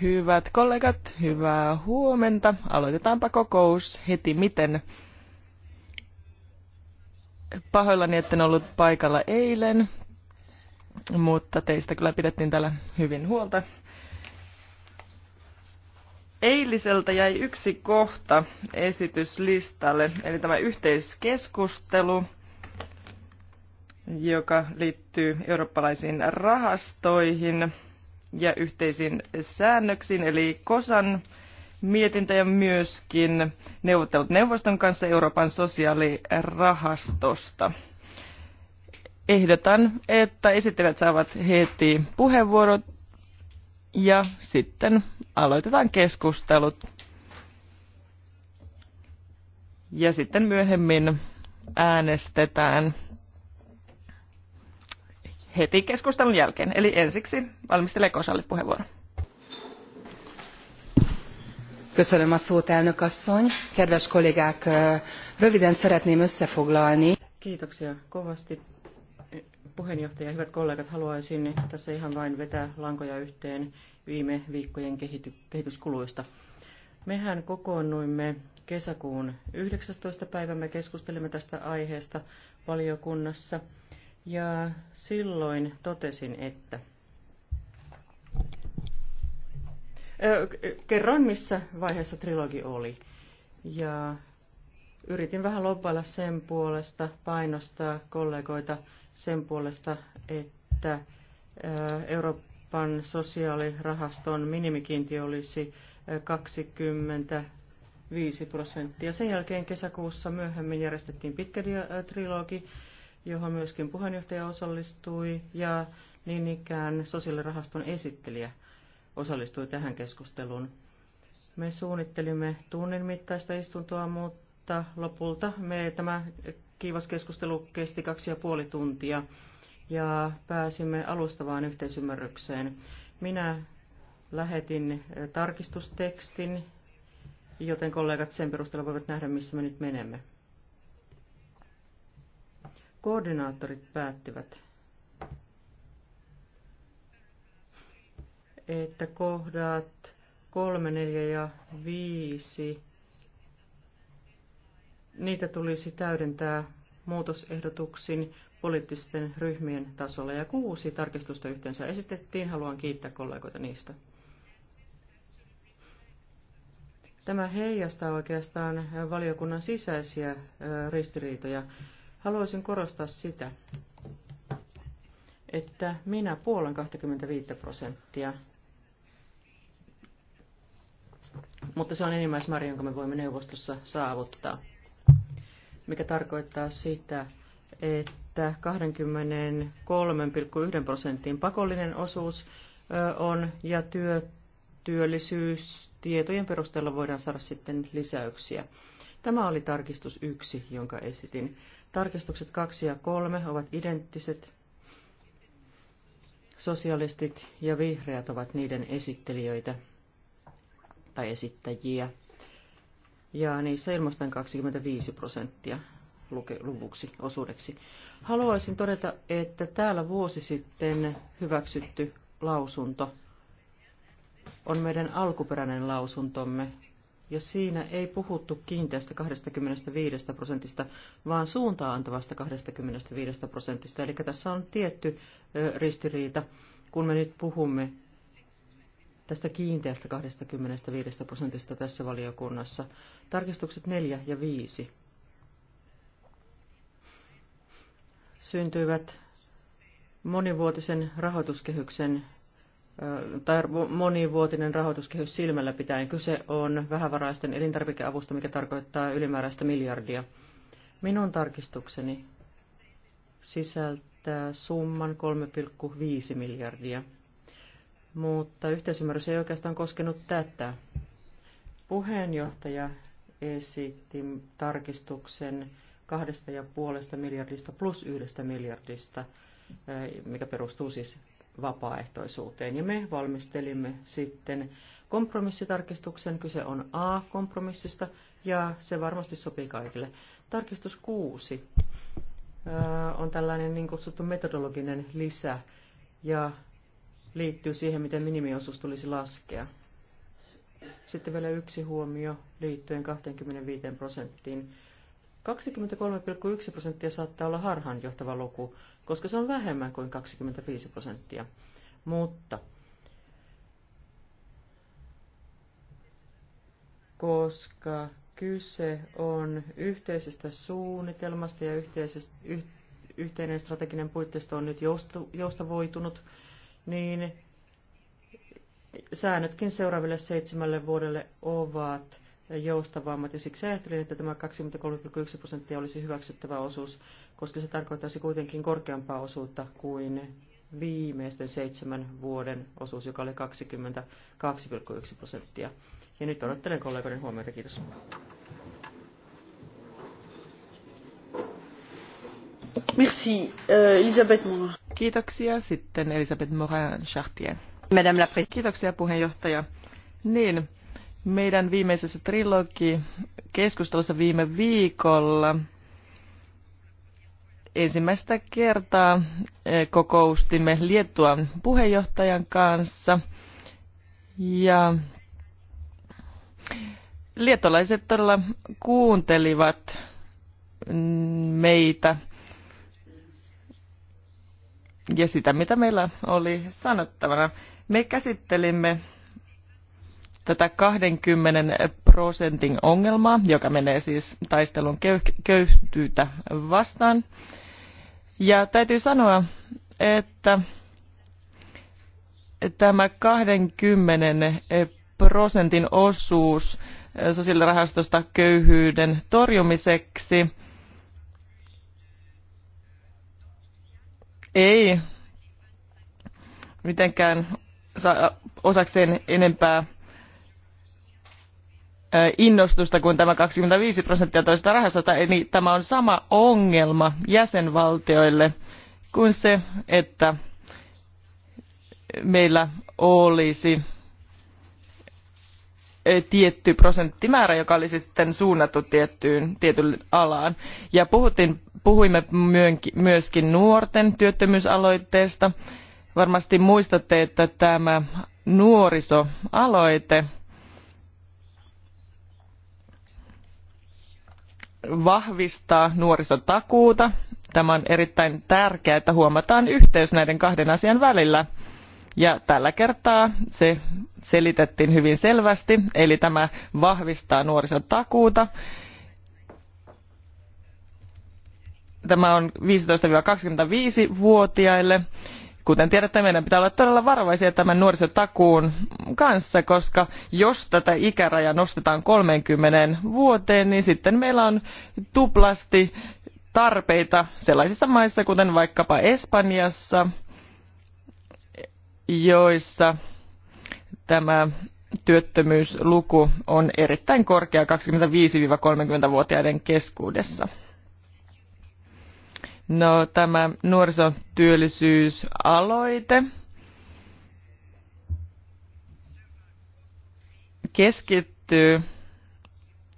Hyvät kollegat, hyvää huomenta. Aloitetaanpa kokous heti miten. Pahoillani, etten ollut paikalla eilen, mutta teistä kyllä pidettiin täällä hyvin huolta. Eiliseltä jäi yksi kohta esityslistalle, eli tämä yhteiskeskustelu – joka liittyy eurooppalaisiin rahastoihin ja yhteisiin säännöksiin, eli Kosan mietintä ja myöskin neuvottelut neuvoston kanssa Euroopan sosiaalirahastosta. Ehdotan, että esittelijät saavat heti puheenvuorot ja sitten aloitetaan keskustelut. Ja sitten myöhemmin äänestetään heti keskustelun jälkeen. Eli ensiksi valmistelee Kosalle puheenvuoro. Köszönöm a szót, elnök asszony. Kedves kollégák, röviden szeretném összefoglalni. Kiitoksia kovasti. Puheenjohtaja, hyvät kollegat, haluaisin tässä ihan vain vetää lankoja yhteen viime viikkojen kehity- kehityskuluista. Mehän kokoonnuimme kesäkuun 19. päivä, me keskustelimme tästä aiheesta valiokunnassa – ja silloin totesin, että kerroin, missä vaiheessa trilogi oli. Ja yritin vähän lobbailla sen puolesta, painostaa kollegoita sen puolesta, että Euroopan sosiaalirahaston minimikiintiö olisi 25 prosenttia. Sen jälkeen kesäkuussa myöhemmin järjestettiin pitkä trilogi, johon myöskin puheenjohtaja osallistui ja niin ikään sosiaalirahaston esittelijä osallistui tähän keskusteluun. Me suunnittelimme tunnin mittaista istuntoa, mutta lopulta me tämä kiivas keskustelu kesti kaksi ja puoli tuntia ja pääsimme alustavaan yhteisymmärrykseen. Minä lähetin eh, tarkistustekstin, joten kollegat sen perusteella voivat nähdä, missä me nyt menemme. Koordinaattorit päättivät, että kohdat 3, 4 ja 5, niitä tulisi täydentää muutosehdotuksin poliittisten ryhmien tasolla ja kuusi tarkistusta yhteensä esitettiin. Haluan kiittää kollegoita niistä. Tämä heijastaa oikeastaan valiokunnan sisäisiä ristiriitoja. Haluaisin korostaa sitä, että minä puolen 25 prosenttia, mutta se on enimmäismäärä, jonka me voimme neuvostossa saavuttaa, mikä tarkoittaa sitä, että 23,1 prosentin pakollinen osuus on ja työ, työllisyystietojen perusteella voidaan saada sitten lisäyksiä. Tämä oli tarkistus yksi, jonka esitin. Tarkistukset 2 ja 3 ovat identtiset. Sosialistit ja vihreät ovat niiden esittelijöitä tai esittäjiä. Ja niissä ilmaistaan 25 prosenttia luvuksi, osuudeksi. Haluaisin todeta, että täällä vuosi sitten hyväksytty lausunto on meidän alkuperäinen lausuntomme ja siinä ei puhuttu kiinteästä 25 prosentista, vaan suuntaa antavasta 25 prosentista. Eli tässä on tietty ristiriita, kun me nyt puhumme tästä kiinteästä 25 prosentista tässä valiokunnassa. Tarkistukset 4 ja 5 syntyivät monivuotisen rahoituskehyksen tai monivuotinen rahoituskehys silmällä pitäen. Kyse on vähävaraisten elintarvikeavusta, mikä tarkoittaa ylimääräistä miljardia. Minun tarkistukseni sisältää summan 3,5 miljardia, mutta yhteisymmärrys ei oikeastaan koskenut tätä. Puheenjohtaja esitti tarkistuksen kahdesta ja puolesta miljardista plus yhdestä miljardista, mikä perustuu siis vapaaehtoisuuteen. Ja me valmistelimme sitten kompromissitarkistuksen. Kyse on A-kompromissista ja se varmasti sopii kaikille. Tarkistus 6 äh, on tällainen niin kutsuttu metodologinen lisä ja liittyy siihen, miten minimiosuus tulisi laskea. Sitten vielä yksi huomio liittyen 25 prosenttiin. 23,1 prosenttia saattaa olla harhaanjohtava luku, koska se on vähemmän kuin 25 prosenttia. Mutta koska kyse on yhteisestä suunnitelmasta ja yhteisestä, yh, yhteinen strateginen puitteisto on nyt joustavoitunut, niin säännötkin seuraaville seitsemälle vuodelle ovat joustavammat. Ja siksi ajattelin, että tämä 23,1 prosenttia olisi hyväksyttävä osuus, koska se tarkoittaisi kuitenkin korkeampaa osuutta kuin viimeisten seitsemän vuoden osuus, joka oli 22,1 prosenttia. Ja nyt odottelen kollegoiden huomiota. Kiitos. Merci, euh, Elisabeth Morin. Kiitoksia. Sitten Elisabeth Morin-Chartier. Madame la Kiitoksia puheenjohtaja. Niin, meidän viimeisessä trilogi keskustelussa viime viikolla ensimmäistä kertaa eh, kokoustimme Liettuan puheenjohtajan kanssa. Ja liettolaiset todella kuuntelivat meitä ja sitä, mitä meillä oli sanottavana. Me käsittelimme tätä 20 prosentin ongelmaa, joka menee siis taistelun köyhtyytä vastaan. Ja täytyy sanoa, että tämä 20 prosentin osuus sosiaalirahastosta köyhyyden torjumiseksi ei mitenkään saa osakseen enempää innostusta kuin tämä 25 prosenttia toista rahasta, eli tämä on sama ongelma jäsenvaltioille kuin se, että meillä olisi tietty prosenttimäärä, joka olisi siis sitten suunnattu tiettyyn, tietylle alaan. Ja puhuttiin, puhuimme myöskin nuorten työttömyysaloitteesta. Varmasti muistatte, että tämä nuorisoaloite – vahvistaa nuorisotakuuta. Tämä on erittäin tärkeää, että huomataan yhteys näiden kahden asian välillä. Ja tällä kertaa se selitettiin hyvin selvästi, eli tämä vahvistaa nuorisotakuuta. Tämä on 15-25-vuotiaille Kuten tiedätte, meidän pitää olla todella varovaisia tämän nuorisotakuun kanssa, koska jos tätä ikärajaa nostetaan 30 vuoteen, niin sitten meillä on tuplasti tarpeita sellaisissa maissa, kuten vaikkapa Espanjassa, joissa tämä työttömyysluku on erittäin korkea 25-30-vuotiaiden keskuudessa. No tämä nuorisotyöllisyysaloite keskittyy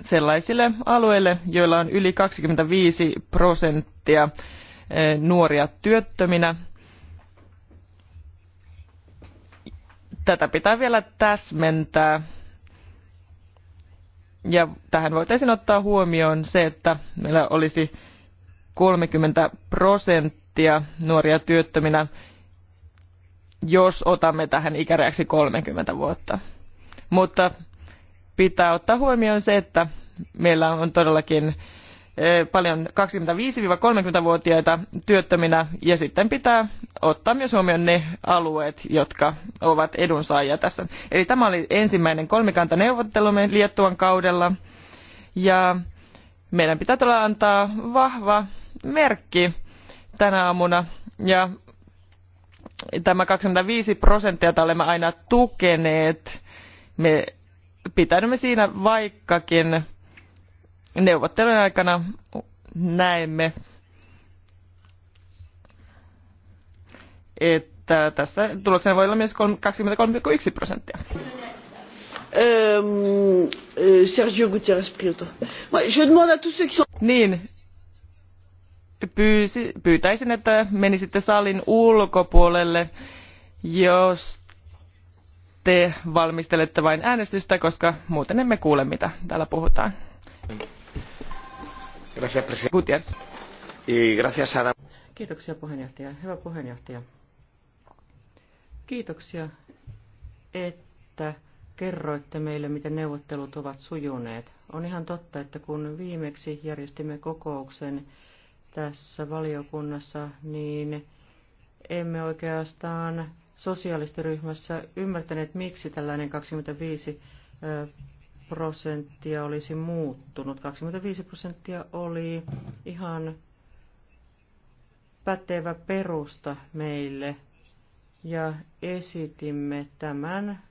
sellaisille alueille, joilla on yli 25 prosenttia eh, nuoria työttöminä. Tätä pitää vielä täsmentää. Ja tähän voitaisiin ottaa huomioon se, että meillä olisi kolmekymmentä prosenttia nuoria työttöminä jos otamme tähän ikärajaksi kolmekymmentä vuotta. Mutta pitää ottaa huomioon se, että meillä on todellakin eh, paljon 25-30-vuotiaita työttöminä ja sitten pitää ottaa myös huomioon ne alueet, jotka ovat edunsaajia tässä. Eli tämä oli ensimmäinen kolmikantaneuvottelumme Liettuan kaudella ja meidän pitää todella antaa vahva merkki tänä aamuna ja tämä 25 prosenttia, jota olemme aina tukeneet, me pitäydymme siinä vaikkakin neuvottelujen aikana näemme, että tässä tuloksena voi olla myös 23,1 prosenttia. Sergio Gutierrez Prieto. Niin, pyytäisin, että menisitte salin ulkopuolelle, jos te valmistelette vain äänestystä, koska muuten emme kuule, mitä täällä puhutaan. Gutiérrez. Kiitoksia puheenjohtaja. Hyvä puheenjohtaja. Kiitoksia, että kerroitte meille, miten neuvottelut ovat sujuneet. On ihan totta, että kun viimeksi järjestimme kokouksen, tässä valiokunnassa, niin emme oikeastaan sosiaalistiryhmässä ymmärtäneet, miksi tällainen 25 prosenttia olisi muuttunut. 25 prosenttia oli ihan pätevä perusta meille ja esitimme tämän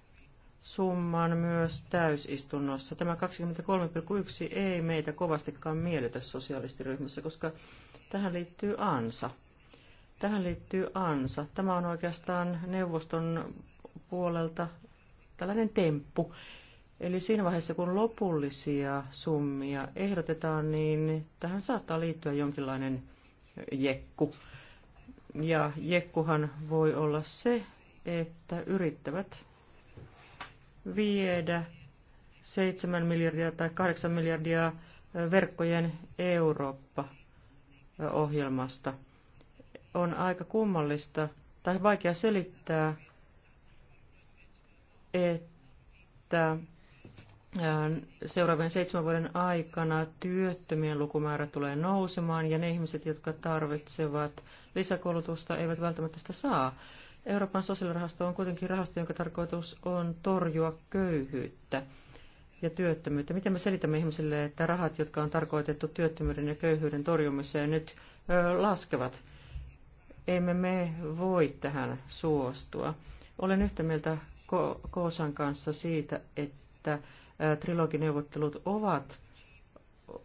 summan myös täysistunnossa. Tämä 23,1 ei meitä kovastikaan miellytä sosialistiryhmässä, koska Tähän liittyy ansa. Tähän liittyy ansa. Tämä on oikeastaan neuvoston puolelta tällainen temppu. Eli siinä vaiheessa, kun lopullisia summia ehdotetaan, niin tähän saattaa liittyä jonkinlainen jekku. Ja jekkuhan voi olla se, että yrittävät viedä 7 miljardia tai 8 miljardia verkkojen Eurooppa ohjelmasta. On aika kummallista tai vaikea selittää, että seuraavien seitsemän vuoden aikana työttömien lukumäärä tulee nousemaan ja ne ihmiset, jotka tarvitsevat lisäkoulutusta, eivät välttämättä sitä saa. Euroopan sosiaalirahasto on kuitenkin rahasto, jonka tarkoitus on torjua köyhyyttä ja työttömyyttä. Miten me selitämme ihmisille, että rahat, jotka on tarkoitettu työttömyyden ja köyhyyden torjumiseen, nyt ö, laskevat? Emme me voi tähän suostua. Olen yhtä mieltä Ko- Koosan kanssa siitä, että ö, trilogineuvottelut ovat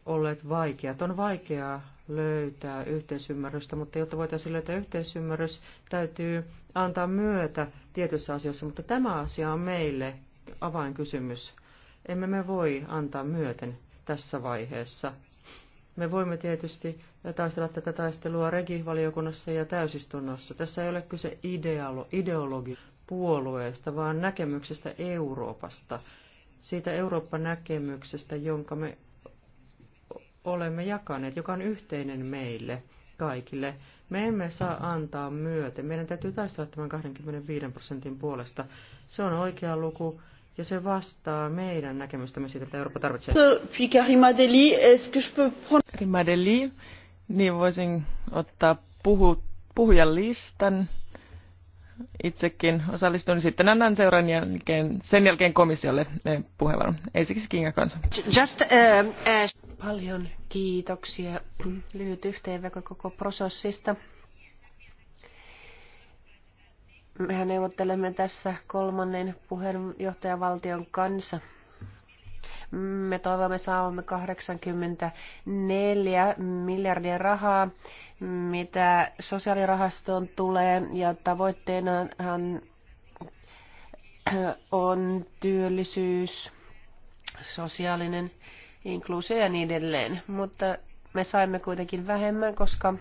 olleet vaikeat. On vaikeaa löytää yhteisymmärrystä, mutta jotta voitaisiin löytää yhteisymmärrys, täytyy antaa myötä tietyissä asioissa, mutta tämä asia on meille avainkysymys. Emme me voi antaa myöten tässä vaiheessa. Me voimme tietysti taistella tätä taistelua regivaliokunnassa ja täysistunnossa. Tässä ei ole kyse ideolo- ideologi puolueesta, vaan näkemyksestä Euroopasta, siitä Eurooppa-näkemyksestä, jonka me olemme jakaneet, joka on yhteinen meille kaikille. Me emme saa antaa myöten. Meidän täytyy taistella tämän 25 prosentin puolesta. Se on oikea luku ja se vastaa meidän näkemystämme siitä, että Eurooppa tarvitsee. Rimadeli, Deli, niin voisin ottaa puhu, puhujan listan. Itsekin osallistun sitten annan seuran jälkeen, sen jälkeen komissiolle eh, puheenvuoron. Ensiksi Kinga kanssa. Just, uh, uh... Paljon kiitoksia. Lyhyt yhteenveto koko prosessista. Mehän neuvottelemme tässä kolmannen puheenjohtajavaltion kanssa. Me toivomme saavamme 84 miljardia rahaa, mitä sosiaalirahastoon tulee, ja tavoitteenahan on työllisyys, sosiaalinen inkluusio ja niin edelleen. Mutta me saimme kuitenkin vähemmän, koska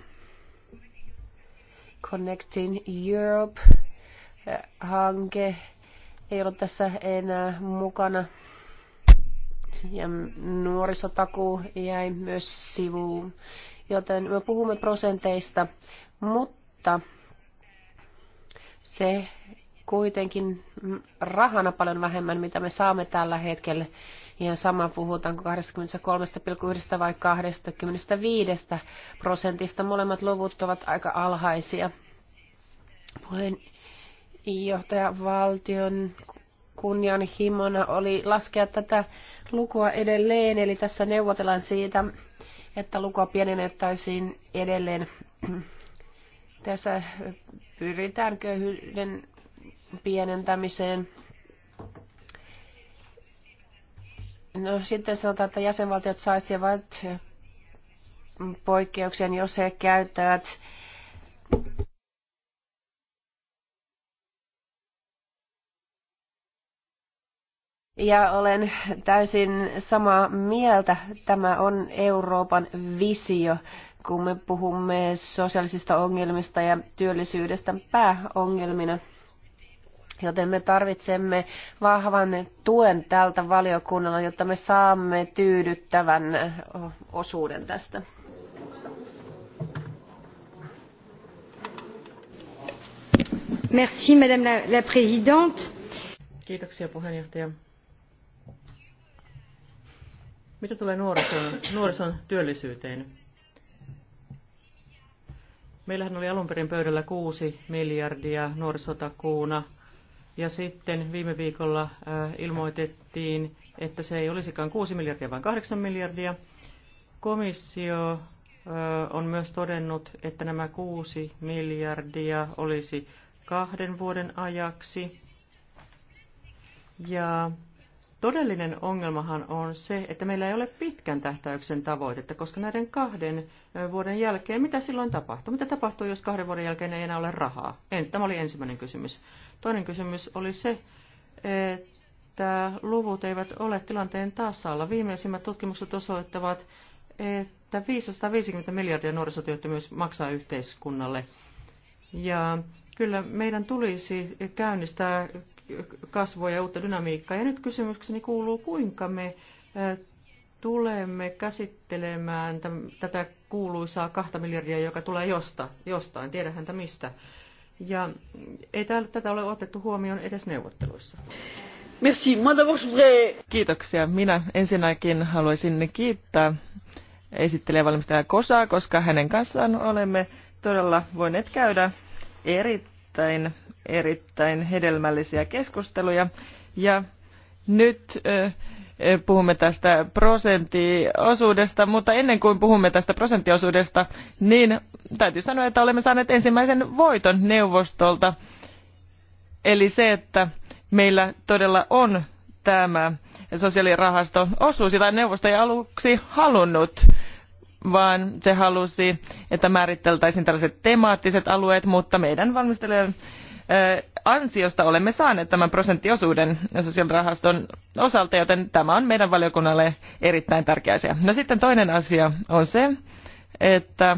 Connecting Europe hanke ei ole tässä enää mukana. Ja nuorisotakuu jäi myös sivuun. Joten me puhumme prosenteista, mutta se kuitenkin rahana paljon vähemmän, mitä me saamme tällä hetkellä. Ihan sama puhutaanko 23,1 vai 25 prosentista. Molemmat luvut ovat aika alhaisia. Puheen johtaja valtion kunnianhimona oli laskea tätä lukua edelleen, eli tässä neuvotellaan siitä, että lukua pienennettäisiin edelleen. Tässä pyritään köyhyyden pienentämiseen. No, sitten sanotaan, että jäsenvaltiot saisivat poikkeuksen, jos he käyttävät Ja olen täysin samaa mieltä. Tämä on Euroopan visio, kun me puhumme sosiaalisista ongelmista ja työllisyydestä pääongelmina. Joten me tarvitsemme vahvan tuen tältä valiokunnalla, jotta me saamme tyydyttävän osuuden tästä. Merci, Madame la, la Présidente. Kiitoksia puheenjohtaja. Mitä tulee nuorison, nuorison työllisyyteen? Meillähän oli alun perin pöydällä 6 miljardia nuorisotakuuna, ja sitten viime viikolla äh, ilmoitettiin, että se ei olisikaan 6 miljardia, vaan 8 miljardia. Komissio äh, on myös todennut, että nämä 6 miljardia olisi kahden vuoden ajaksi. Ja Todellinen ongelmahan on se, että meillä ei ole pitkän tähtäyksen tavoitetta, koska näiden kahden vuoden jälkeen, mitä silloin tapahtuu? Mitä tapahtuu, jos kahden vuoden jälkeen ei enää ole rahaa? En, tämä oli ensimmäinen kysymys. Toinen kysymys oli se, että luvut eivät ole tilanteen tasalla. Viimeisimmät tutkimukset osoittavat, että 550 miljardia nuorisotyöttömyys maksaa yhteiskunnalle. Ja kyllä meidän tulisi käynnistää kasvua ja uutta dynamiikkaa. Ja nyt kysymykseni kuuluu, kuinka me tulemme käsittelemään tätä kuuluisaa kahta miljardia, joka tulee josta, jostain, tiedä häntä mistä. Ja ei täällä, tätä ole otettu huomioon edes neuvotteluissa. Merci. Kiitoksia. Minä ensinnäkin haluaisin kiittää esittelijä valmistaja Kosaa, koska hänen kanssaan olemme todella voineet käydä erittäin erittäin hedelmällisiä keskusteluja. Ja nyt puhumme tästä prosenttiosuudesta, mutta ennen kuin puhumme tästä prosenttiosuudesta, niin täytyy sanoa, että olemme saaneet ensimmäisen voiton neuvostolta. Eli se, että meillä todella on tämä sosiaalirahasto osuus, jota neuvosto ei aluksi halunnut vaan se halusi, että määriteltäisiin tällaiset temaattiset alueet, mutta meidän valmistelijan ansiosta olemme saaneet tämän prosenttiosuuden sosiaalirahaston osalta, joten tämä on meidän valiokunnalle erittäin tärkeä asia. No sitten toinen asia on se, että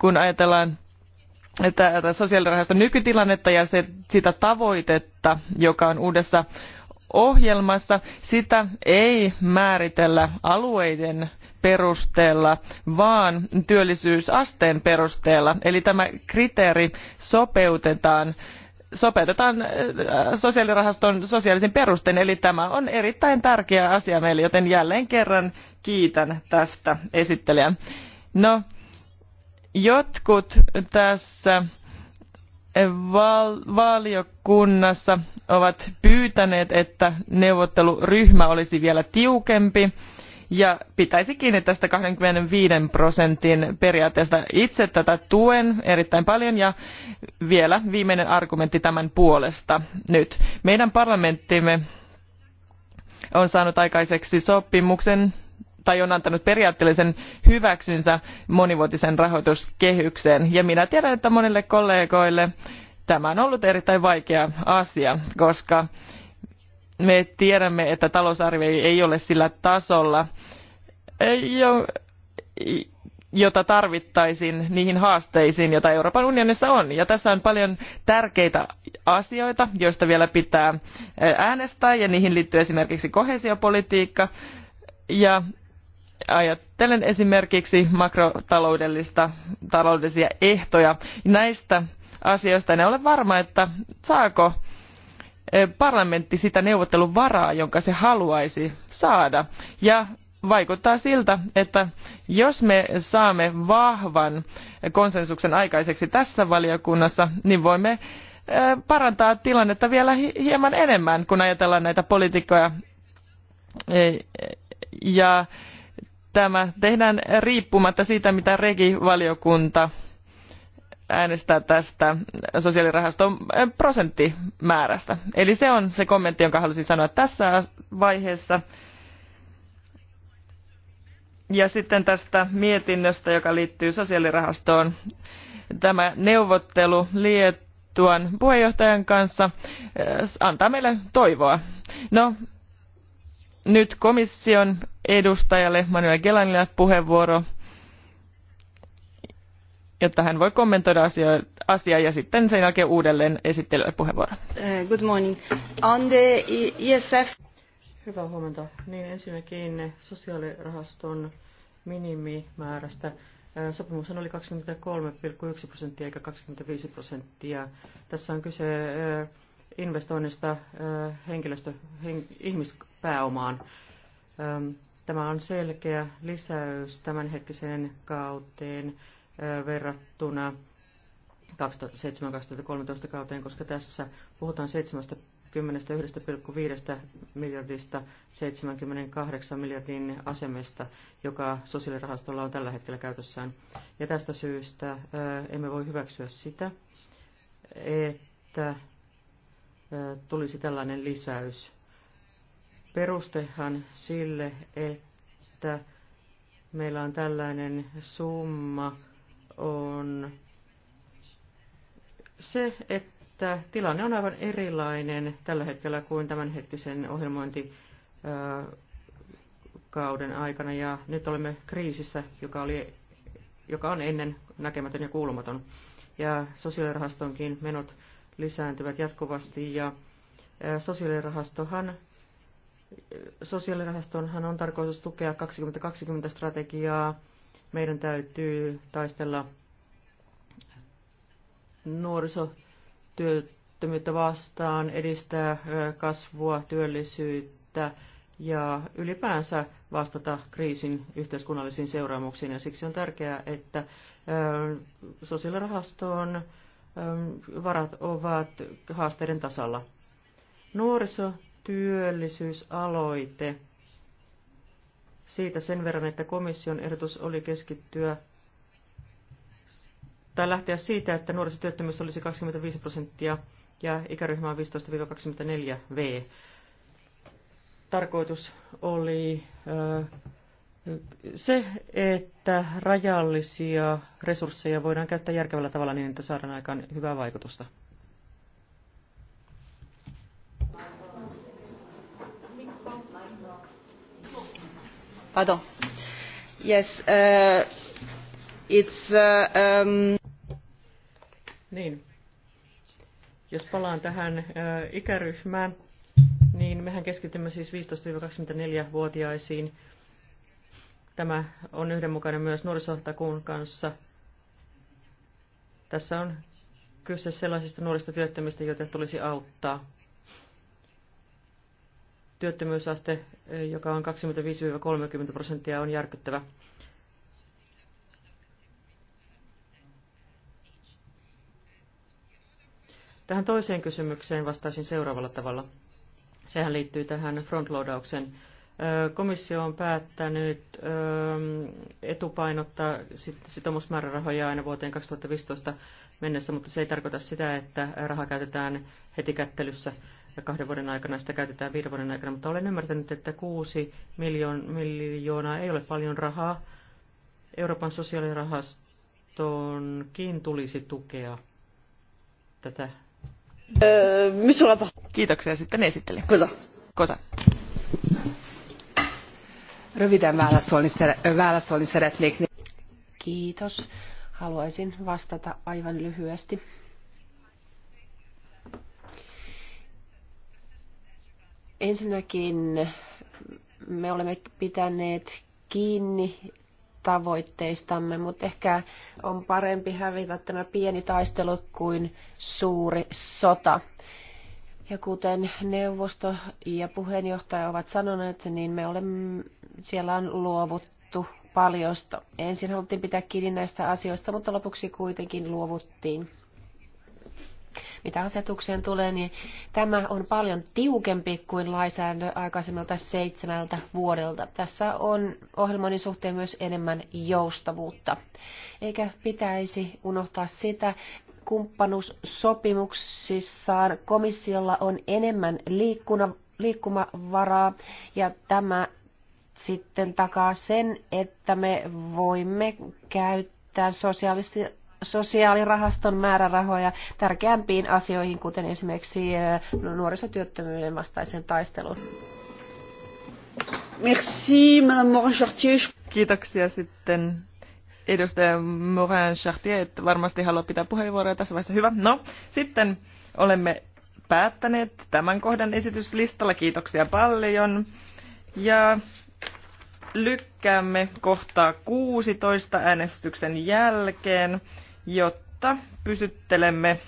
kun ajatellaan tätä sosiaalirahaston nykytilannetta ja se, sitä tavoitetta, joka on uudessa ohjelmassa, sitä ei määritellä alueiden perusteella, vaan työllisyysasteen perusteella. Eli tämä kriteeri sopeutetaan sopeutetaan äh, sosiaalirahaston sosiaalisen perustein eli tämä on erittäin tärkeä asia meille, joten jälleen kerran kiitän tästä esittelijää. No, jotkut tässä eh, valiokunnassa ovat pyytäneet, että neuvotteluryhmä olisi vielä tiukempi ja pitäisi kiinni tästä 25 prosentin periaatteesta. Itse tätä tuen erittäin paljon ja vielä viimeinen argumentti tämän puolesta nyt. Meidän parlamenttimme on saanut aikaiseksi sopimuksen tai on antanut periaatteellisen hyväksynsä monivuotisen rahoituskehykseen ja minä tiedän että monille kollegoille tämä on ollut erittäin vaikea asia koska me tiedämme, että talousarvio ei ole sillä tasolla, jota tarvittaisiin niihin haasteisiin, joita Euroopan unionissa on. Ja tässä on paljon tärkeitä asioita, joista vielä pitää eh, äänestää, ja niihin liittyy esimerkiksi kohesiopolitiikka. Ja ajattelen esimerkiksi makrotaloudellista taloudellisia ehtoja näistä asioista en ole varma että saako parlamentti sitä neuvottelun varaa, jonka se haluaisi saada. Ja vaikuttaa siltä, että jos me saamme vahvan konsensuksen aikaiseksi tässä valiokunnassa, niin voimme parantaa tilannetta vielä hieman enemmän, kun ajatellaan näitä poliitikkoja. Ja tämä tehdään riippumatta siitä, mitä regi-valiokunta äänestää tästä sosiaalirahaston eh, prosenttimäärästä. Eli se on se kommentti, jonka halusin sanoa tässä vaiheessa. Ja sitten tästä mietinnöstä, joka liittyy sosiaalirahastoon. Tämä neuvottelu Liettuan puheenjohtajan kanssa eh, antaa meille toivoa. No, nyt komission edustajalle Manuel Gelanille puheenvuoro jotta hän voi kommentoida asiaa asia, ja sitten sen jälkeen uudelleen esittelylle puheenvuoro. Eh, good morning. On the ESF... Hyvää huomenta. Niin ensinnäkin sosiaalirahaston minimimäärästä. Eh, on oli 23,1 prosenttia eikä 25 prosenttia. Tässä on kyse eh, investoinnista henkilöstö, hen, ihmispääomaan. Tämä on selkeä lisäys tämänhetkiseen kauteen verrattuna 2007-2013 kauteen, koska tässä puhutaan 71,5 miljardista 78 miljardin asemesta, joka sosiaalirahastolla on tällä hetkellä käytössään. Ja tästä syystä emme voi hyväksyä sitä, että tulisi tällainen lisäys. Perustehan sille, että meillä on tällainen summa on se, että tilanne on aivan erilainen tällä hetkellä kuin tämänhetkisen ohjelmointikauden aikana ja nyt olemme kriisissä, joka, oli, joka on ennen näkemätön ja kuulumaton. Ja sosiaalirahastonkin menot lisääntyvät jatkuvasti ja sosiaalirahastohan sosiaalirahastonhan on tarkoitus tukea 2020 strategiaa meidän täytyy taistella nuorisotyöttömyyttä vastaan, edistää kasvua, työllisyyttä ja ylipäänsä vastata kriisin yhteiskunnallisiin seuraamuksiin. Ja siksi on tärkeää, että sosiaalirahastoon varat ovat haasteiden tasalla. Nuorisotyöllisyysaloite siitä sen verran, että komission ehdotus oli keskittyä tai lähteä siitä, että nuorisotyöttömyys olisi 25 prosenttia ja ikäryhmä on 15-24V. Tarkoitus oli se, että rajallisia resursseja voidaan käyttää järkevällä tavalla niin, että saadaan aikaan hyvää vaikutusta. pardon. Yes, uh, it's, uh, um... Niin. Jos palaan tähän uh, ikäryhmään, niin mehän keskitymme siis 15-24-vuotiaisiin. Tämä on yhdenmukainen myös nuorisotakuun kanssa. Tässä on kyse sellaisista nuorista työttömistä, joita tulisi auttaa työttömyysaste, eh, joka on 25-30 prosenttia, on järkyttävä. Tähän toiseen kysymykseen vastaisin seuraavalla tavalla. Sehän liittyy tähän frontloadaukseen. Eh, komissio on päättänyt ehm, etupainottaa sitomusmäärärahoja aina vuoteen 2015 mennessä, mutta se ei tarkoita sitä, että raha käytetään heti kättelyssä ja kahden vuoden aikana, sitä käytetään viiden vuoden aikana, mutta olen ymmärtänyt, että kuusi miljoon, miljoonaa ei ole paljon rahaa. Euroopan sosiaalirahastonkin tulisi tukea tätä. Äh, Kiitoksia sitten esittelen. Kosa. Kosa. Röviden válaszolni Kiitos. Haluaisin vastata aivan lyhyesti. Ensinnäkin me olemme pitäneet kiinni tavoitteistamme, mutta ehkä on parempi hävitä tämä pieni taistelu kuin suuri sota. Ja kuten neuvosto ja puheenjohtaja ovat sanoneet, niin me olemme, siellä on luovuttu paljosta. Ensin haluttiin pitää kiinni näistä asioista, mutta lopuksi kuitenkin luovuttiin. Mitä asetukseen tulee, niin tämä on paljon tiukempi kuin lainsäädäntö aikaisemmalta seitsemältä vuodelta. Tässä on ohjelmoinnin suhteen myös enemmän joustavuutta. Eikä pitäisi unohtaa sitä, kumppanuussopimuksissaan komissiolla on enemmän liikkuna, liikkumavaraa ja tämä sitten takaa sen, että me voimme käyttää sosiaalisesti sosiaalirahaston määrärahoja tärkeämpiin asioihin, kuten esimerkiksi nuorisotyöttömyyden vastaisen taistelun. Merci, Madame Morin-Chartier. Kiitoksia sitten edustaja Morin-Chartier, että varmasti haluaa pitää puheenvuoroja tässä vaiheessa. Hyvä. No, sitten olemme päättäneet tämän kohdan esityslistalla. Kiitoksia paljon. Ja lykkäämme kohtaa 16 äänestyksen jälkeen jotta pysyttelemme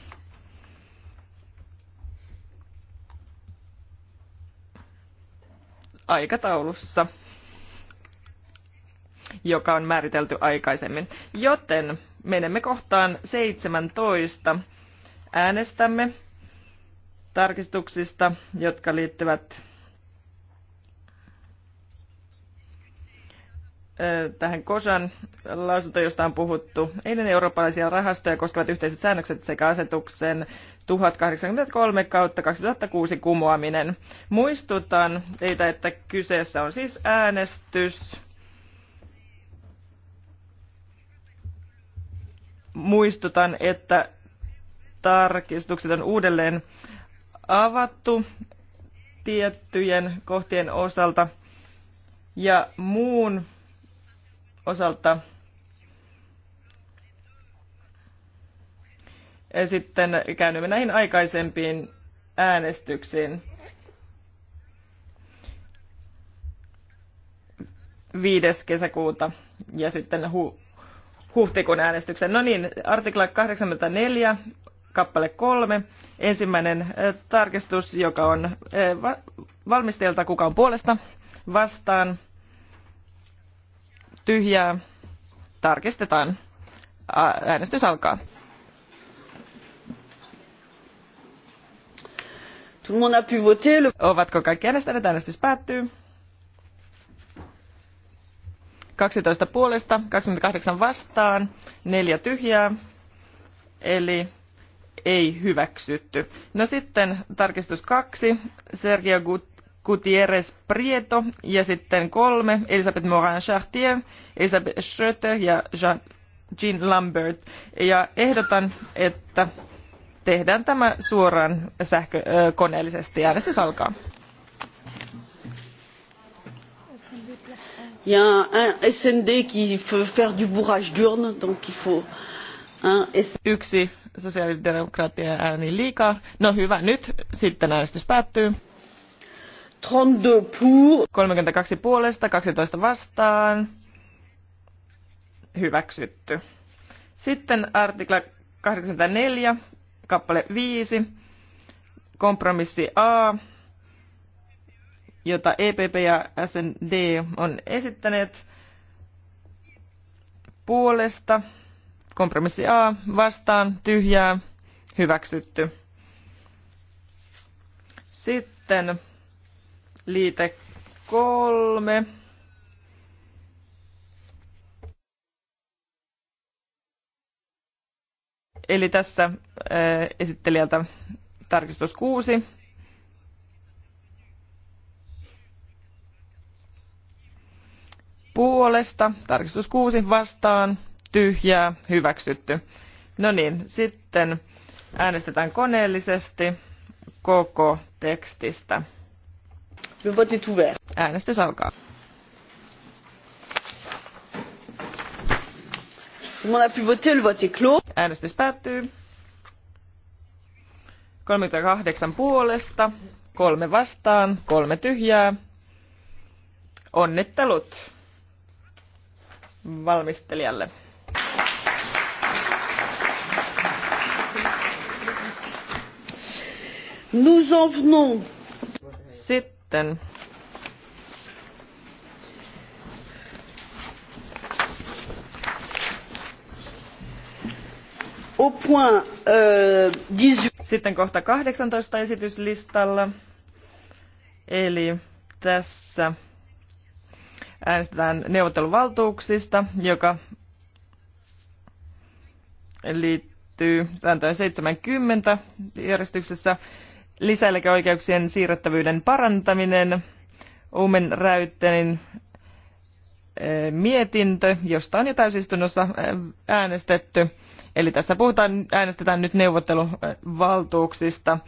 aikataulussa, joka on määritelty aikaisemmin. Joten menemme kohtaan 17. Äänestämme tarkistuksista, jotka liittyvät tähän Kosan lausunto, josta on puhuttu. Eilen eurooppalaisia rahastoja koskevat yhteiset säännökset sekä asetuksen 1083 kautta 2006 kumoaminen. Muistutan teitä, että kyseessä on siis äänestys. Muistutan, että tarkistukset on uudelleen avattu tiettyjen kohtien osalta ja muun osalta. Ja sitten käynnymme näihin aikaisempiin äänestyksiin. viides kesäkuuta ja sitten hu- huhtikuun äänestyksen. No niin, artikla 84, kappale 3, ensimmäinen äh, tarkistus, joka on äh, valmistajalta kuka on puolesta, vastaan, tyhjää. Tarkistetaan. Äänestys alkaa. Tout le monde a pu voter. Le... Ovatko kaikki äänestäneet? Äänestys päättyy. 12 puolesta, 28 vastaan, neljä tyhjää, eli ei hyväksytty. No sitten tarkistus kaksi, Sergio Gut Gutierrez Prieto ja sitten kolme, Elisabeth Morin-Chartier, Elisabeth Schröter ja Jean Lambert. Ja ehdotan, että tehdään tämä suoraan sähkökoneellisesti. äh, Äänestys alkaa. Il y a un, un SND qui veut faire du bourrage d'urne, donc il faut un SND. Yksi sosiaalidemokraattien ääni liikaa. No hyvä, nyt sitten äänestys päättyy. 32 puolesta, 12 vastaan. Hyväksytty. Sitten artikla 84, kappale 5, kompromissi A, jota EPP ja SND on esittäneet puolesta. Kompromissi A, vastaan, tyhjää, hyväksytty. Sitten liite kolme. Eli tässä eh, esittelijältä tarkistus kuusi. Puolesta, tarkistus kuusi, vastaan, tyhjää, hyväksytty. No niin, sitten äänestetään koneellisesti koko tekstistä. Le vote est ouvert. Äänestys alkaa. Tout le pu voter, le vote est clos. Äänestys päättyy. 38 puolesta, kolme vastaan, kolme tyhjää. Onnittelut valmistelijalle. Nous en venons sitten euh, Sitten kohta 18 esityslistalla. Eli tässä äänestetään neuvotteluvaltuuksista, joka liittyy sääntöön 70 järjestyksessä lisäeläkeoikeuksien siirrettävyyden parantaminen, Uumen Räyttenin eh, mietintö, josta on jo täysistunnossa eh, äänestetty. Eli tässä puhutaan, äänestetään nyt neuvotteluvaltuuksista.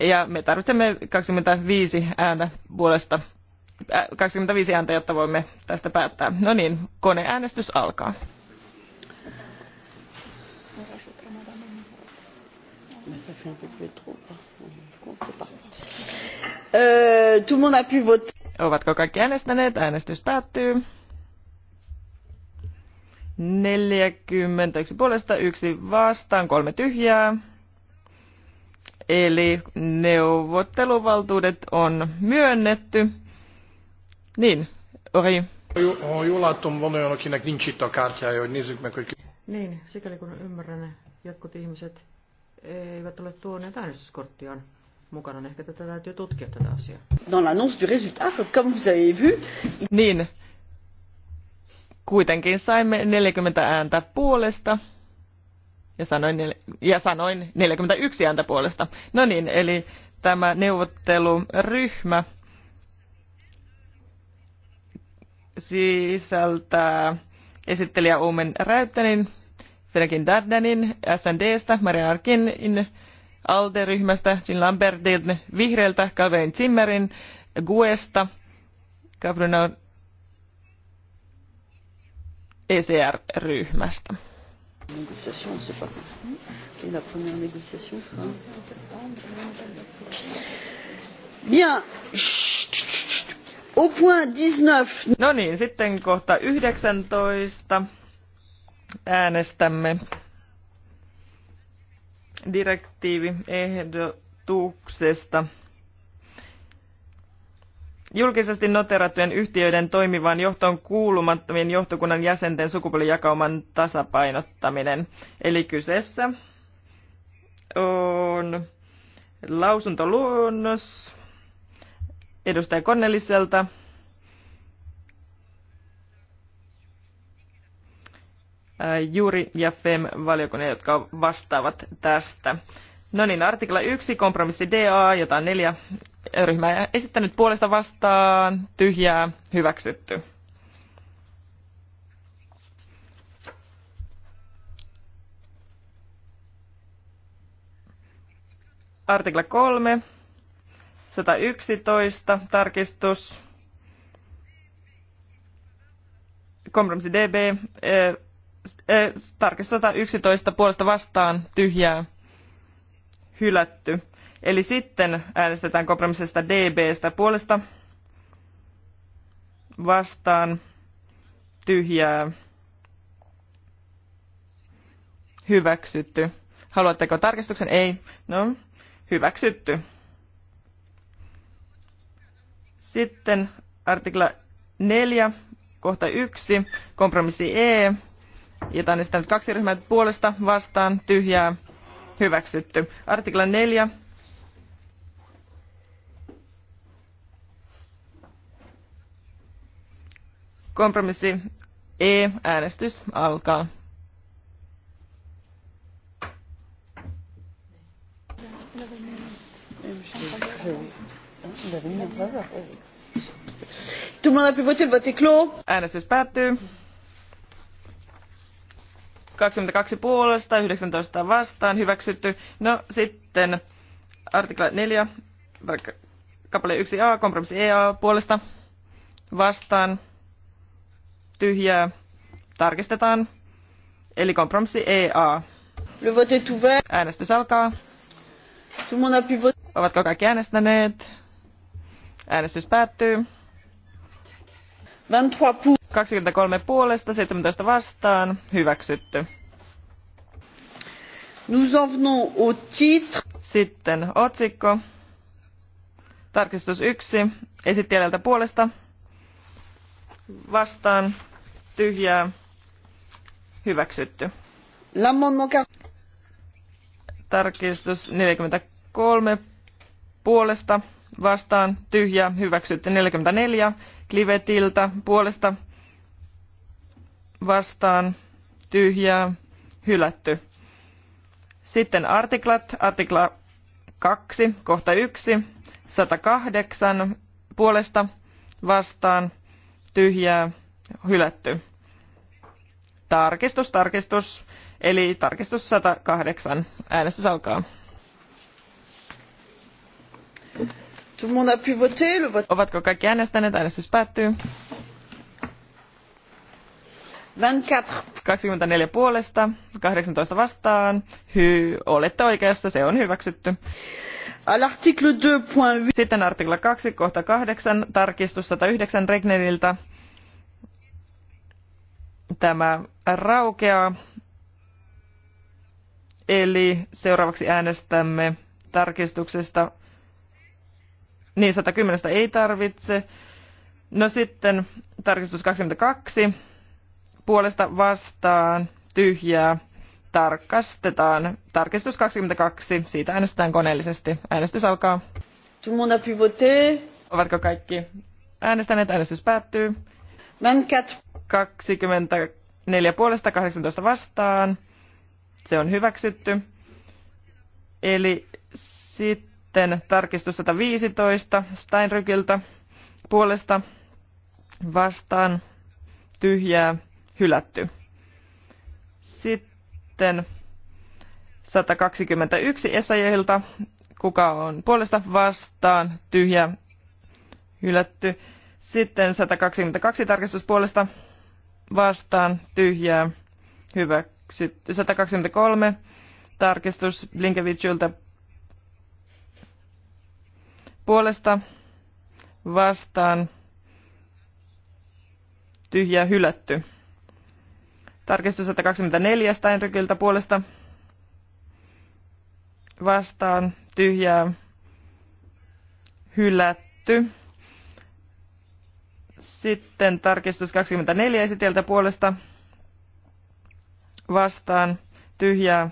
Ja me tarvitsemme 25 ääntä puolesta, 25 eh, ääntä, jotta voimme tästä päättää. No niin, koneäänestys alkaa. Mais ça fait un peu plus trop. Hein. Euh, Ovatko kaikki äänestäneet? Äänestys päättyy. 41 puolesta, yksi vastaan, kolme tyhjää. Eli neuvotteluvaltuudet on myönnetty. Niin, Ori. Niin, sikäli kun ymmärrän, jotkut ihmiset eivät ole tuoneet äänestyskorttiaan mukana. Niin ehkä tätä täytyy tutkia tätä asiaa. Dans l'annonce du résultat, comme vous avez vu... Niin, kuitenkin saimme 40 ääntä puolesta ja sanoin, ja sanoin 41 ääntä puolesta. No niin, eli tämä neuvotteluryhmä sisältää esittelijä Omen Räyttänin, Frekin Dardanin, SNDstä, Marian Arkinin, ALDE-ryhmästä, Jean Lambertin vihreältä, Calvin Zimmerin, GUEsta, Cabruna ECR-ryhmästä. Bien. Au point 19. No niin, sitten kohta 19 äänestämme direktiiviehdotuksesta julkisesti noterattujen yhtiöiden toimivan johtoon kuulumattomien johtokunnan jäsenten sukupuolijakauman tasapainottaminen. Eli kyseessä on lausuntoluonnos edustaja Konnelliselta. Juri ja FEM-valiokunnan, jotka vastaavat tästä. No niin, artikla 1, kompromissi DA, jota on neljä ryhmää esittänyt puolesta vastaan, tyhjää, hyväksytty. Artikla 3, 111, tarkistus, kompromissi DB, Äh, tarkistus 111 puolesta vastaan tyhjää hylätty. Eli sitten äänestetään kompromissista DBstä puolesta vastaan tyhjää hyväksytty. Haluatteko tarkistuksen? Ei. No, hyväksytty. Sitten artikla 4, kohta 1, kompromissi E jota on esittänyt kaksi ryhmää puolesta vastaan tyhjää hyväksytty. Artikla 4. Kompromissi E. Äänestys alkaa. Tout le monde a pu voter, le vote est clos. Äänestys päättyy. 22 puolesta, 19 vastaan, hyväksytty. No sitten artikla 4, kappale 1a, kompromissi EA puolesta, vastaan, tyhjää, tarkistetaan. Eli kompromissi EA. Le vote est ouvert. Äänestys alkaa. Tout monde a pu voter. Ovatko kaikki äänestäneet? Äänestys päättyy. 23 pour. 23 puolesta, 17 vastaan, hyväksytty. Nous en venons au titre. Sitten otsikko. Tarkistus 1. Esittelijältä puolesta. Vastaan. Tyhjää. Hyväksytty. Tarkistus 43 puolesta vastaan tyhjä hyväksytty 44, Klivetilta puolesta vastaan tyhjää hylätty. Sitten artiklat, artikla 2, kohta 1, 108 puolesta vastaan tyhjää hylätty. Tarkistus, tarkistus, eli tarkistus 108. Äänestys alkaa. Ovatko kaikki äänestäneet? Äänestys päättyy. 24 puolesta, 18 vastaan. Hy, olette oikeassa, se on hyväksytty. Sitten artikla 2, kohta 8, tarkistus 109 Regneliltä. Tämä raukeaa. Eli seuraavaksi äänestämme tarkistuksesta. Niin, 110 ei tarvitse. No sitten tarkistus 22 puolesta vastaan tyhjää tarkastetaan. Tarkistus 22, siitä äänestetään koneellisesti. Äänestys alkaa. Tout le monde a pu voter. Ovatko kaikki äänestäneet? Äänestys päättyy. 24. 24 puolesta 18 vastaan. Se on hyväksytty. Eli sitten tarkistus 115 Steinrykiltä puolesta vastaan tyhjää hylätty. Sitten 121 Esajehilta, kuka on puolesta vastaan, tyhjä, hylätty. Sitten 122 tarkistus puolesta vastaan, tyhjää, hyväksytty. 123 tarkistus Blinkeviciltä puolesta vastaan, tyhjää, hylätty. Tarkistus 124 Steinrykiltä puolesta vastaan tyhjää hylätty. Sitten tarkistus 24 esiteltä puolesta vastaan tyhjää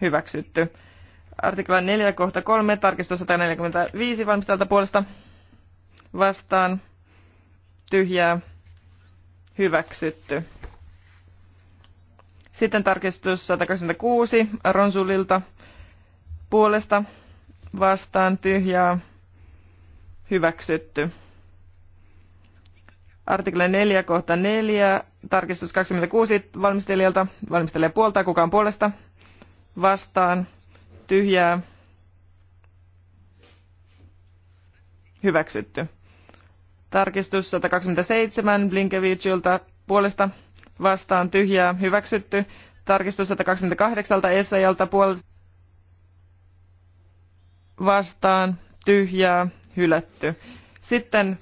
hyväksytty. Artikla 4 kohta 3 tarkistus 145 valmistajalta puolesta vastaan tyhjää hyväksytty. Sitten tarkistus 126 Ronsulilta puolesta vastaan tyhjää hyväksytty. Artikla 4 kohta 4, tarkistus 26 valmistelijalta, valmistelija puolta, kukaan puolesta, vastaan, tyhjää, hyväksytty. Tarkistus 127 Blinkevichilta puolesta, vastaan tyhjää hyväksytty. Tarkistus 128 essejalta puolelta vastaan tyhjää hylätty. Sitten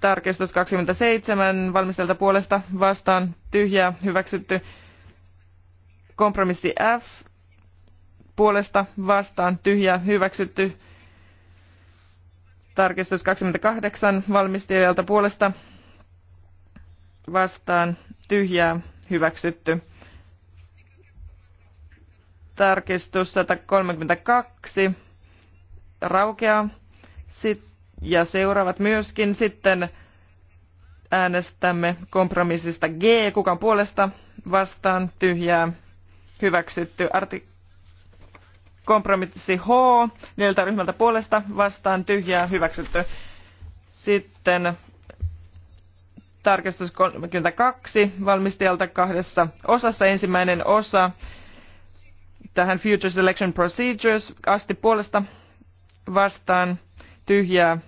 tarkistus 27 valmistelta puolesta vastaan tyhjää hyväksytty. Kompromissi F puolesta vastaan tyhjää hyväksytty. Tarkistus 28 valmistelijalta puolesta vastaan tyhjää hyväksytty. Tarkistus 132 raukeaa Sit, ja seuraavat myöskin. Sitten äänestämme kompromissista G, kukan puolesta vastaan tyhjää hyväksytty. Artik- kompromissi H, neljältä ryhmältä puolesta vastaan tyhjää hyväksytty. Sitten tarkistus 32 valmistajalta kahdessa osassa. Ensimmäinen osa tähän Future Selection Procedures asti puolesta vastaan tyhjää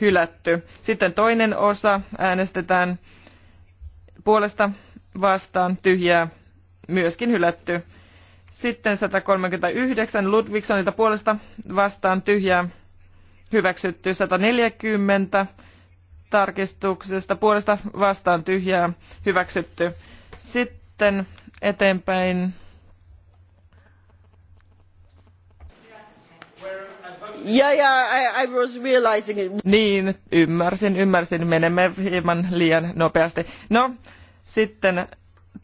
hylätty. Sitten toinen osa äänestetään puolesta vastaan tyhjää myöskin hylätty. Sitten 139 Ludvigsonilta puolesta vastaan tyhjää hyväksytty 140 tarkistuksesta puolesta vastaan tyhjää hyväksytty. Sitten eteenpäin. Yeah, yeah, I, I was realizing it. Niin, ymmärsin, ymmärsin. Menemme hieman liian nopeasti. No, sitten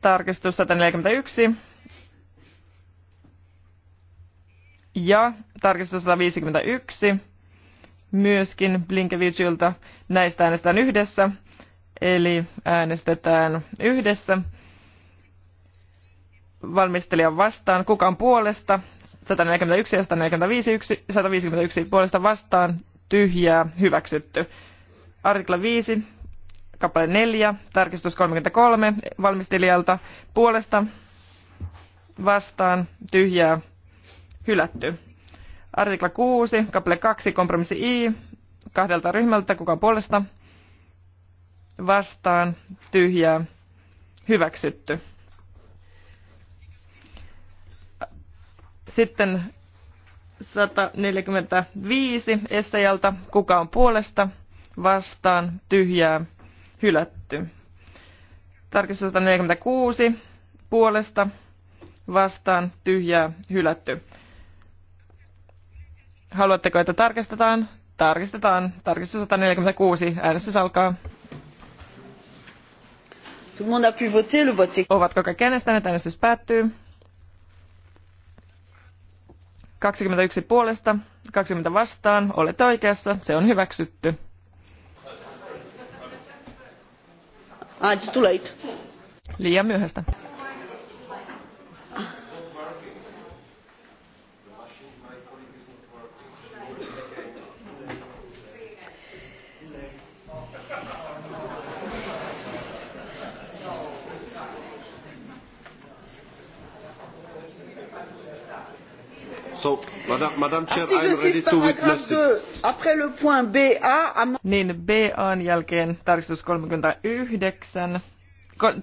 tarkistus 141 ja tarkistus 151 myöskin Blinkevichilta Näistä äänestetään yhdessä, eli äänestetään yhdessä valmistelijan vastaan. Kukaan puolesta? 141 ja 145, 151 puolesta vastaan. Tyhjää, hyväksytty. Artikla 5, kappale 4, tarkistus 33 valmistelijalta puolesta vastaan. Tyhjää, hylätty Artikla 6, kaple 2, kompromissi I, kahdelta ryhmältä, kuka puolesta, vastaan, tyhjää, hyväksytty. Sitten 145 essayalta, kuka on puolesta, vastaan, tyhjää, hylätty. Tarkistus 146, puolesta, vastaan, tyhjää, hylätty. Haluatteko, että tarkistetaan? Tarkistetaan. Tarkistus 146. Äänestys alkaa. Tout le monde a pu voter, le vote Ovatko kaikki äänestäneet? Äänestys päättyy. 21 puolesta, 20 vastaan. Olet oikeassa. Se on hyväksytty. Ah, it's too late. Liian myöhäistä. Niin B on BA, jälkeen tarkistus 39,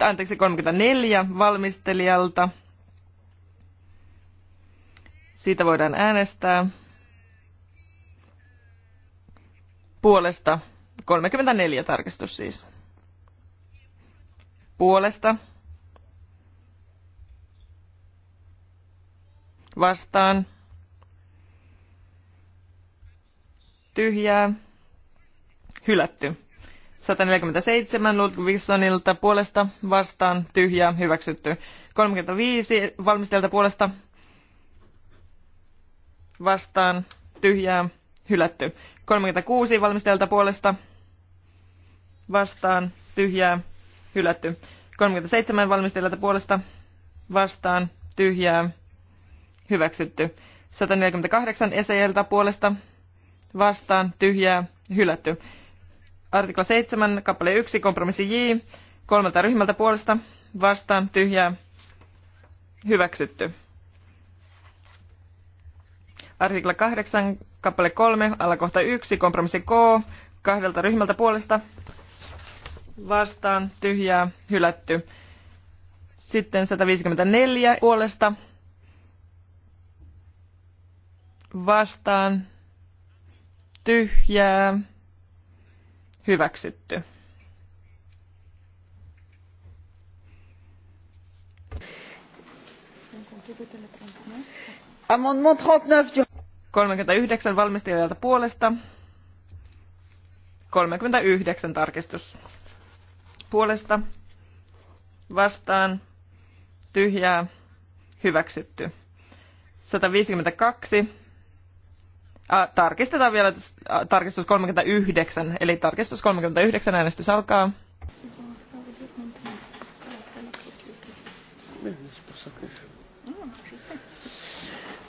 anteeksi 34 valmistelijalta. Siitä voidaan äänestää puolesta 34 tarkistus siis. Puolesta. Vastaan. tyhjää, hylätty. 147 Ludwigssonilta puolesta vastaan tyhjää hyväksytty. 35 valmistajalta puolesta vastaan tyhjää hylätty. 36 valmistajalta puolesta vastaan tyhjää hylätty. 37 valmistajalta puolesta vastaan tyhjää hyväksytty. 148 esejältä puolesta vastaan, tyhjää, hylätty. Artikla 7, kappale 1, kompromissi J, kolmelta ryhmältä puolesta, vastaan, tyhjää, hyväksytty. Artikla 8, kappale 3, alakohta 1, kompromissi K, kahdelta ryhmältä puolesta, vastaan, tyhjää, hylätty. Sitten 154 puolesta, vastaan, tyhjää, hyväksytty. Amendement 39 valmistelijalta puolesta. 39 tarkistus. Puolesta. Vastaan. Tyhjää. Hyväksytty. 152 tarkistetaan vielä tarkistus 39, eli tarkistus 39 äänestys alkaa.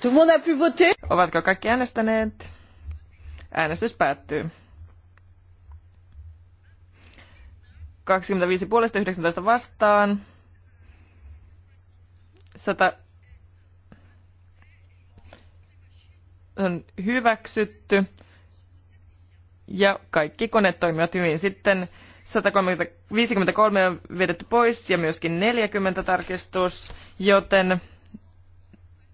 Tout le monde a pu voter? Ovatko kaikki äänestäneet? Äänestys päättyy. 25 puolesta 19 vastaan. 100 on hyväksytty ja kaikki koneet toimivat hyvin. Sitten 153 on vedetty pois ja myöskin 40 tarkistus, joten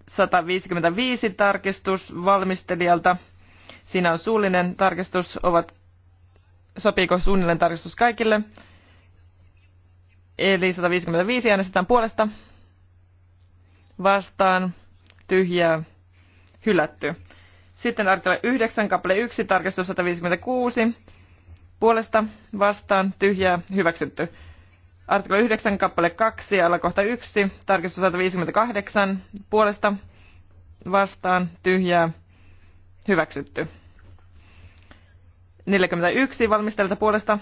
155 tarkistus valmistelijalta. Siinä on suullinen tarkistus, ovat, sopiiko suunnilleen tarkistus kaikille. Eli 155 äänestetään puolesta vastaan, tyhjää, hylätty. Sitten artikla 9, kappale 1, tarkistus 156. Puolesta vastaan tyhjää hyväksytty. Artikla 9, kappale 2, alakohta 1, tarkistus 158. Puolesta vastaan tyhjää hyväksytty. 41 valmistelta puolesta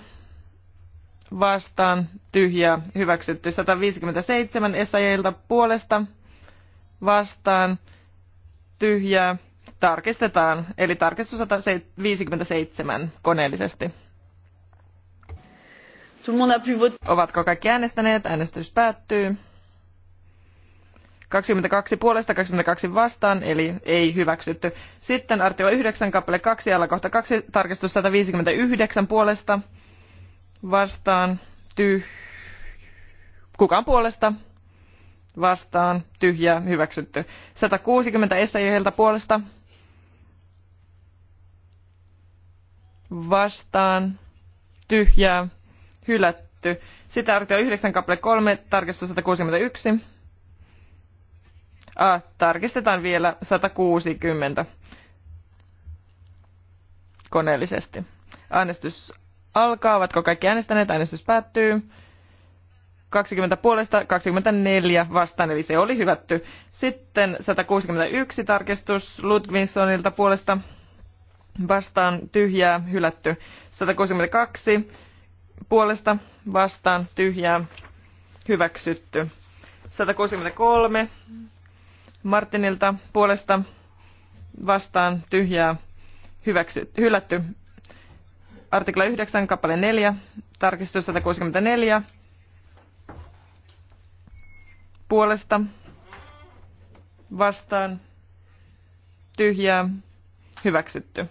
vastaan tyhjää hyväksytty. 157 esajilta puolesta vastaan tyhjää tarkistetaan, eli tarkistus 157 koneellisesti. Ovatko kaikki äänestäneet? Äänestys päättyy. 22 puolesta, 22 vastaan, eli ei hyväksytty. Sitten artikla 9, kappale 2, alakohta 2, tarkistus 159 puolesta, vastaan, tyh... Kukaan puolesta? vastaan, tyhjää, hyväksytty. 160 essayilta puolesta vastaan, tyhjää, hylätty. Sitä artikla 9 kappale 3, tarkistus 161. A, tarkistetaan vielä 160 koneellisesti. Äänestys alkaa. Ovatko kaikki äänestäneet? Äänestys päättyy. 20 puolesta 24 vastaan, eli se oli hyvätty. Sitten 161 tarkistus Ludvinsonilta puolesta vastaan tyhjää hylätty. 162 puolesta vastaan tyhjää hyväksytty. 163 Martinilta puolesta vastaan tyhjää hyväksy, hylätty. Artikla 9, kappale 4, tarkistus 164 puolesta vastaan tyhjää hyväksytty.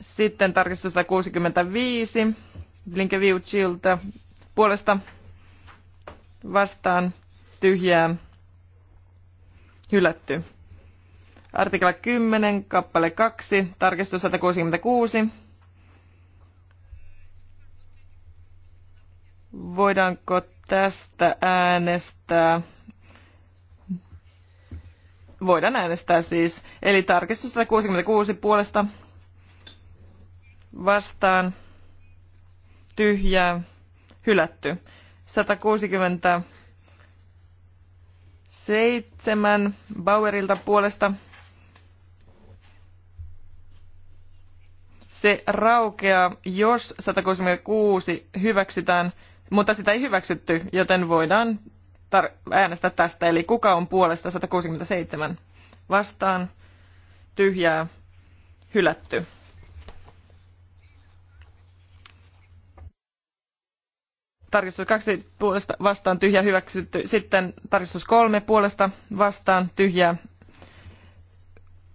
Sitten tarkistus 165 Blinkeviuchilta puolesta vastaan tyhjää hylätty. Artikla 10, kappale 2, tarkistus 166 Voidaanko tästä äänestää? Voidaan äänestää siis. Eli tarkistus 166 puolesta vastaan tyhjää hylätty. 167 Bauerilta puolesta se raukeaa, jos 166 hyväksytään mutta sitä ei hyväksytty, joten voidaan äänestää tästä. Eli kuka on puolesta 167 vastaan, tyhjää, hylätty. tarkistus kaksi puolesta vastaan tyhjä hyväksytty. Sitten tarkistus kolme puolesta vastaan tyhjää.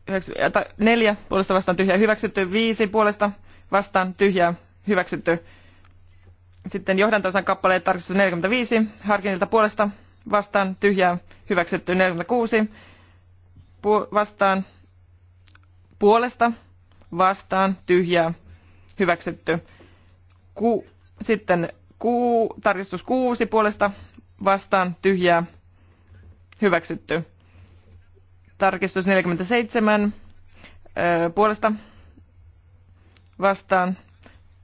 Äh, neljä puolesta vastaan tyhjää hyväksytty. Viisi puolesta vastaan tyhjää hyväksytty. Sitten johdantosan kappaleet tarkistus 45, harkinnilta puolesta vastaan tyhjää hyväksytty 46, pu- vastaan puolesta vastaan tyhjää hyväksytty. Ku- sitten ku- tarkistus 6 puolesta vastaan tyhjää hyväksytty. Tarkistus 47 puolesta vastaan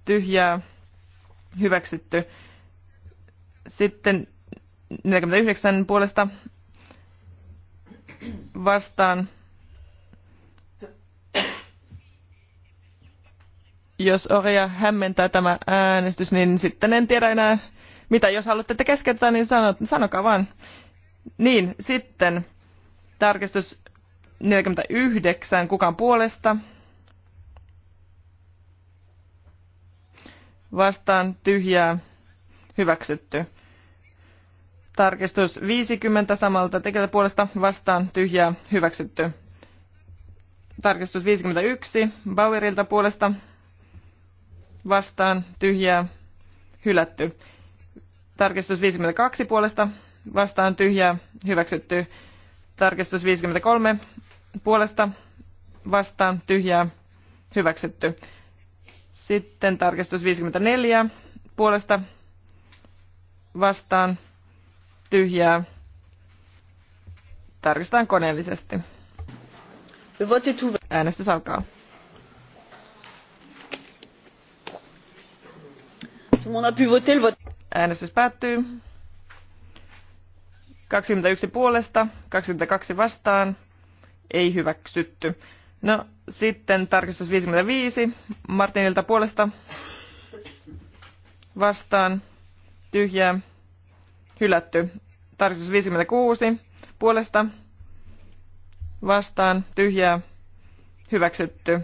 tyhjää hyväksytty. Sitten 49 puolesta vastaan. Jos Oria hämmentää tämä äänestys, niin sitten en tiedä enää, mitä jos haluatte, että keskeyttää, niin sano, sanokaa vaan. Niin, sitten tarkistus 49, kukaan puolesta vastaan tyhjää hyväksytty. Tarkistus 50 samalta tekijältä puolesta vastaan tyhjää hyväksytty. Tarkistus 51 Bauerilta puolesta vastaan tyhjää hylätty. Tarkistus 52 puolesta vastaan tyhjää hyväksytty. Tarkistus 53 puolesta vastaan tyhjää hyväksytty. Sitten tarkistus 54 puolesta vastaan tyhjää. Tarkistetaan koneellisesti. Äänestys alkaa. Äänestys päättyy. 21 puolesta, 22 vastaan, ei hyväksytty. No sitten tarkistus 55 Martinilta puolesta vastaan tyhjää hylätty. Tarkistus 56 puolesta vastaan tyhjää hyväksytty.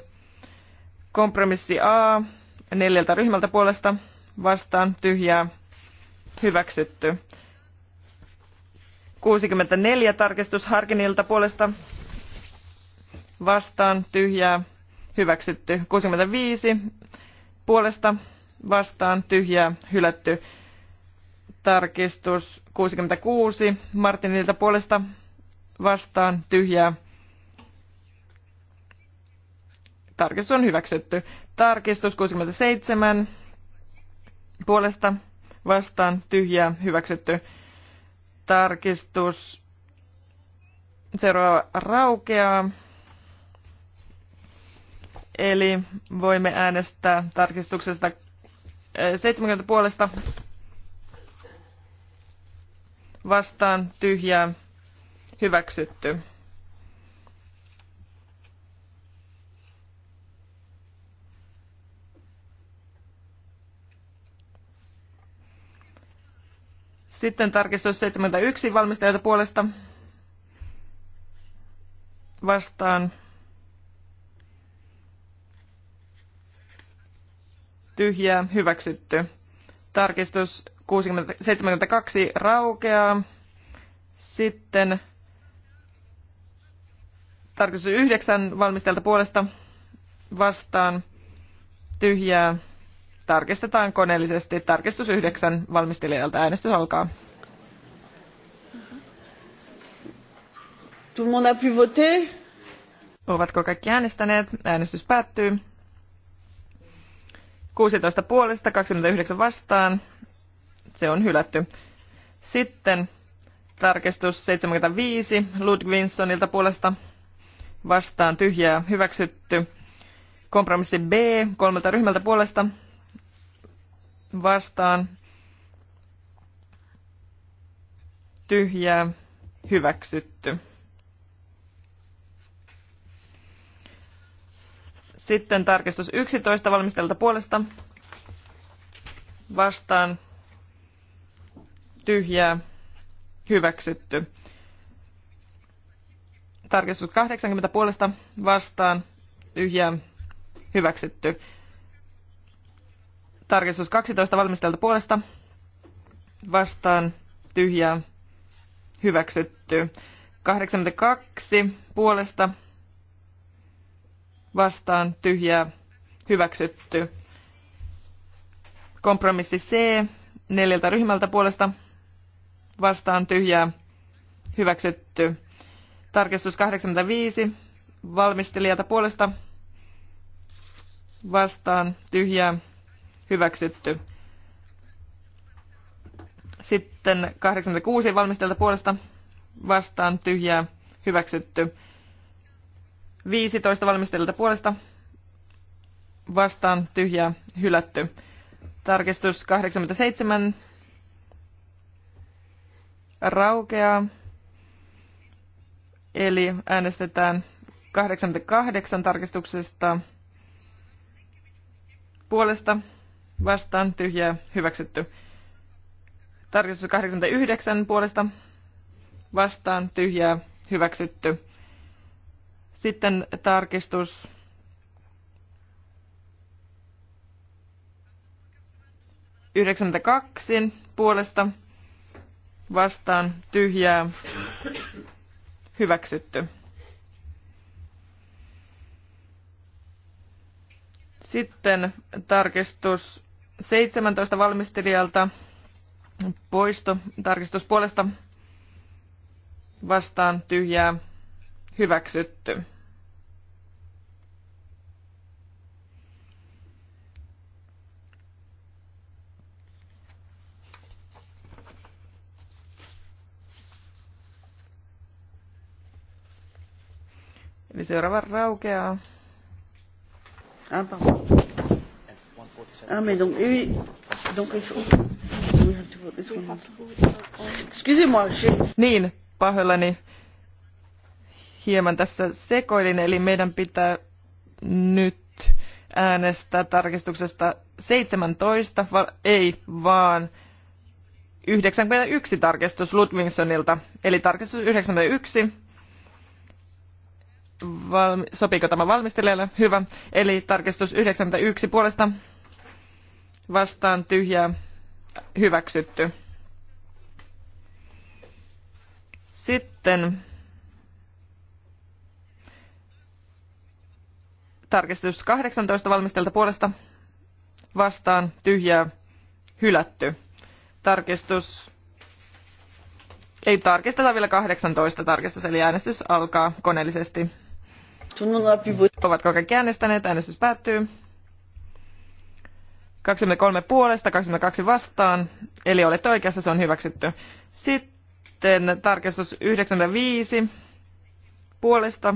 Kompromissi A neljältä ryhmältä puolesta vastaan tyhjää hyväksytty. 64 tarkistus Harkinilta puolesta vastaan tyhjää hyväksytty. 65 puolesta vastaan tyhjää hylätty. Tarkistus 66 Martinilta puolesta vastaan tyhjää. Tarkistus on hyväksytty. Tarkistus 67 puolesta vastaan tyhjää hyväksytty. Tarkistus seuraava raukeaa. Eli voimme äänestää tarkistuksesta 70 eh, puolesta vastaan tyhjää hyväksytty. Sitten tarkistus 71 valmistajalta puolesta vastaan tyhjää, hyväksytty. Tarkistus 60, 72 raukeaa. Sitten tarkistus 9 valmistelta puolesta vastaan tyhjää. Tarkistetaan koneellisesti. Tarkistus 9 valmistelijalta äänestys alkaa. Tout le monde a pu voter? Ovatko kaikki äänestäneet? Äänestys päättyy. 16 puolesta, 29 vastaan. Se on hylätty. Sitten tarkistus 75 Ludwinsonilta puolesta vastaan tyhjää hyväksytty. Kompromissi B kolmelta ryhmältä puolesta vastaan tyhjää hyväksytty. Sitten tarkistus 11 valmistelta puolesta. Vastaan. Tyhjää. Hyväksytty. Tarkistus 80 puolesta. Vastaan. Tyhjää. Hyväksytty. Tarkistus 12 valmistelta puolesta. Vastaan. Tyhjää. Hyväksytty. 82 puolesta vastaan tyhjää hyväksytty. Kompromissi C neljältä ryhmältä puolesta vastaan tyhjää hyväksytty. Tarkistus 85 valmistelijalta puolesta vastaan tyhjää hyväksytty. Sitten 86 valmistelijalta puolesta vastaan tyhjää hyväksytty. 15 valmistelijalta puolesta vastaan tyhjä hylätty. Tarkistus 87 raukeaa. Eli äänestetään 88 tarkistuksesta puolesta vastaan tyhjää hyväksytty. Tarkistus 89 puolesta vastaan tyhjää hyväksytty. Sitten tarkistus. Yhdeksänkymmentäkaksi puolesta vastaan tyhjää hyväksytty. Sitten tarkistus 17 valmistelijalta poisto tarkistus puolesta vastaan tyhjää hyväksytty. Eli seuraava raukeaa. Ah, ah, mais donc, oui, donc il faut... Excusez-moi, j'ai... Niin, pahoillani hieman tässä sekoilin, eli meidän pitää nyt äänestää tarkistuksesta 17, va- ei vaan 91 tarkistus Ludwigsonilta, eli tarkistus 91. Valmi- sopiiko tämä valmistelijalle? Hyvä. Eli tarkistus 91 puolesta vastaan tyhjää hyväksytty. Sitten Tarkistus 18 valmistelta puolesta vastaan tyhjää hylätty. Tarkistus ei tarkisteta vielä 18 tarkistus, eli äänestys alkaa koneellisesti. Ovatko kaikki äänestäneet? Äänestys päättyy. 23 puolesta, 22 vastaan, eli olette oikeassa, se on hyväksytty. Sitten tarkistus 95 puolesta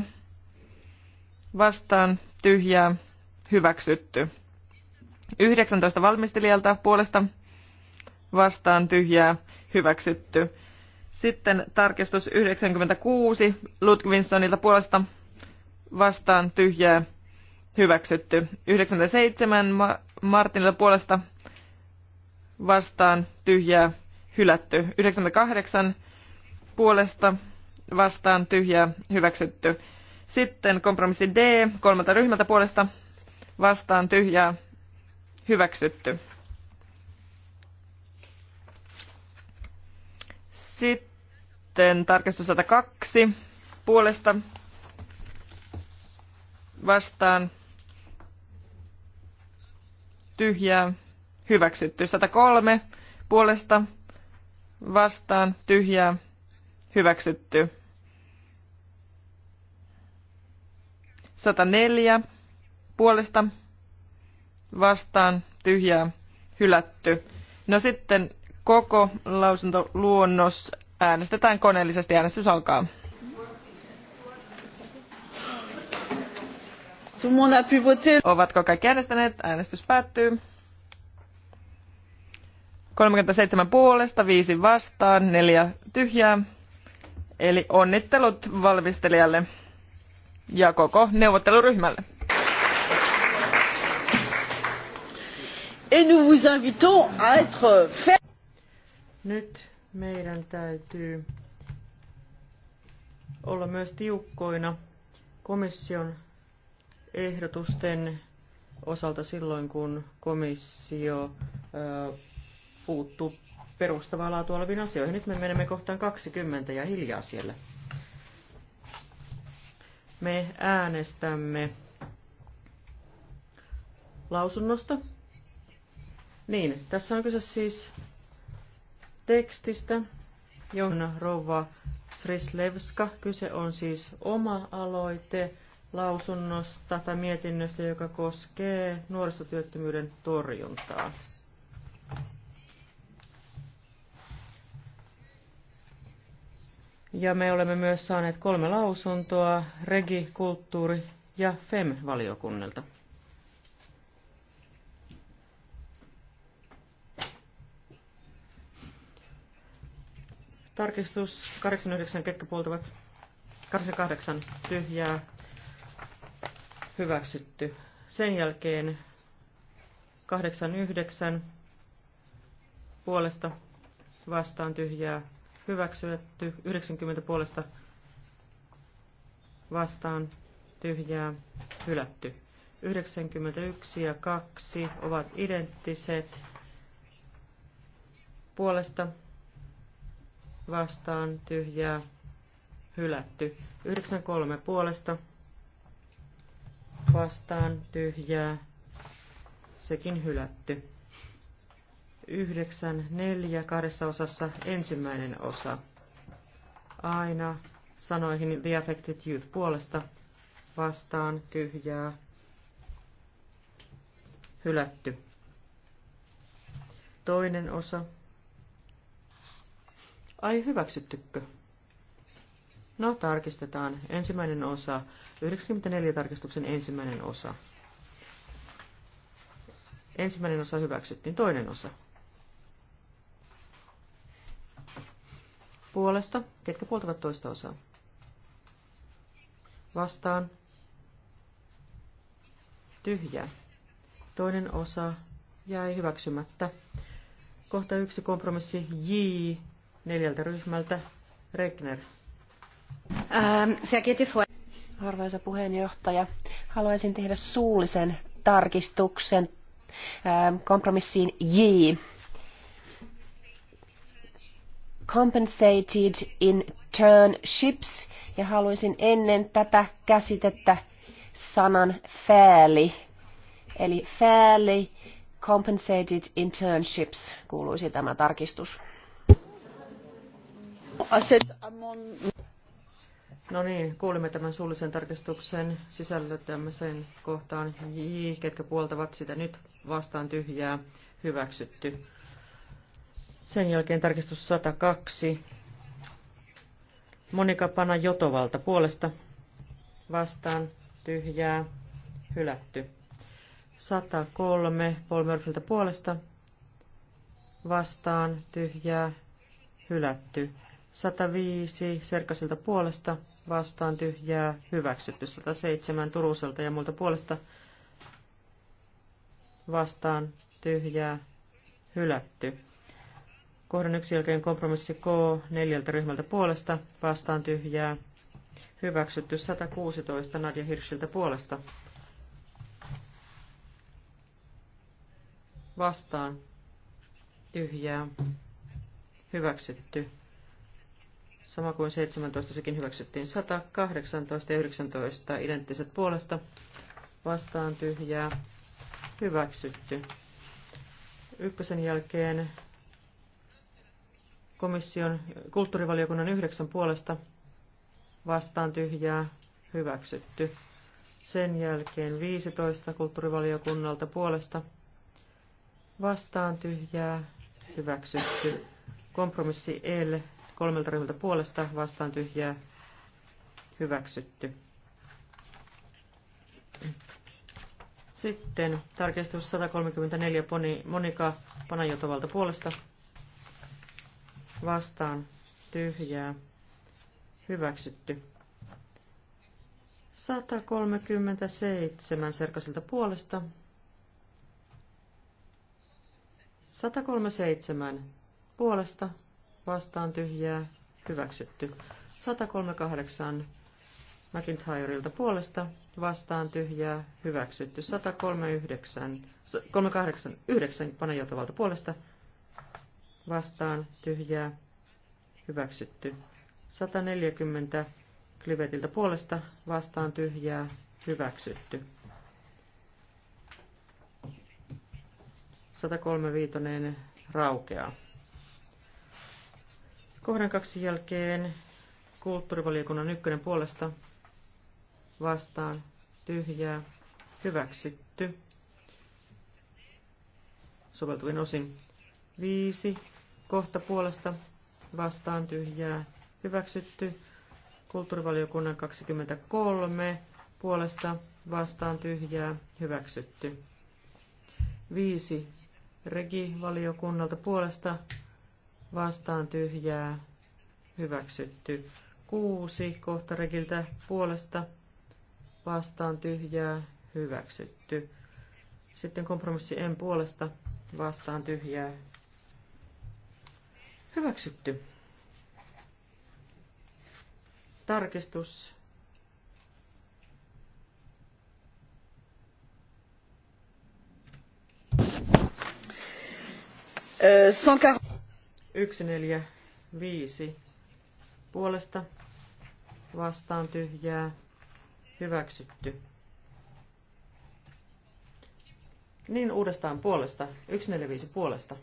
vastaan tyhjää, hyväksytty. 19 valmistelijalta puolesta vastaan tyhjää, hyväksytty. Sitten tarkistus 96 Ludwinsonilta puolesta vastaan tyhjää, hyväksytty. 97 Ma- Martinilta puolesta vastaan tyhjää, hylätty. 98 puolesta vastaan tyhjää, hyväksytty. Sitten kompromissi D kolmelta ryhmältä puolesta vastaan tyhjää hyväksytty. Sitten tarkistus 102 puolesta vastaan tyhjää hyväksytty. 103 puolesta vastaan tyhjää hyväksytty. 104 puolesta vastaan tyhjää hylätty. No sitten koko lausuntoluonnos äänestetään koneellisesti. Äänestys alkaa. Ovatko kaikki äänestäneet? Äänestys päättyy. 37 puolesta, 5 vastaan, 4 tyhjää. Eli onnittelut valmistelijalle ja koko neuvotteluryhmälle. Nyt meidän täytyy olla myös tiukkoina komission ehdotusten osalta silloin, kun komissio ö, puuttuu perustavaa laatua oleviin asioihin. Nyt me menemme kohtaan 20 ja hiljaa siellä me äänestämme lausunnosta. Niin, tässä on kyse siis tekstistä, jonka rouva Srislevska. Kyse on siis oma aloite lausunnosta tai mietinnöstä, joka koskee nuorisotyöttömyyden torjuntaa. Ja me olemme myös saaneet kolme lausuntoa Regi, Kulttuuri ja FEM-valiokunnilta. Tarkistus 89 ketkä puoltavat 88 tyhjää hyväksytty. Sen jälkeen 89 puolesta vastaan tyhjää hyväksytty 90 puolesta vastaan tyhjää hylätty. 91 ja 2 ovat identtiset puolesta vastaan tyhjää hylätty. 93 puolesta vastaan tyhjää sekin hylätty. 9, 4 kahdessa osassa ensimmäinen osa. Aina sanoihin The Affected Youth puolesta vastaan tyhjää hylätty. Toinen osa. Ai hyväksyttykö? No, tarkistetaan. Ensimmäinen osa. 94 tarkistuksen ensimmäinen osa. Ensimmäinen osa hyväksyttiin. Toinen osa. puolesta, ketkä puoltavat toista osaa. Vastaan. Tyhjää. Toinen osa jäi hyväksymättä. Kohta yksi kompromissi J neljältä ryhmältä. Regner. Ähm, Arvoisa puheenjohtaja, haluaisin tehdä suullisen tarkistuksen ähm, kompromissiin J compensated internships ja haluaisin ennen tätä käsitettä sanan fairly. Eli fairly compensated internships kuuluisi tämä tarkistus. No niin, kuulimme tämän suullisen tarkistuksen tämmöiseen kohtaan. J, ketkä puoltavat sitä nyt vastaan tyhjää, hyväksytty. Sen jälkeen tarkistus 102. Monika Pana Jotovalta puolesta. Vastaan. Tyhjää. Hylätty. 103. Paul Murphyltä puolesta. Vastaan. Tyhjää. Hylätty. 105. Serkasilta puolesta. Vastaan. Tyhjää. Hyväksytty. 107. Turuselta ja muilta puolesta. Vastaan. Tyhjää. Hylätty. Kohdan yksi jälkeen kompromissi K neljältä ryhmältä puolesta vastaan tyhjää. Hyväksytty 116 Nadja Hirschiltä puolesta. Vastaan tyhjää. Hyväksytty. Sama kuin 17 sekin hyväksyttiin 118 ja 19 identtiset puolesta. Vastaan tyhjää. Hyväksytty. Ykkösen jälkeen komission kulttuurivaliokunnan yhdeksän puolesta vastaan tyhjää hyväksytty. Sen jälkeen 15 kulttuurivaliokunnalta puolesta vastaan tyhjää hyväksytty. Kompromissi L kolmelta ryhmältä puolesta vastaan tyhjää hyväksytty. Sitten tarkistus 134 Monika Panajotovalta puolesta vastaan tyhjää hyväksytty. 137 Serkasilta puolesta. 137 puolesta vastaan tyhjää hyväksytty. 138 McIntyreilta puolesta vastaan tyhjää hyväksytty. 139 38 9 Panajotovalta puolesta vastaan tyhjää hyväksytty. 140 Klivetiltä puolesta vastaan tyhjää hyväksytty. 135 raukeaa. Kohdan kaksi jälkeen kulttuurivaliokunnan ykkönen puolesta vastaan tyhjää hyväksytty soveltuvin osin. 5 kohta puolesta vastaan tyhjää hyväksytty. Kulttuurivaliokunnan 23 puolesta vastaan tyhjää hyväksytty. 5. Regivaliokunnalta puolesta vastaan tyhjää hyväksytty. 6. Kohta regiltä puolesta vastaan tyhjää hyväksytty. Sitten kompromissi en puolesta vastaan tyhjää Hyväksytty. Tarkistus. Yksi, neljä, viisi. Puolesta vastaan tyhjää. Hyväksytty. Niin uudestaan puolesta. 145 puolesta.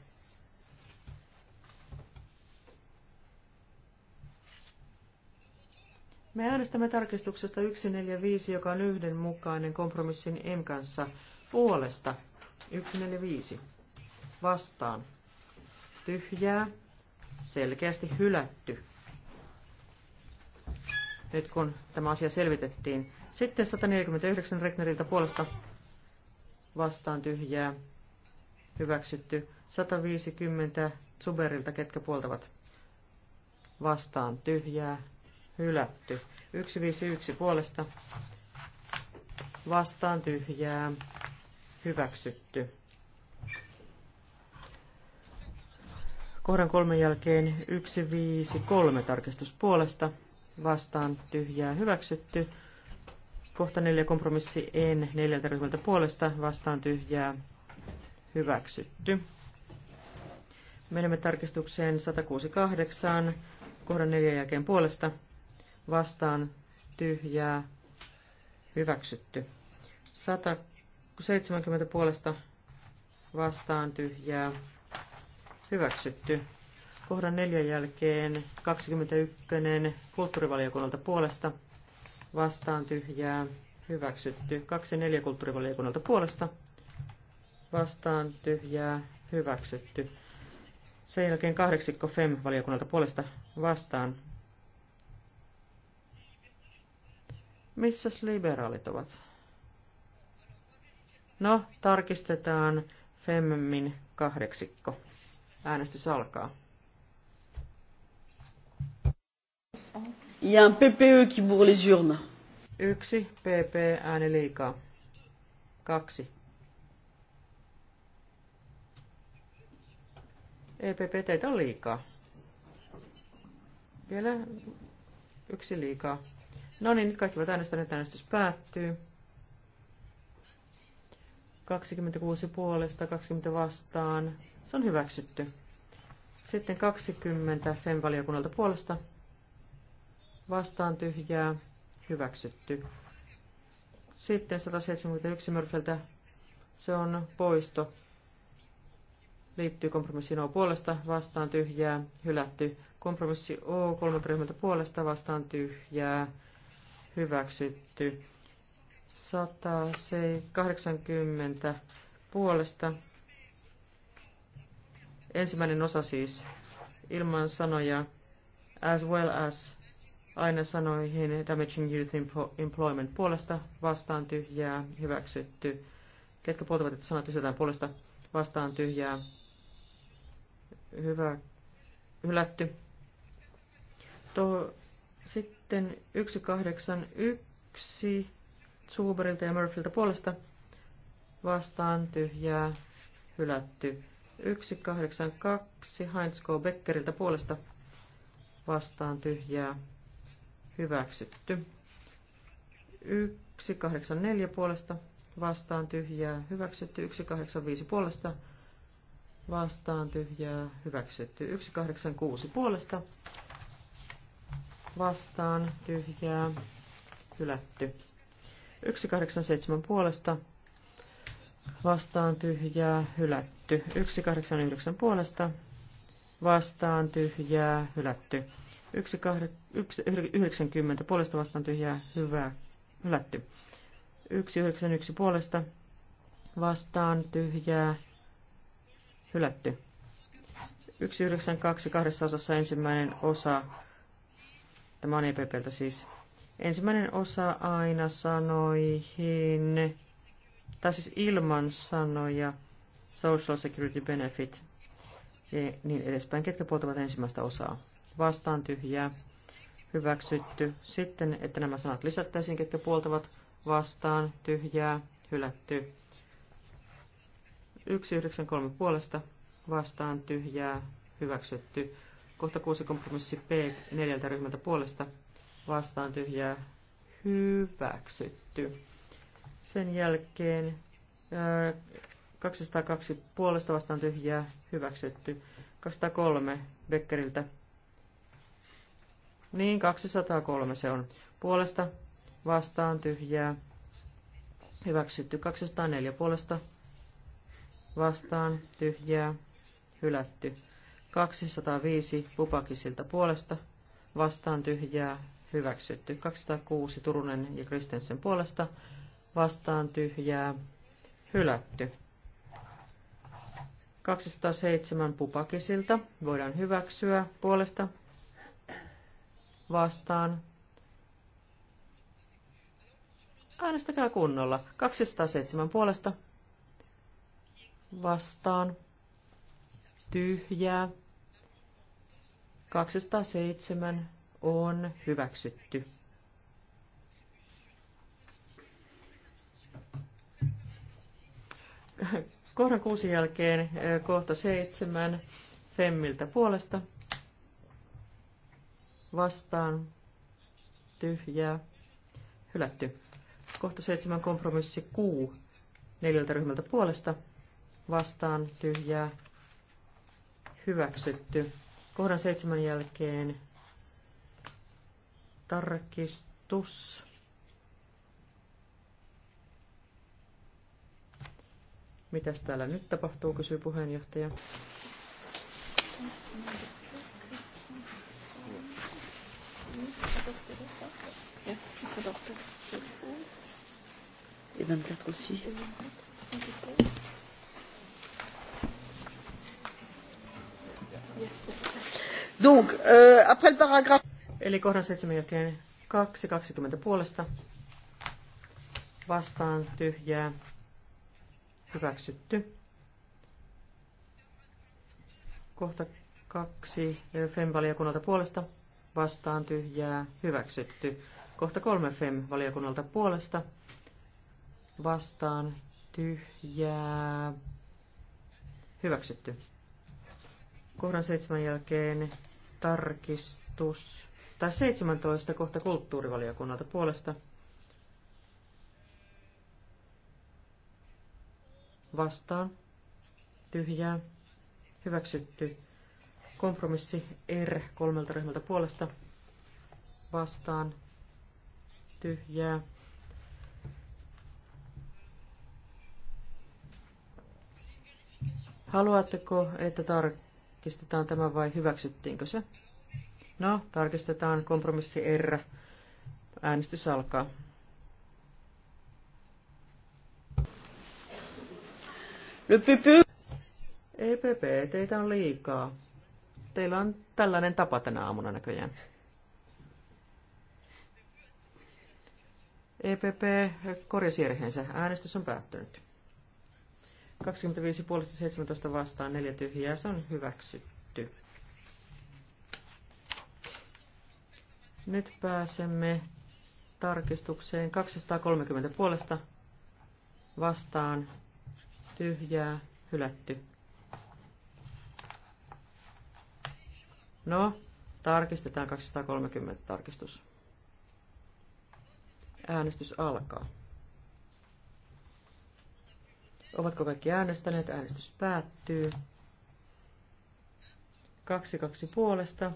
Me äänestämme tarkistuksesta 145, joka on yhdenmukainen kompromissin M kanssa puolesta. 145. Vastaan. Tyhjää. Selkeästi hylätty. Nyt kun tämä asia selvitettiin. Sitten 149 Regnerilta puolesta vastaan tyhjää. Hyväksytty. 150 Zuberilta, ketkä puoltavat vastaan tyhjää hylätty. 151 puolesta vastaan tyhjää hyväksytty. Kohdan kolmen jälkeen 153 tarkistus puolesta vastaan tyhjää hyväksytty. Kohta neljä kompromissi en neljältä puolesta vastaan tyhjää hyväksytty. Menemme tarkistukseen 168 kohdan neljän jälkeen puolesta vastaan tyhjää hyväksytty. 170 puolesta vastaan tyhjää hyväksytty. Kohdan neljän jälkeen 21 kulttuurivaliokunnalta puolesta vastaan tyhjää hyväksytty. 24 kulttuurivaliokunnalta puolesta vastaan tyhjää hyväksytty. Sen jälkeen kahdeksikko FEM-valiokunnalta puolesta vastaan Missäs liberaalit ovat? No, tarkistetaan Femmin kahdeksikko. Äänestys alkaa. Ja PPE qui bourre les urnes. Yksi PP ääni liikaa. Kaksi. EPP teitä on liikaa. Vielä yksi liikaa. No niin, nyt kaikki äänestää, nyt Äänestys päättyy. 26 puolesta, 20 vastaan. Se on hyväksytty. Sitten 20 FEM-valiokunnalta puolesta. Vastaan tyhjää. Hyväksytty. Sitten 171 Mörfeltä. Se on poisto. Liittyy kompromissiin O puolesta. Vastaan tyhjää. Hylätty. Kompromissi O kolme puolesta. Vastaan tyhjää hyväksytty. 180 puolesta. Ensimmäinen osa siis ilman sanoja as well as aina sanoihin damaging youth employment puolesta vastaan tyhjää hyväksytty. Ketkä puoltavat, että sanat lisätään puolesta vastaan tyhjää hyvä, hylätty. To, sitten 181 Zuberilta ja Murphyltä puolesta vastaan tyhjää hylätty. 182 Heinz K. Beckeriltä puolesta vastaan tyhjää hyväksytty. 184 puolesta vastaan tyhjää hyväksytty. 185 puolesta vastaan tyhjää hyväksytty. 186 puolesta vastaan, tyhjää, hylätty. 187 puolesta vastaan tyhjää, hylätty. 189 puolesta vastaan tyhjää, hylätty. 190 puolesta vastaan tyhjää, hyvä, hylätty. 191 puolesta vastaan tyhjää, hylätty. 192 kahdessa osassa ensimmäinen osa Tämä on EPPltä siis. Ensimmäinen osa aina sanoihin, tai siis ilman sanoja, social security benefit, ja niin edespäin, ketkä puoltavat ensimmäistä osaa. Vastaan tyhjää, hyväksytty. Sitten, että nämä sanat lisättäisiin, ketkä puoltavat vastaan, tyhjää, hylätty. 193 puolesta vastaan, tyhjää, hyväksytty. Kohta kuusi kompromissi P neljältä ryhmältä puolesta vastaan tyhjää hyväksytty. Sen jälkeen 202 puolesta vastaan tyhjää hyväksytty. 203 Beckeriltä. Niin, 203 se on. Puolesta vastaan tyhjää hyväksytty. 204 puolesta vastaan tyhjää hylätty. 205 Pupakisilta puolesta, vastaan tyhjää, hyväksytty. 206 Turunen ja Kristensen puolesta, vastaan tyhjää, hylätty. 207 Pupakisilta voidaan hyväksyä puolesta, vastaan. Äänestäkää kunnolla. 207 puolesta, vastaan tyhjää. 207 on hyväksytty. Kohdan kuusi jälkeen kohta seitsemän Femmiltä puolesta vastaan tyhjää hylätty. Kohta seitsemän kompromissi Q neljältä ryhmältä puolesta vastaan tyhjää hyväksytty. Kohdan seitsemän jälkeen tarkistus. Mitäs täällä nyt tapahtuu, kysyy puheenjohtaja. Yes, it's adopted. aussi. Donc, euh, après le Eli kohdan 7 jälkeen 2.20 puolesta vastaan tyhjää hyväksytty. Kohta kaksi FEM-valiokunnalta puolesta vastaan tyhjää hyväksytty. Kohta kolme FEM-valiokunnalta puolesta vastaan tyhjää hyväksytty kohdan seitsemän jälkeen tarkistus, tai 17 kohta kulttuurivaliokunnalta puolesta vastaan, tyhjää, hyväksytty, kompromissi R kolmelta ryhmältä puolesta, vastaan, tyhjää, Haluatteko, että tar- Tarkistetaan tämä vai hyväksyttiinkö se? No, tarkistetaan kompromissi R. Äänestys alkaa. Lyppipy. E EPP, teitä on liikaa. Teillä on tällainen tapa tänä aamuna näköjään. EPP korjasi erheensä. Äänestys on päättynyt. 25 puolesta 17 vastaan, neljä tyhjää, se on hyväksytty. Nyt pääsemme tarkistukseen 230 puolesta vastaan, tyhjää, hylätty. No, tarkistetaan 230 tarkistus. Äänestys alkaa. Ovatko kaikki äänestäneet? Äänestys päättyy. 22 puolesta,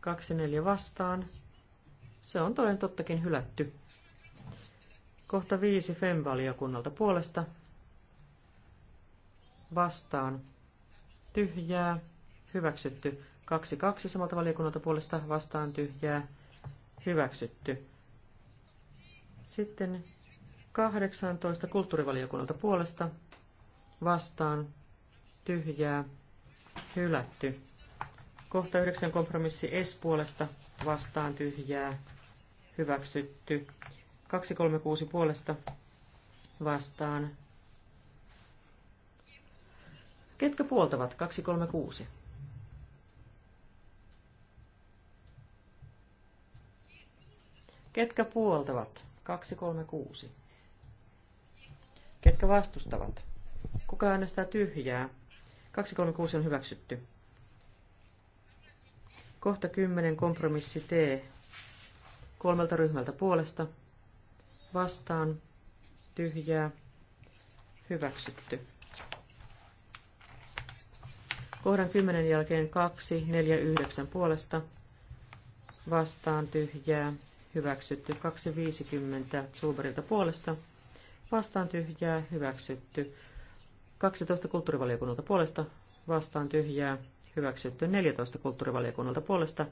24 vastaan. Se on toden tottakin hylätty. Kohta 5 FEM-valiokunnalta puolesta. Vastaan. Tyhjää. Hyväksytty. 22 samalta valiokunnalta puolesta. Vastaan tyhjää. Hyväksytty. Sitten 18 kulttuurivaliokunnalta puolesta vastaan tyhjää hylätty. Kohta 9 kompromissi S puolesta vastaan tyhjää hyväksytty. 236 puolesta vastaan. Ketkä puoltavat 236? Ketkä puoltavat 236? Ketkä vastustavat? Kuka äänestää tyhjää? 236 on hyväksytty. Kohta 10 kompromissi T. Kolmelta ryhmältä puolesta. Vastaan. Tyhjää. Hyväksytty. Kohdan 10 jälkeen 2, 4, 9 puolesta. Vastaan tyhjää. Hyväksytty. 250 Zuberilta puolesta vastaan tyhjää, hyväksytty. 12 kulttuurivaliokunnalta puolesta, vastaan tyhjää, hyväksytty. 14 kulttuurivaliokunnalta puolesta,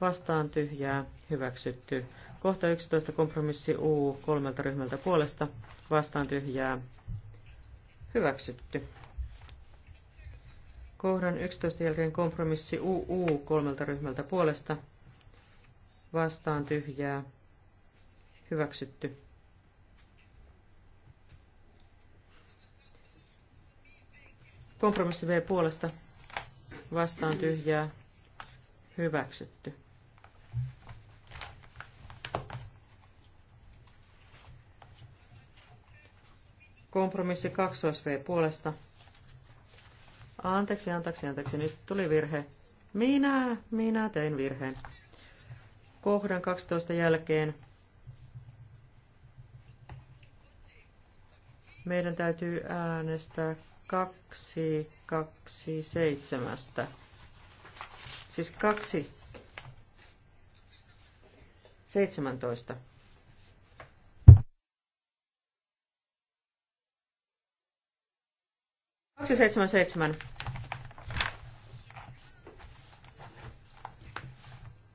vastaan tyhjää, hyväksytty. Kohta 11 kompromissi U kolmelta ryhmältä puolesta, vastaan tyhjää, hyväksytty. Kohdan 11 jälkeen kompromissi UU kolmelta ryhmältä puolesta, vastaan tyhjää, hyväksytty. Kompromissi B puolesta vastaan tyhjää hyväksytty. Kompromissi 2 V puolesta. Anteeksi, anteeksi, anteeksi, nyt tuli virhe. Minä, minä tein virheen. Kohdan 12 jälkeen meidän täytyy äänestää kaksi, kaksi seitsemästä. Siis kaksi, seitsemäntoista. Kaksi seitsemän seitsemän.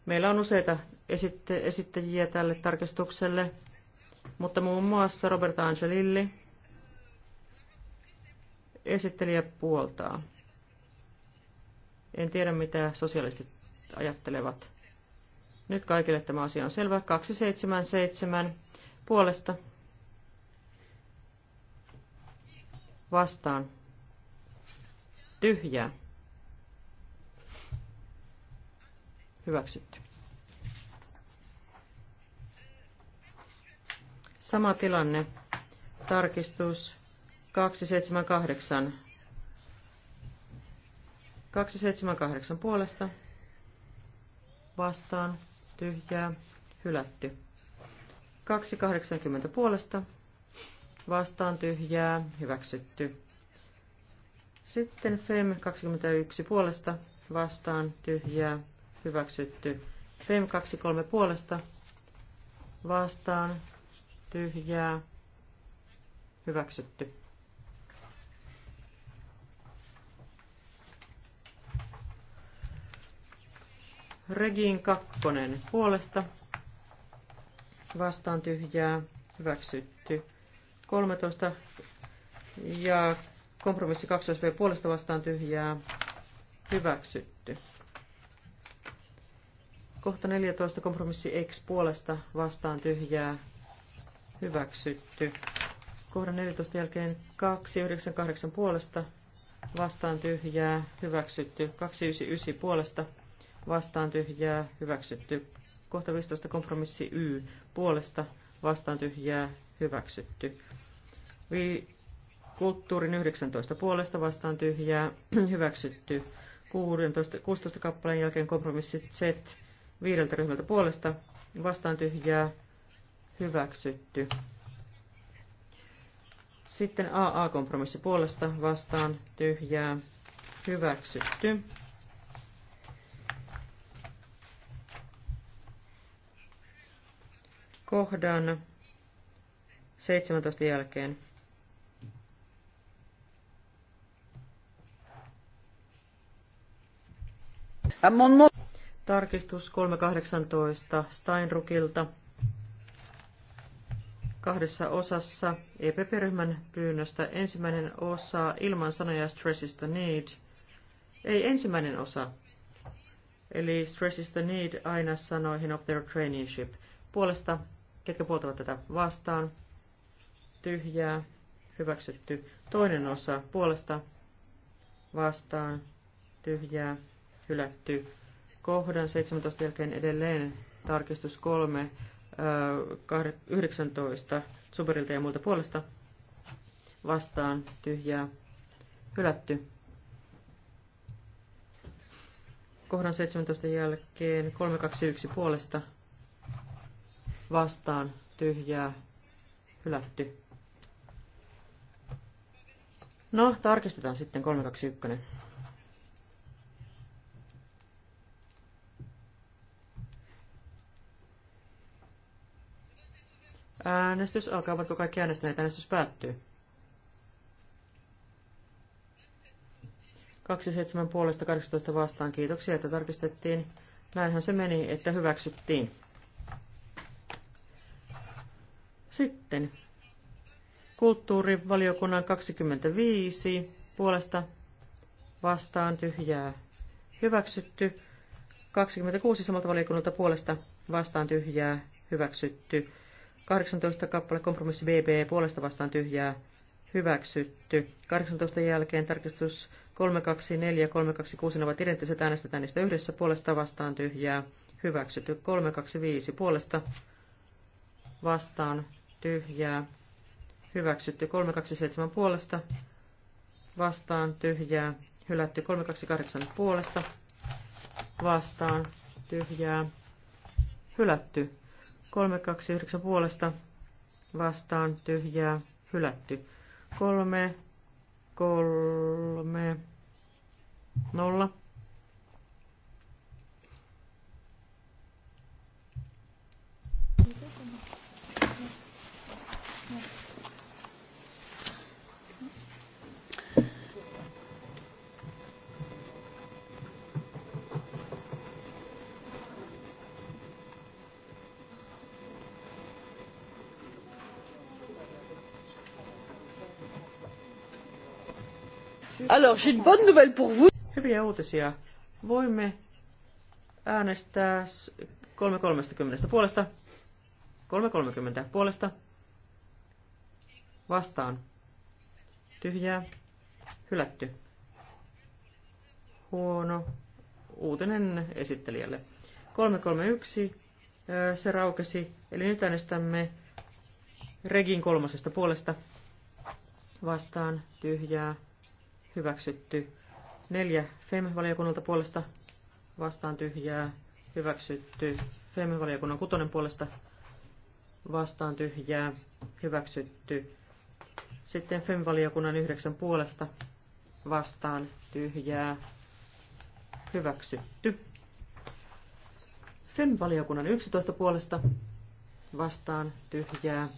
Meillä on useita esittäjiä tälle tarkistukselle, mutta muun muassa Robert Angelilli, Esittelijä puoltaa. En tiedä, mitä sosialistit ajattelevat. Nyt kaikille tämä asia on selvä. 277 puolesta. Vastaan. Tyhjää. Hyväksytty. Sama tilanne. Tarkistus 278. 278 puolesta. Vastaan. Tyhjää. Hylätty. 280 puolesta. Vastaan. Tyhjää. Hyväksytty. Sitten FEM 21 puolesta. Vastaan. Tyhjää. Hyväksytty. FEM 23 puolesta. Vastaan. Tyhjää. Hyväksytty. Regin kakkonen puolesta. Vastaan tyhjää. Hyväksytty. 13. Ja kompromissi 2 V puolesta vastaan tyhjää. Hyväksytty. Kohta 14. Kompromissi X puolesta vastaan tyhjää. Hyväksytty. Kohdan 14 jälkeen 298 puolesta vastaan tyhjää. Hyväksytty. 299 puolesta vastaan tyhjää hyväksytty. Kohta 15 kompromissi Y puolesta vastaan tyhjää hyväksytty. Vi- kulttuurin 19 puolesta vastaan tyhjää hyväksytty. 16, 16 kappaleen jälkeen kompromissi Z viideltä ryhmältä puolesta vastaan tyhjää hyväksytty. Sitten AA-kompromissi puolesta vastaan tyhjää hyväksytty. kohdan 17 jälkeen. Tarkistus 318 Steinrukilta kahdessa osassa EPP-ryhmän pyynnöstä. Ensimmäinen osa ilman sanoja stress is the need. Ei ensimmäinen osa. Eli stress is the need aina sanoihin of their traineeship. Puolesta Ketkä puoltavat tätä vastaan? Tyhjää. Hyväksytty. Toinen osa puolesta vastaan. Tyhjää. Hylätty. Kohdan 17 jälkeen edelleen tarkistus 3. 19 Zuberilta ja muilta puolesta vastaan tyhjää hylätty. Kohdan 17 jälkeen 321 puolesta vastaan tyhjää hylätty. No, tarkistetaan sitten 321. Äänestys alkaa, vaikka kaikki äänestäneet? Äänestys päättyy. 27 puolesta 18 vastaan. Kiitoksia, että tarkistettiin. Näinhän se meni, että hyväksyttiin. Sitten kulttuurivaliokunnan 25 puolesta vastaan tyhjää hyväksytty. 26 samalta valiokunnalta puolesta vastaan tyhjää hyväksytty. 18 kappale kompromissi BB puolesta vastaan tyhjää hyväksytty. 18 jälkeen tarkistus 324 ja 326 ovat identtiset äänestetään niistä yhdessä puolesta vastaan tyhjää hyväksytty. 325 puolesta vastaan tyhjää, hyväksytty 327 puolesta, vastaan tyhjää, hylätty 328 puolesta, vastaan tyhjää, hylätty 329 puolesta, vastaan tyhjää, hylätty 3, 3, 0 Alors, j'ai une bonne nouvelle pour vous. Hyviä uutisia. Voimme äänestää 3.30 puolesta. 3.30 puolesta. Vastaan. Tyhjää. Hylätty. Huono. Uutinen esittelijälle. 331. Se raukesi. Eli nyt äänestämme Regin kolmosesta puolesta. Vastaan. Tyhjää hyväksytty. Neljä FEM-valiokunnalta puolesta vastaan tyhjää, hyväksytty. FEM-valiokunnan kutonen puolesta vastaan tyhjää, hyväksytty. Sitten FEM-valiokunnan yhdeksän puolesta vastaan tyhjää, hyväksytty. FEM-valiokunnan 11 puolesta vastaan tyhjää,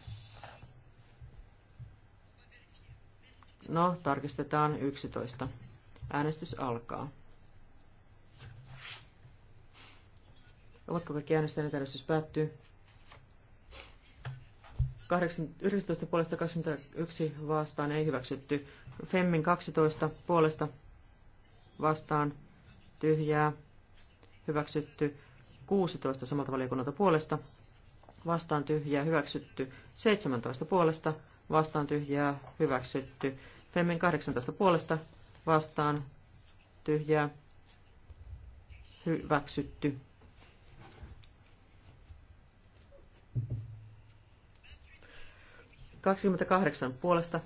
No, tarkistetaan 11. Äänestys alkaa. Ovatko kaikki äänestäneet? Äänestys päättyy. 19 puolesta 21 vastaan ei hyväksytty. Femmin 12 puolesta vastaan tyhjää hyväksytty. 16 samalta valiokunnalta puolesta vastaan tyhjää hyväksytty. 17 puolesta vastaan tyhjää hyväksytty. Femmin 18 puolesta vastaan tyhjää hyväksytty. Kaksikymmentäkahdeksan puolesta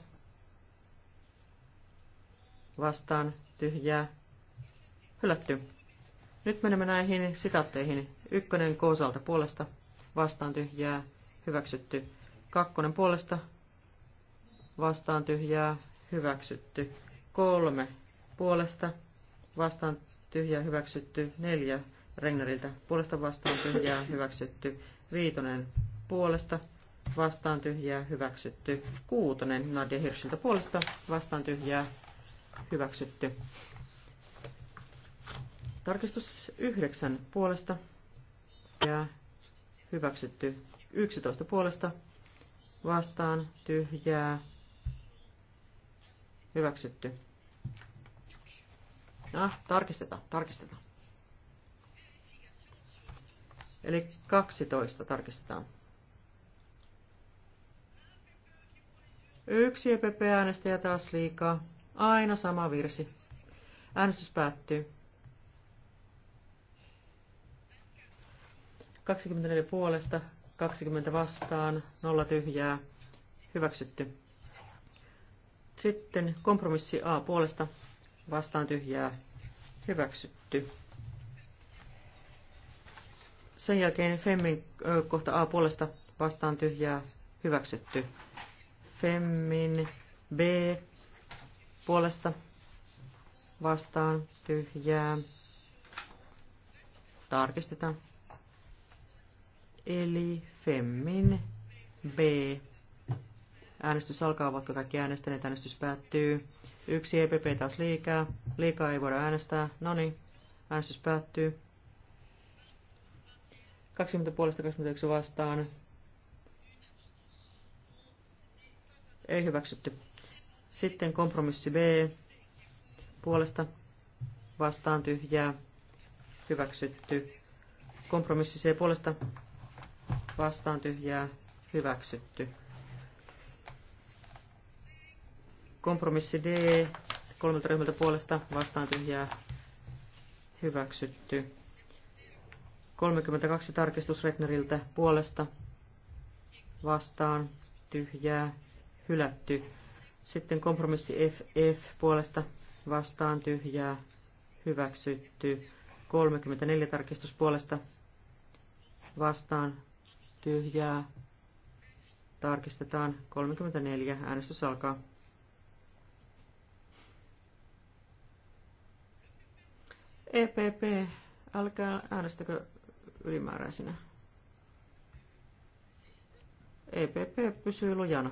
vastaan tyhjää hylätty. Nyt menemme näihin sitaatteihin. Ykkönen Koosalta puolesta vastaan tyhjää hyväksytty. Kakkonen puolesta vastaan tyhjää hyväksytty. Kolme puolesta vastaan tyhjä hyväksytty. Neljä Regneriltä puolesta vastaan tyhjää hyväksytty. Viitonen puolesta vastaan tyhjää hyväksytty. Kuutonen Nadia Hirschiltä puolesta vastaan tyhjää hyväksytty. Tarkistus yhdeksän puolesta ja hyväksytty yksitoista puolesta vastaan tyhjää Hyväksytty. Ah, no, tarkistetaan, tarkistetaan. Eli 12 tarkistetaan. Yksi EPP-äänestäjä taas liikaa. Aina sama virsi. Äänestys päättyy. 24 puolesta, 20 vastaan, 0 tyhjää. Hyväksytty. Sitten kompromissi A puolesta vastaan tyhjää hyväksytty. Sen jälkeen Femmin kohta A puolesta vastaan tyhjää hyväksytty. Femmin B puolesta vastaan tyhjää. Tarkistetaan. Eli Femmin B Äänestys alkaa, ovatko kaikki äänestäneet, äänestys päättyy. Yksi EPP taas liikaa, liikaa ei voida äänestää, no niin, äänestys päättyy. 20 puolesta 21 vastaan. Ei hyväksytty. Sitten kompromissi B. Puolesta vastaan tyhjää. Hyväksytty. Kompromissi C puolesta vastaan tyhjää. Hyväksytty. Kompromissi D kolmelta ryhmältä puolesta vastaan tyhjää hyväksytty. 32 tarkistus Regneriltä puolesta vastaan tyhjää hylätty. Sitten kompromissi FF puolesta vastaan tyhjää hyväksytty. 34 tarkistus puolesta vastaan tyhjää tarkistetaan 34. Äänestys alkaa. EPP, älkää äänestäkö ylimääräisenä. EPP pysyy lujana.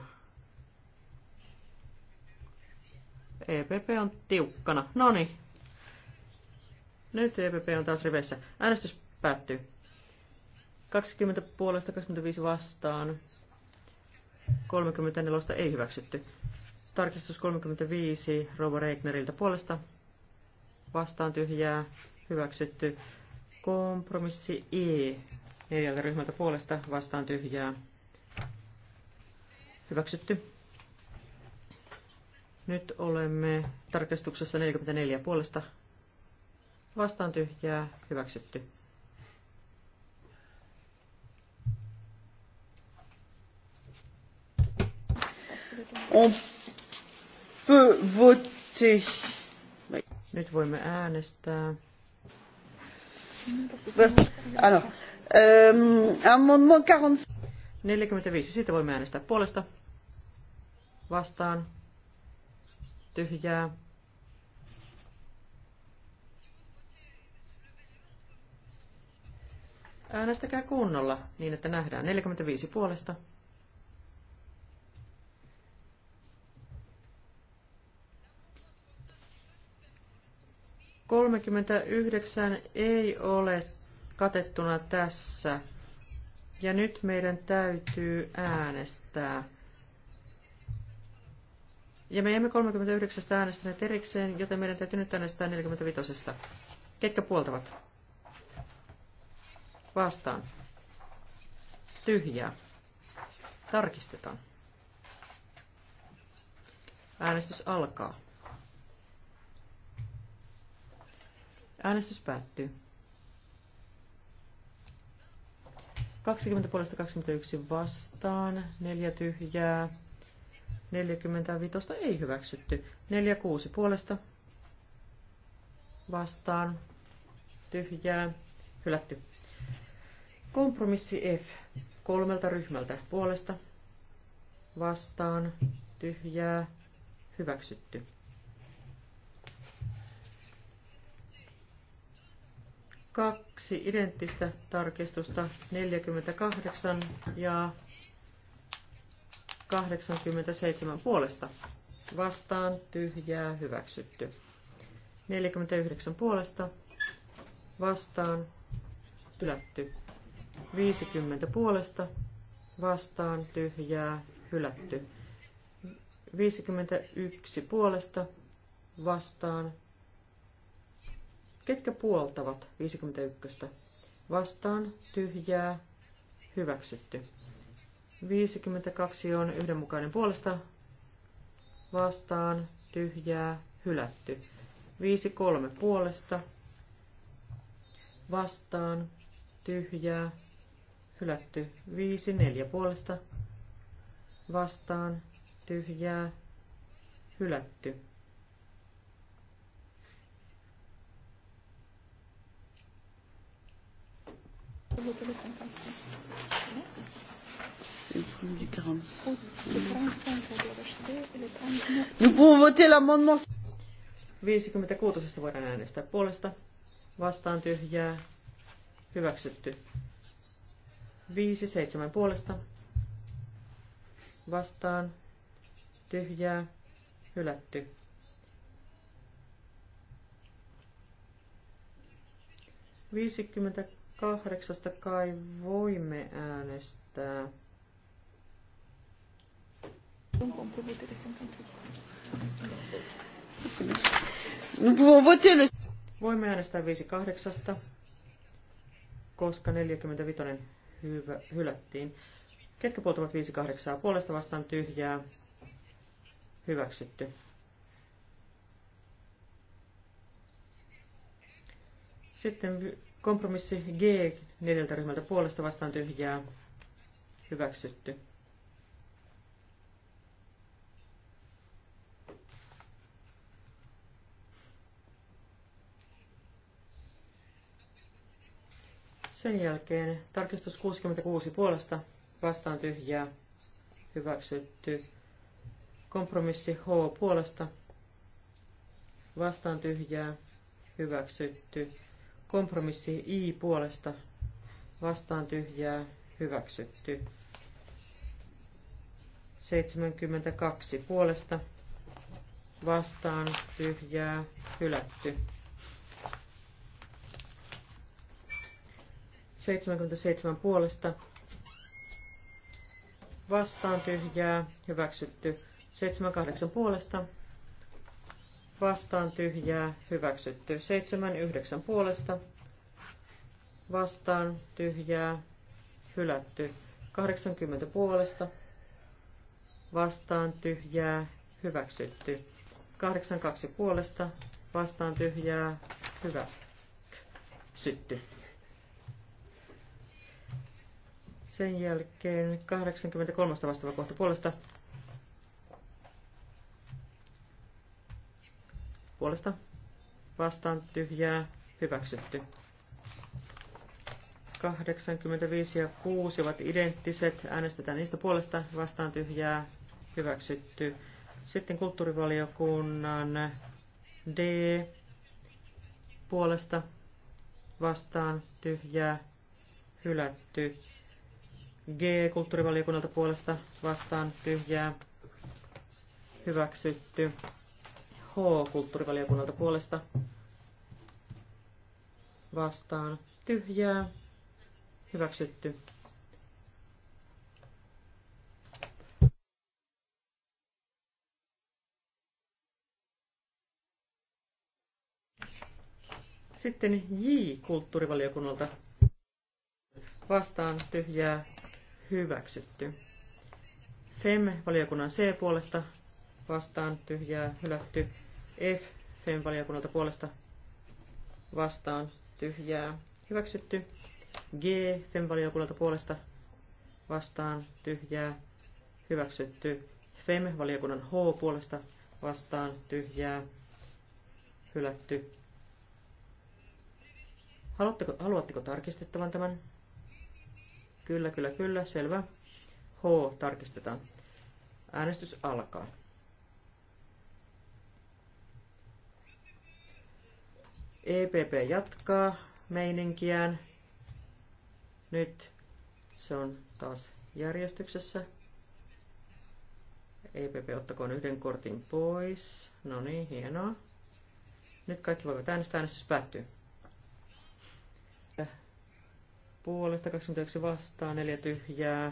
EPP on tiukkana. No niin. Nyt EPP on taas riveissä. Äänestys päättyy. 20 puolesta 25 vastaan. 34 ei hyväksytty. Tarkistus 35 Rova Reigneriltä puolesta vastaan tyhjää hyväksytty. Kompromissi E neljältä ryhmältä puolesta vastaan tyhjää hyväksytty. Nyt olemme tarkistuksessa 44 puolesta vastaan tyhjää hyväksytty. On peut voter nyt voimme äänestää. Alors, euh, amendement 45. sitten voimme äänestää puolesta. Vastaan. Tyhjää. Äänestäkää kunnolla niin, että nähdään 45 puolesta 39 ei ole katettuna tässä. Ja nyt meidän täytyy äänestää. Ja me emme 39 äänestäneet erikseen, joten meidän täytyy nyt äänestää 45. Ketkä puoltavat? Vastaan. Tyhjää. Tarkistetaan. Äänestys alkaa. Äänestys päättyy. 20 puolesta 21 vastaan, 4 tyhjää, 45 ei hyväksytty, 46 puolesta vastaan, tyhjää, hylätty. Kompromissi F kolmelta ryhmältä puolesta vastaan, tyhjää, hyväksytty. kaksi identtistä tarkistusta, 48 ja 87 puolesta. Vastaan tyhjää hyväksytty. 49 puolesta. Vastaan hylätty. 50 puolesta. Vastaan tyhjää hylätty. 51 puolesta. Vastaan Ketkä puoltavat 51? Vastaan tyhjää hyväksytty. 52 on yhdenmukainen puolesta vastaan tyhjää hylätty. 53 puolesta vastaan tyhjää hylätty. 54 puolesta vastaan tyhjää hylätty. Nous pouvons voter l'amendement. 56 voidaan äänestää puolesta. Vastaan tyhjää. Hyväksytty. 57 puolesta. Vastaan. Tyhjää. Hylätty. Viisikymmentä kahdeksasta kai voimme äänestää. Voimme äänestää 5.8, koska 45 hyvä, hylättiin. Ketkä puoltavat kahdeksaa Puolesta vastaan tyhjää. Hyväksytty. Sitten Kompromissi G neljältä ryhmältä puolesta vastaan tyhjää hyväksytty. Sen jälkeen tarkistus 66 puolesta vastaan tyhjää hyväksytty. Kompromissi H puolesta vastaan tyhjää hyväksytty. Kompromissi I puolesta vastaan tyhjää hyväksytty. 72 puolesta vastaan tyhjää hylätty. 77 puolesta vastaan tyhjää hyväksytty. 78 puolesta vastaan tyhjää, hyväksytty. 7, 9 puolesta, vastaan tyhjää, hylätty. 80 puolesta, vastaan tyhjää, hyväksytty. 82 puolesta, vastaan tyhjää, hyvä, sytty. Sen jälkeen 83 vastaava kohta puolesta puolesta vastaan tyhjää hyväksytty. 85 ja 6 ovat identtiset. Äänestetään niistä puolesta vastaan tyhjää hyväksytty. Sitten kulttuurivaliokunnan D puolesta vastaan tyhjää hylätty. G kulttuurivaliokunnalta puolesta vastaan tyhjää hyväksytty. H kulttuurivaliokunnalta puolesta vastaan tyhjää, hyväksytty. Sitten J kulttuurivaliokunnalta vastaan tyhjää, hyväksytty. FEM valiokunnan C puolesta vastaan tyhjää hylätty. F fem valiokunnalta puolesta vastaan tyhjää hyväksytty. G fem valiokunnalta puolesta vastaan tyhjää hyväksytty. Fem valiokunnan H puolesta vastaan tyhjää hylätty. Haluatteko, haluatteko tarkistettavan tämän? Kyllä, kyllä, kyllä, selvä. H tarkistetaan. Äänestys alkaa. EPP jatkaa meininkiään. Nyt se on taas järjestyksessä. EPP ottakoon yhden kortin pois. No niin, hienoa. Nyt kaikki voivat äänestää. Äänestys päättyy. Puolesta 21 vastaan, neljä tyhjää.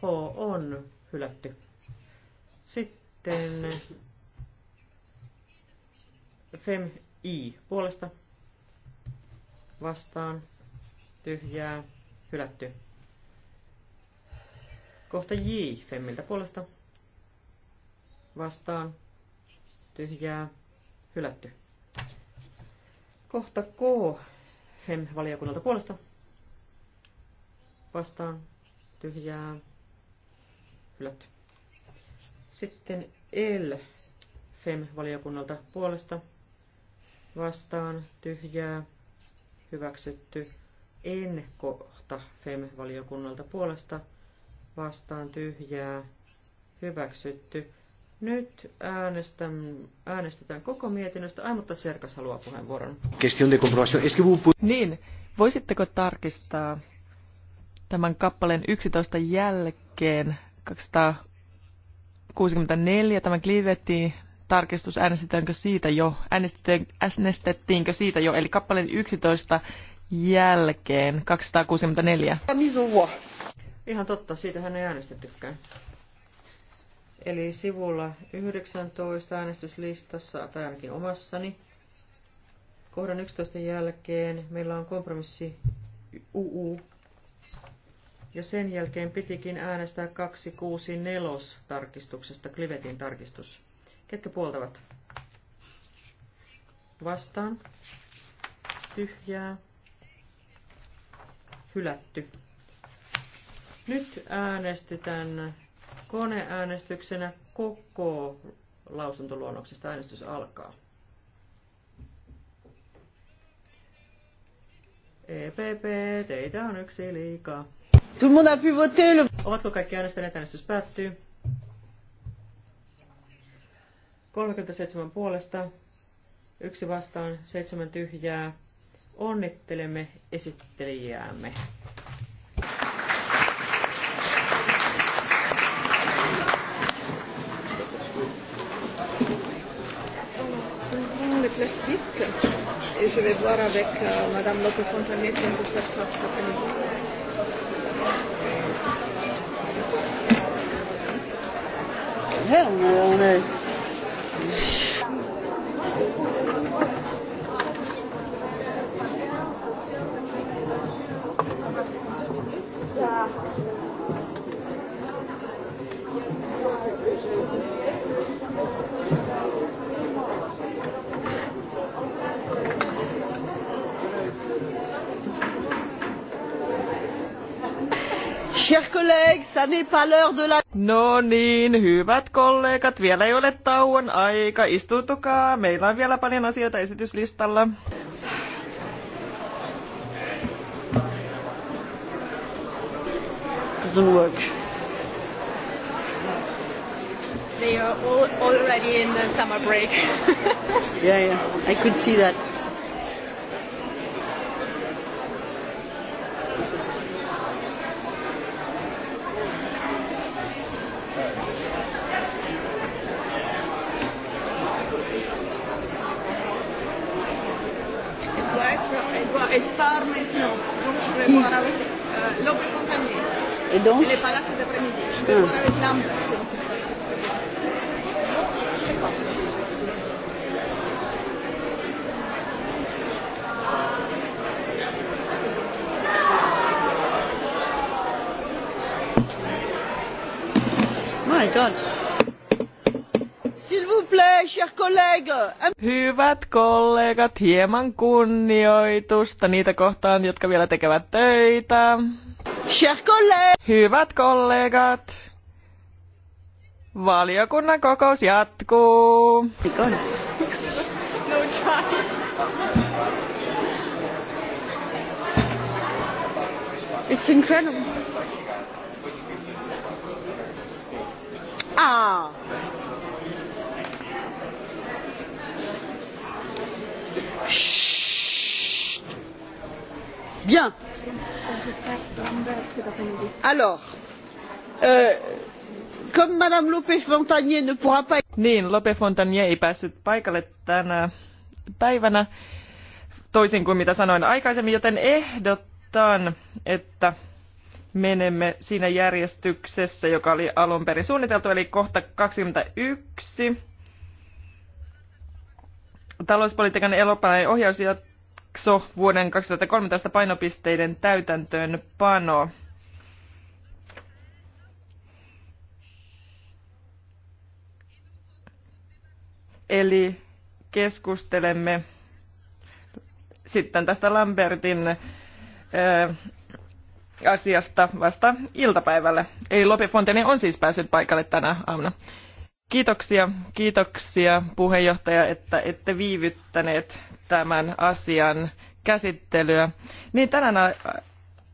H on hylätty. Sitten Fem I puolesta vastaan tyhjää hylätty. Kohta J Femmiltä puolesta vastaan tyhjää hylätty. Kohta K Fem valiokunnalta puolesta vastaan tyhjää hylätty. Sitten L Fem valiokunnalta puolesta vastaan tyhjää hyväksytty. En kohta FEM-valiokunnalta puolesta vastaan tyhjää hyväksytty. Nyt äänestän, äänestetään koko mietinnöstä. Ai, mutta Serkas haluaa puheenvuoron. Niin, voisitteko tarkistaa tämän kappaleen 11 jälkeen 264, tämän kliivetti? tarkistus, äänestetäänkö siitä jo, äänestettiinkö siitä jo, eli kappaleen 11 jälkeen 264. Ihan totta, hän ei äänestettykään. Eli sivulla 19 äänestyslistassa, tai ainakin omassani, kohdan 11 jälkeen meillä on kompromissi UU. Ja sen jälkeen pitikin äänestää 264 tarkistuksesta, Klivetin tarkistus. Ketkä puoltavat? Vastaan. Tyhjää. Hylätty. Nyt äänestetään koneäänestyksenä koko lausuntoluonnoksesta. Äänestys alkaa. EPP, teitä on yksi liikaa. Tout le monde a pu voter. Ovatko kaikki äänestäneet? Äänestys päättyy. 37 puolesta, yksi vastaan, seitsemän tyhjää. Onnittelemme esittelijäämme. Et je vais voir avec euh, Madame Fontanier si on peut faire ça cet après-midi. on est No niin, hyvät kollegat, vielä ei ole tauon aika. Istutukaa, meillä on vielä paljon asioita esityslistalla. Doesn't work. They are all already in the summer break. yeah, yeah, I could see that. donc Elle n'est pas là cet après-midi. Je vais ah. voir avec l'âme. S'il vous plaît, chers collègues. Hyvät kollegat, hieman kunnioitusta niitä kohtaan, jotka vielä tekevät töitä. Hyvät kollegat, valiokunnan kokous jatkuu. No choice. It's incredible. Ah. Shh. Bien. Euh, niin, Lope Fontanier ei päässyt paikalle tänä päivänä, toisin kuin mitä sanoin aikaisemmin, joten ehdotan, että menemme siinä järjestyksessä, joka oli alun perin suunniteltu, eli kohta 21. Talouspolitiikan elopainen ohjaus ja jakso vuoden 2013 painopisteiden täytäntöön pano. Eli keskustelemme sitten tästä Lambertin asiasta vasta iltapäivällä. Eli Lope Fontaine on siis päässyt paikalle tänä aamuna. Kiitoksia, kiitoksia puheenjohtaja, että ette viivyttäneet tämän asian käsittelyä. Niin tänään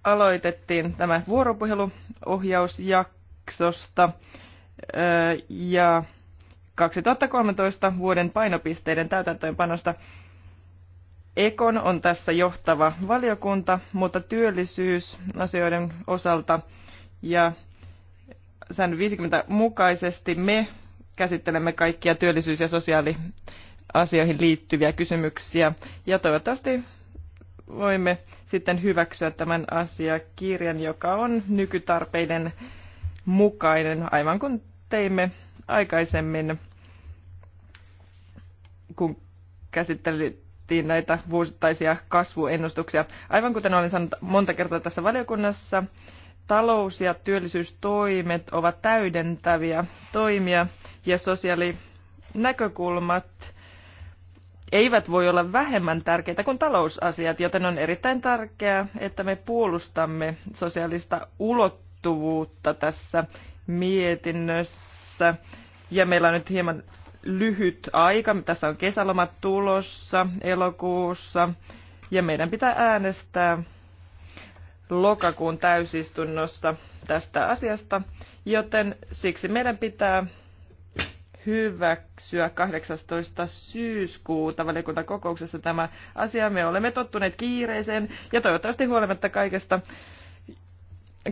aloitettiin tämä vuoropuheluohjausjaksosta ja 2013 vuoden painopisteiden täytäntöönpanosta. Ekon on tässä johtava valiokunta, mutta työllisyysasioiden osalta ja sen 50 mukaisesti me käsittelemme kaikkia työllisyys- ja sosiaaliasioihin liittyviä kysymyksiä. Ja toivottavasti voimme sitten hyväksyä tämän asiakirjan, joka on nykytarpeiden mukainen, aivan kuin teimme aikaisemmin, kun käsittelimme näitä vuosittaisia kasvuennustuksia. Aivan kuten olen sanonut monta kertaa tässä valiokunnassa, talous- ja työllisyystoimet ovat täydentäviä toimia, ja sosiaalinäkökulmat eivät voi olla vähemmän tärkeitä kuin talousasiat, joten on erittäin tärkeää, että me puolustamme sosiaalista ulottuvuutta tässä mietinnössä. Ja meillä on nyt hieman lyhyt aika. Tässä on kesälomat tulossa elokuussa ja meidän pitää äänestää lokakuun täysistunnossa tästä asiasta, joten siksi meidän pitää hyväksyä 18. syyskuuta valiokuntakokouksessa tämä asia. Me olemme tottuneet kiireeseen ja toivottavasti huolimatta kaikesta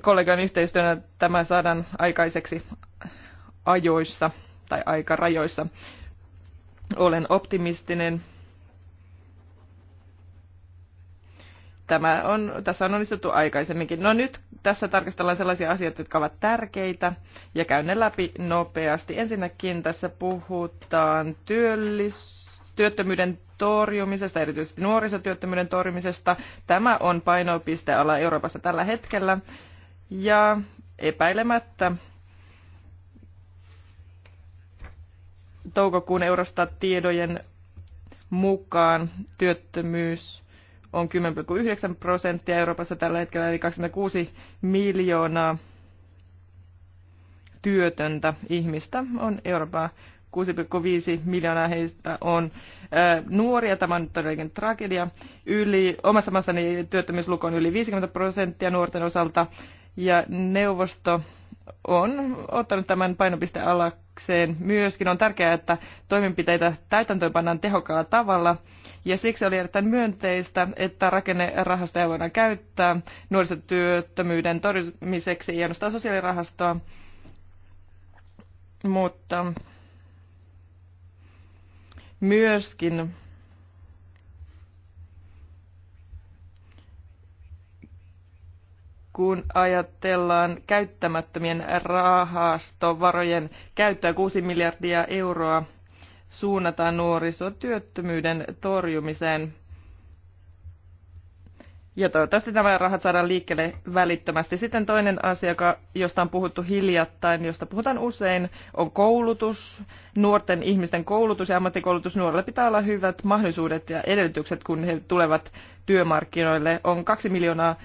kollegan yhteistyönä tämä saadaan aikaiseksi ajoissa tai aikarajoissa. Olen optimistinen Tämä on, tässä on onnistuttu aikaisemminkin. No nyt tässä tarkastellaan sellaisia asioita, jotka ovat tärkeitä ja käyn ne läpi nopeasti. Ensinnäkin tässä puhutaan työllis, työttömyyden torjumisesta, erityisesti nuorisotyöttömyyden torjumisesta. Tämä on painopisteala Euroopassa tällä hetkellä ja epäilemättä toukokuun Eurostat-tiedojen mukaan työttömyys on 10,9 prosenttia Euroopassa tällä hetkellä, eli 26 miljoonaa työtöntä ihmistä on Euroopan 6,5 miljoonaa heistä on äh, nuoria. Tämä on todellakin tragedia. Yli, omassa maassani työttömyysluku on yli 50 prosenttia nuorten osalta. Ja neuvosto on ottanut tämän painopistealakseen myöskin. On tärkeää, että toimenpiteitä täytäntöönpannaan tehokkaalla tavalla – ja siksi oli erittäin myönteistä, että rakennerahastoja voidaan käyttää nuorisotyöttömyyden torjumiseksi, ei ainoastaan sosiaalirahastoa, mutta myöskin kun ajatellaan käyttämättömien rahastovarojen käyttöä 6 miljardia euroa suunnata nuorisotyöttömyyden torjumiseen. Ja toivottavasti nämä rahat saadaan liikkeelle välittömästi. Sitten toinen asia, josta on puhuttu hiljattain, josta puhutaan usein, on koulutus. Nuorten ihmisten koulutus ja ammattikoulutus. nuorille pitää olla hyvät mahdollisuudet ja edellytykset, kun he tulevat työmarkkinoille. On kaksi miljoonaa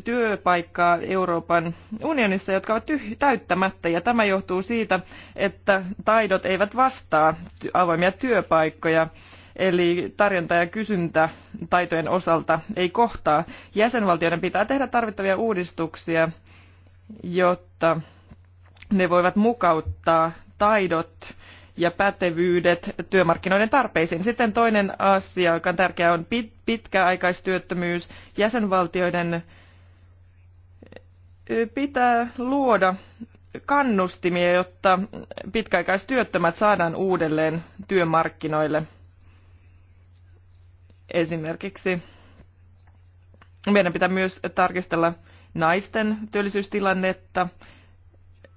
työpaikkaa Euroopan unionissa, jotka ovat täyttämättä. Ja tämä johtuu siitä, että taidot eivät vastaa avoimia työpaikkoja. Eli tarjonta ja kysyntä taitojen osalta ei kohtaa. Jäsenvaltioiden pitää tehdä tarvittavia uudistuksia, jotta ne voivat mukauttaa taidot ja pätevyydet työmarkkinoiden tarpeisiin. Sitten toinen asia, joka on tärkeä, on pitkäaikaistyöttömyys. Jäsenvaltioiden pitää luoda kannustimia, jotta pitkäaikaistyöttömät saadaan uudelleen työmarkkinoille. Esimerkiksi meidän pitää myös tarkistella naisten työllisyystilannetta.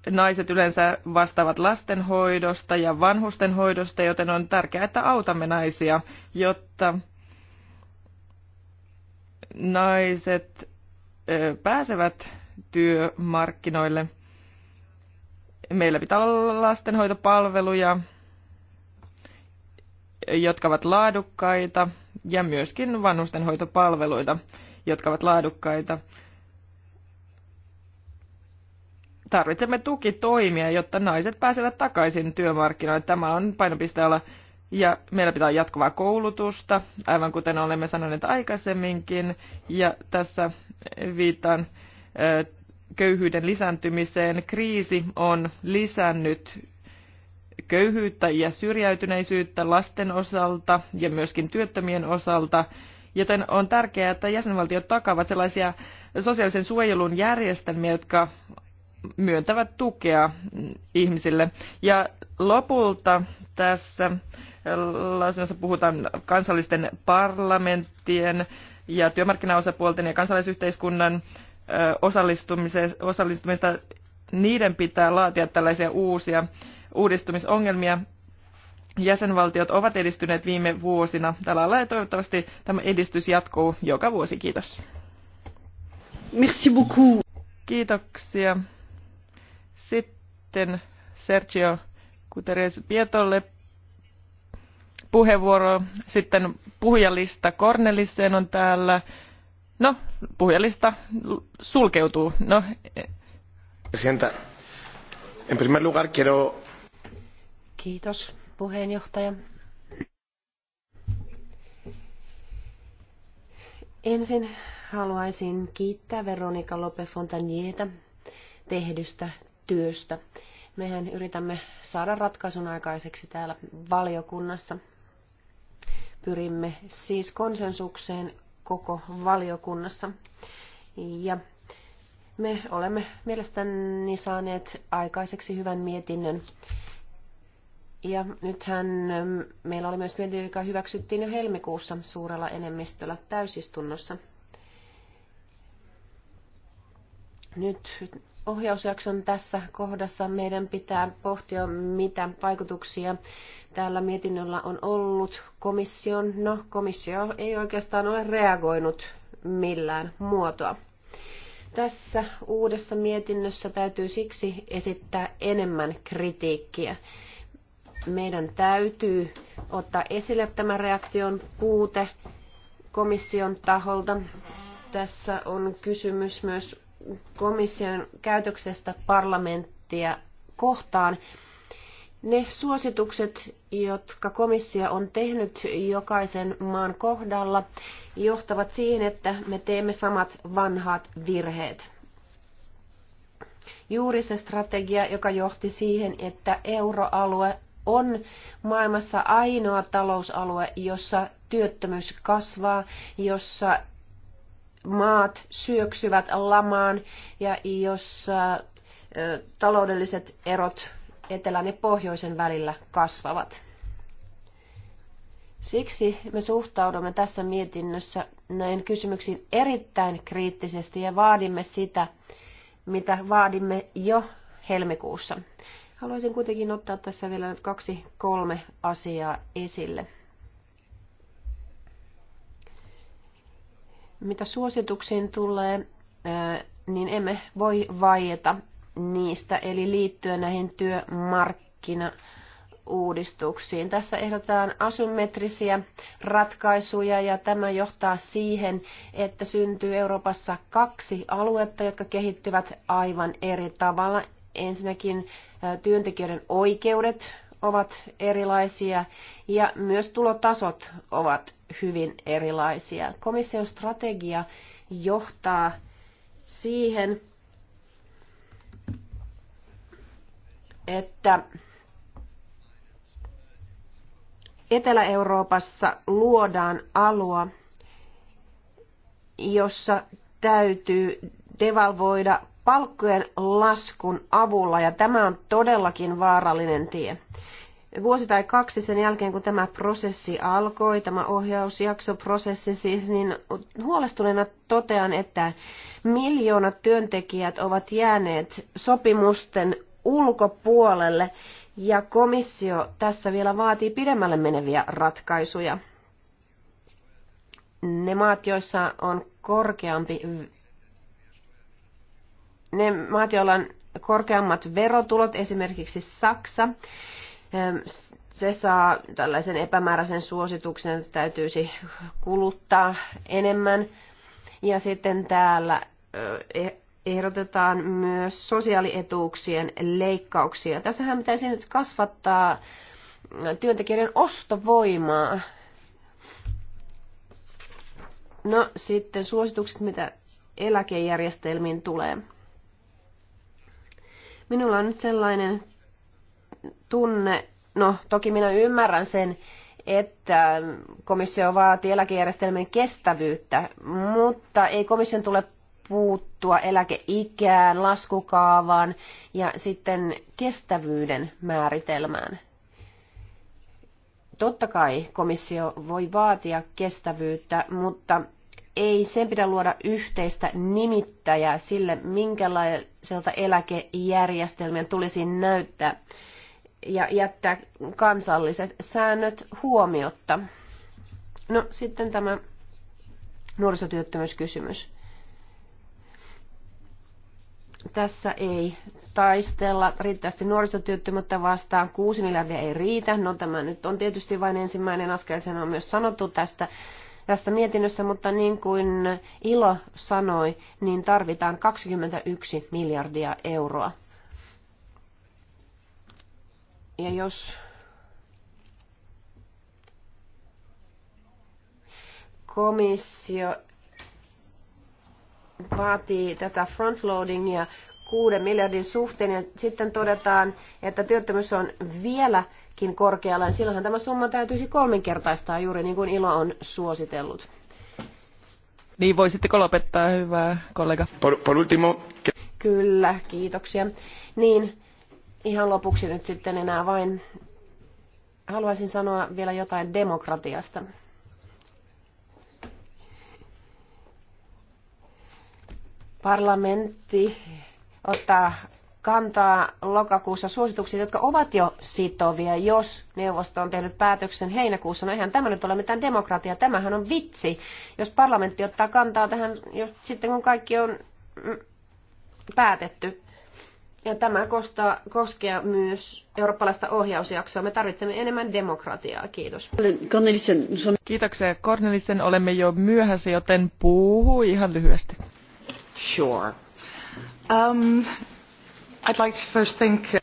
Naiset yleensä vastaavat lastenhoidosta ja vanhustenhoidosta, joten on tärkeää, että autamme naisia, jotta naiset pääsevät työmarkkinoille. Meillä pitää olla lastenhoitopalveluja, jotka ovat laadukkaita, ja myöskin vanhustenhoitopalveluita, jotka ovat laadukkaita. Tarvitsemme tukitoimia, jotta naiset pääsevät takaisin työmarkkinoille. Tämä on painopisteellä. ja meillä pitää olla jatkuvaa koulutusta, aivan kuten olemme sanoneet aikaisemminkin. Ja tässä viittaan köyhyyden lisääntymiseen. Kriisi on lisännyt köyhyyttä ja syrjäytyneisyyttä lasten osalta ja myöskin työttömien osalta, joten on tärkeää, että jäsenvaltiot takavat sellaisia sosiaalisen suojelun järjestelmiä, jotka myöntävät tukea ihmisille. Ja lopulta tässä lausunnossa puhutaan kansallisten parlamenttien ja työmarkkinaosapuolten ja kansalaisyhteiskunnan osallistumista, niiden pitää laatia tällaisia uusia uudistumisongelmia. Jäsenvaltiot ovat edistyneet viime vuosina tällä alalla ja toivottavasti tämä edistys jatkuu joka vuosi. Kiitos. Merci beaucoup. Kiitoksia. Sitten Sergio Guterres Pietolle puheenvuoro. Sitten puhujalista Cornelissen on täällä. No, puhujalista sulkeutuu. No. E- Presidenta, en primer lugar quiero... Kiitos, puheenjohtaja. Ensin haluaisin kiittää Veronika Lope Fontanieta tehdystä työstä. Mehän yritämme saada ratkaisun aikaiseksi täällä valiokunnassa. Pyrimme siis konsensukseen koko valiokunnassa. Ja me olemme mielestäni saaneet aikaiseksi hyvän mietinnön. Ja nythän ähm, meillä oli myös mietintö, joka hyväksyttiin jo helmikuussa suurella enemmistöllä täysistunnossa. Nyt ohjausjakson tässä kohdassa meidän pitää pohtia, mitä vaikutuksia täällä mietinnöllä on ollut komission. No, komissio ei oikeastaan ole reagoinut millään muotoa. Tässä uudessa mietinnössä täytyy siksi esittää enemmän kritiikkiä. Meidän täytyy ottaa esille tämä reaktion puute komission taholta. Tässä on kysymys myös komission käytöksestä parlamenttia kohtaan. Ne suositukset, jotka komissio on tehnyt jokaisen maan kohdalla, johtavat siihen, että me teemme samat vanhat virheet. Juuri se strategia, joka johti siihen, että euroalue on maailmassa ainoa talousalue, jossa työttömyys kasvaa, jossa maat syöksyvät lamaan ja jos taloudelliset erot etelän ja pohjoisen välillä kasvavat. Siksi me suhtaudumme tässä mietinnössä näin kysymyksiin erittäin kriittisesti ja vaadimme sitä, mitä vaadimme jo helmikuussa. Haluaisin kuitenkin ottaa tässä vielä nyt kaksi, kolme asiaa esille. Mitä suosituksiin tulee, niin emme voi vaieta niistä, eli liittyen näihin työmarkkina uudistuksiin. Tässä ehdotetaan asymmetrisiä ratkaisuja ja tämä johtaa siihen, että syntyy Euroopassa kaksi aluetta, jotka kehittyvät aivan eri tavalla. Ensinnäkin työntekijöiden oikeudet ovat erilaisia ja myös tulotasot ovat hyvin erilaisia. Komission strategia johtaa siihen, että Etelä-Euroopassa luodaan alua, jossa täytyy devalvoida palkkojen laskun avulla ja tämä on todellakin vaarallinen tie. Vuosi tai kaksi sen jälkeen, kun tämä prosessi alkoi, tämä ohjausjaksoprosessi siis, niin huolestuneena totean, että miljoonat työntekijät ovat jääneet sopimusten ulkopuolelle ja komissio tässä vielä vaatii pidemmälle meneviä ratkaisuja. Ne maat, joissa on korkeampi ne maat, joilla on korkeammat verotulot, esimerkiksi Saksa, ehm, se saa tällaisen epämääräisen suosituksen, että täytyisi kuluttaa enemmän. Ja sitten täällä e-, ehdotetaan myös sosiaalietuuksien leikkauksia. Tässähän pitäisi nyt kasvattaa työntekijöiden ostovoimaa. No sitten suositukset, mitä eläkejärjestelmiin tulee. Minulla on nyt sellainen tunne, no toki minä ymmärrän sen, että komissio vaatii eläkejärjestelmän kestävyyttä, mutta ei komission tule puuttua eläkeikään, laskukaavaan ja sitten kestävyyden määritelmään. Totta kai komissio voi vaatia kestävyyttä, mutta ei sen pidä luoda yhteistä nimittäjää sille, minkälaiselta eläkejärjestelmien tulisi näyttää ja jättää kansalliset säännöt huomiotta. No sitten tämä nuorisotyöttömyyskysymys. Tässä ei taistella riittävästi nuorisotyöttömyyttä vastaan. 6 miljardia ei riitä. No tämä nyt on tietysti vain ensimmäinen askel, sen on myös sanottu tästä tässä mietinnössä, mutta niin kuin Ilo sanoi, niin tarvitaan 21 miljardia euroa. Ja jos komissio vaatii tätä frontloadingia kuuden miljardin suhteen ja sitten todetaan, että työttömyys on vielä korkealla, niin silloinhan tämä summa täytyisi kolminkertaistaa juuri niin kuin ILO on suositellut. Niin voisitteko lopettaa, hyvä kollega? Por, por último. Kyllä, kiitoksia. Niin, ihan lopuksi nyt sitten enää vain haluaisin sanoa vielä jotain demokratiasta. Parlamentti ottaa kantaa lokakuussa suosituksia, jotka ovat jo sitovia, jos neuvosto on tehnyt päätöksen heinäkuussa. No eihän tämä nyt ole mitään demokratiaa, tämähän on vitsi. Jos parlamentti ottaa kantaa tähän, jos, sitten kun kaikki on mm, päätetty. Ja tämä kostaa, koskee myös eurooppalaista ohjausjaksoa. Me tarvitsemme enemmän demokratiaa. Kiitos. Kiitoksia Cornelissen. Olemme jo myöhässä, joten puhu ihan lyhyesti. Sure. Um, I'd like to first uh,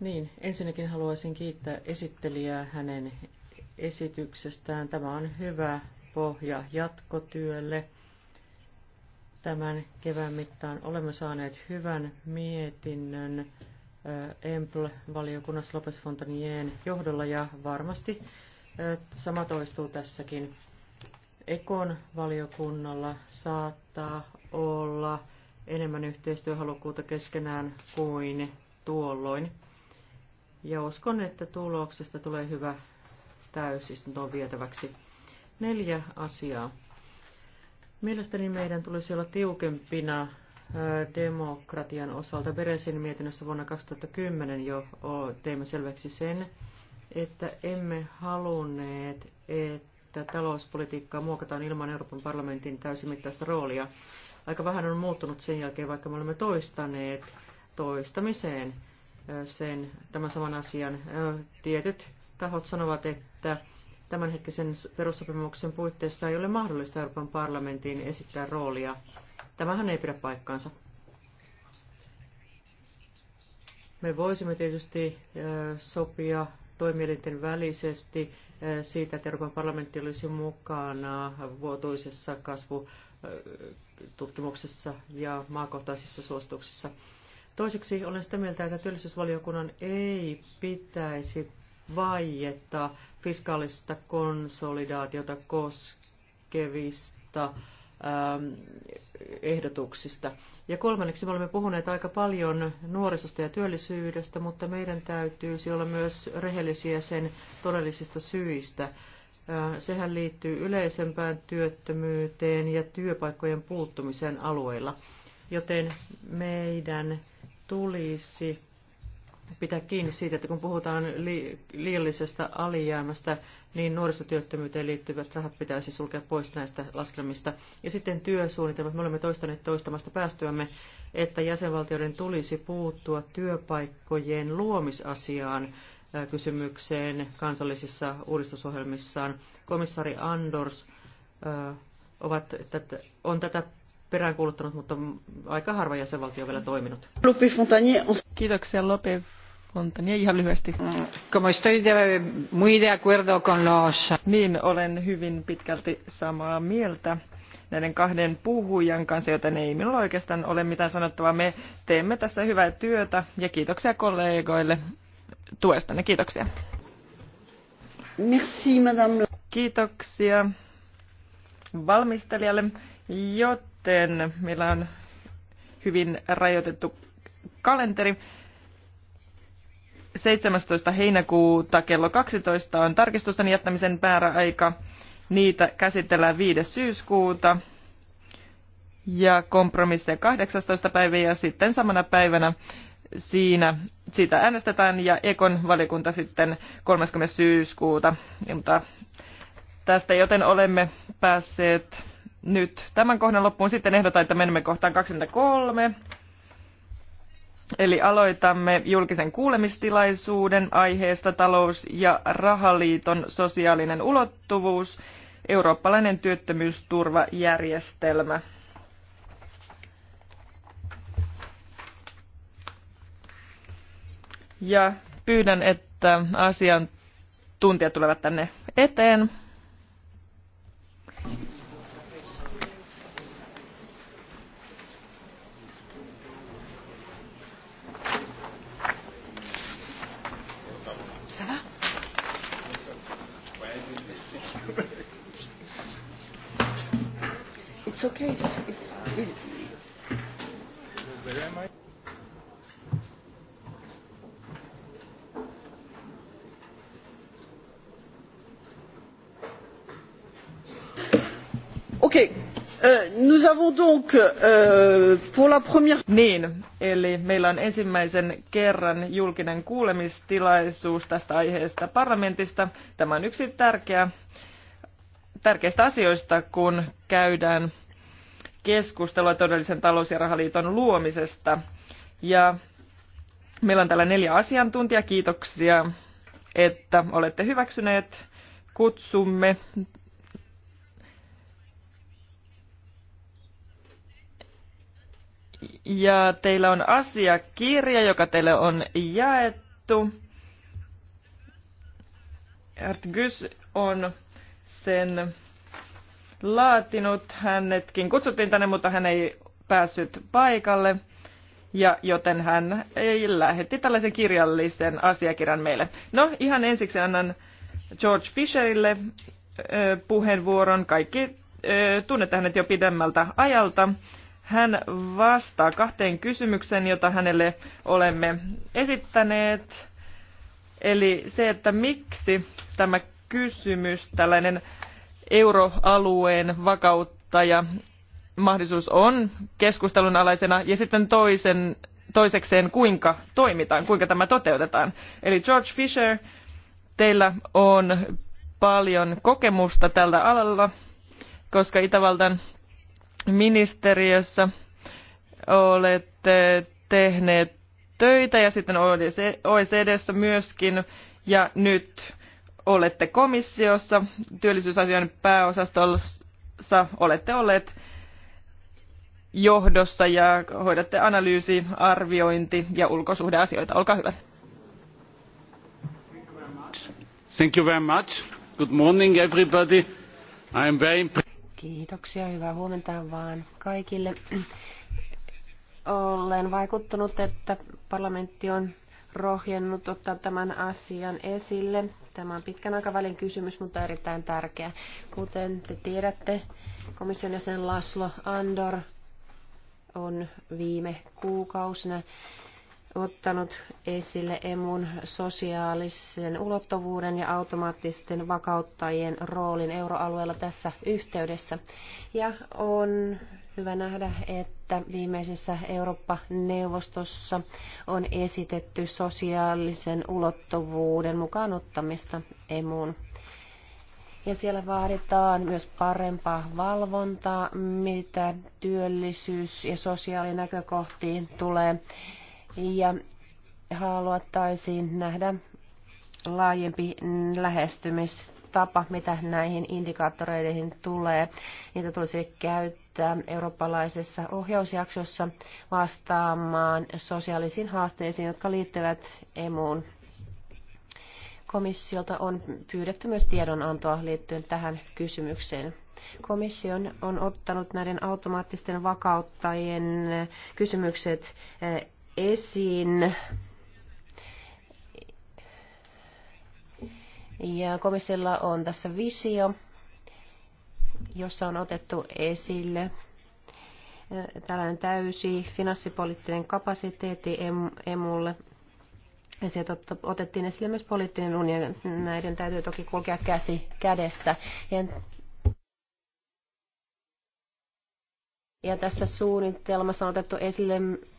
Niin, ensinnäkin haluaisin kiittää esittelijää hänen esityksestään. Tämä on hyvä pohja jatkotyölle. Tämän kevään mittaan olemme saaneet hyvän mietinnön uh, EMPL-valiokunnassa Lopes Fontanien johdolla ja varmasti uh, sama toistuu tässäkin. Ekon valiokunnalla saattaa olla enemmän yhteistyöhalukkuutta keskenään kuin tuolloin. Ja uskon, että tuloksesta tulee hyvä täysistuntoon vietäväksi. Neljä asiaa. Mielestäni meidän tulisi olla tiukempina demokratian osalta. Beresin mietinnössä vuonna 2010 jo teimme selväksi sen, että emme halunneet, että talouspolitiikkaa muokataan ilman Euroopan parlamentin täysimittaista roolia aika vähän on muuttunut sen jälkeen, vaikka me olemme toistaneet toistamiseen sen, tämän saman asian. Tietyt tahot sanovat, että tämänhetkisen perussopimuksen puitteissa ei ole mahdollista Euroopan parlamentin esittää roolia. Tämähän ei pidä paikkaansa. Me voisimme tietysti sopia toimielinten välisesti siitä, että Euroopan parlamentti olisi mukana vuotuisessa kasvu tutkimuksessa ja maakohtaisissa suosituksissa. Toiseksi olen sitä mieltä, että työllisyysvaliokunnan ei pitäisi vaietta fiskaalista konsolidaatiota koskevista ähm, ehdotuksista. Ja kolmanneksi me olemme puhuneet aika paljon nuorisosta ja työllisyydestä, mutta meidän täytyisi olla myös rehellisiä sen todellisista syistä. Sehän liittyy yleisempään työttömyyteen ja työpaikkojen puuttumiseen alueilla. Joten meidän tulisi pitää kiinni siitä, että kun puhutaan li- liiallisesta alijäämästä, niin nuorisotyöttömyyteen liittyvät rahat pitäisi sulkea pois näistä laskelmista. Ja sitten työsuunnitelmat. Me olemme toistaneet toistamasta päästyämme, että jäsenvaltioiden tulisi puuttua työpaikkojen luomisasiaan Äh, kysymykseen kansallisissa uudistusohjelmissaan. Komissaari Anders äh, ovat, on tätä peräänkuuluttanut, mutta aika harva jäsenvaltio on vielä toiminut. Kiitoksia Lope Fontanier ihan lyhyesti. Como estoy de, muy de acuerdo con los... Niin, olen hyvin pitkälti samaa mieltä näiden kahden puhujan kanssa, joten ei minulla oikeastaan ole mitään sanottavaa. Me teemme tässä hyvää työtä ja kiitoksia kollegoille tuestanne. Kiitoksia. Merci, madame. Kiitoksia valmistelijalle, joten meillä on hyvin rajoitettu kalenteri. 17. heinäkuuta kello 12 on tarkistusten jättämisen määräaika. Niitä käsitellään 5. syyskuuta ja kompromisseja 18. päivä ja sitten samana päivänä siinä siitä äänestetään ja Ekon valiokunta sitten 30. syyskuuta niin, mutta tästä, joten olemme päässeet nyt tämän kohdan loppuun. Sitten ehdotan, että menemme kohtaan 23. Eli aloitamme julkisen kuulemistilaisuuden aiheesta talous- ja rahaliiton sosiaalinen ulottuvuus, eurooppalainen työttömyysturvajärjestelmä. ja pyydän, että asiantuntijat tulevat tänne eteen. avons donc euh, pour la première... Niin, eli meillä on ensimmäisen kerran julkinen kuulemistilaisuus tästä aiheesta parlamentista. Tämä on yksi tärkeä, tärkeistä asioista, kun käydään keskustelua todellisen talous- ja rahaliiton luomisesta. Ja meillä on täällä neljä asiantuntijaa. Kiitoksia, että olette hyväksyneet kutsumme Ja teillä on asiakirja, joka teille on jaettu. Artgys on sen laatinut. Hänetkin kutsuttiin tänne, mutta hän ei päässyt paikalle. Ja joten hän ei lähetti tällaisen kirjallisen asiakirjan meille. No ihan ensiksi annan George Fisherille puheenvuoron. Kaikki tunnette hänet jo pidemmältä ajalta. Hän vastaa kahteen kysymykseen, jota hänelle olemme esittäneet. Eli se, että miksi tämä kysymys, tällainen euroalueen vakauttaja mahdollisuus on keskustelun alaisena ja sitten toisen, toisekseen kuinka toimitaan, kuinka tämä toteutetaan. Eli George Fisher, teillä on paljon kokemusta tällä alalla, koska Itävaltan ministeriössä olette tehneet töitä ja sitten OECDssä myöskin ja nyt olette komissiossa työllisyysasioiden pääosastossa olette olleet johdossa ja hoidatte analyysi, arviointi ja ulkosuhdeasioita. Olkaa hyvä. Thank you very much. Good morning everybody. I am very Kiitoksia, hyvää huomenta vaan kaikille. Olen vaikuttunut, että parlamentti on rohjennut ottaa tämän asian esille. Tämä on pitkän aikavälin kysymys, mutta erittäin tärkeä. Kuten te tiedätte, komission jäsen Laslo Andor on viime kuukausina ottanut esille emun sosiaalisen ulottuvuuden ja automaattisten vakauttajien roolin euroalueella tässä yhteydessä. Ja on hyvä nähdä, että viimeisessä Eurooppa-neuvostossa on esitetty sosiaalisen ulottuvuuden mukaan ottamista emuun. Ja siellä vaaditaan myös parempaa valvontaa, mitä työllisyys- ja sosiaalinäkökohtiin tulee ja haluattaisiin nähdä laajempi lähestymistapa, mitä näihin indikaattoreihin tulee. Niitä tulisi käyttää eurooppalaisessa ohjausjaksossa vastaamaan sosiaalisiin haasteisiin, jotka liittyvät emuun. Komissiolta on pyydetty myös tiedonantoa liittyen tähän kysymykseen. Komissio on ottanut näiden automaattisten vakauttajien kysymykset esiin. Ja komissiolla on tässä visio, jossa on otettu esille eh, tällainen täysi finanssipoliittinen kapasiteetti emulle. Ja sieltä otettiin esille myös poliittinen unioni. Näiden täytyy toki kulkea käsi kädessä. Ja Ja tässä suunnitelmassa on otettu esille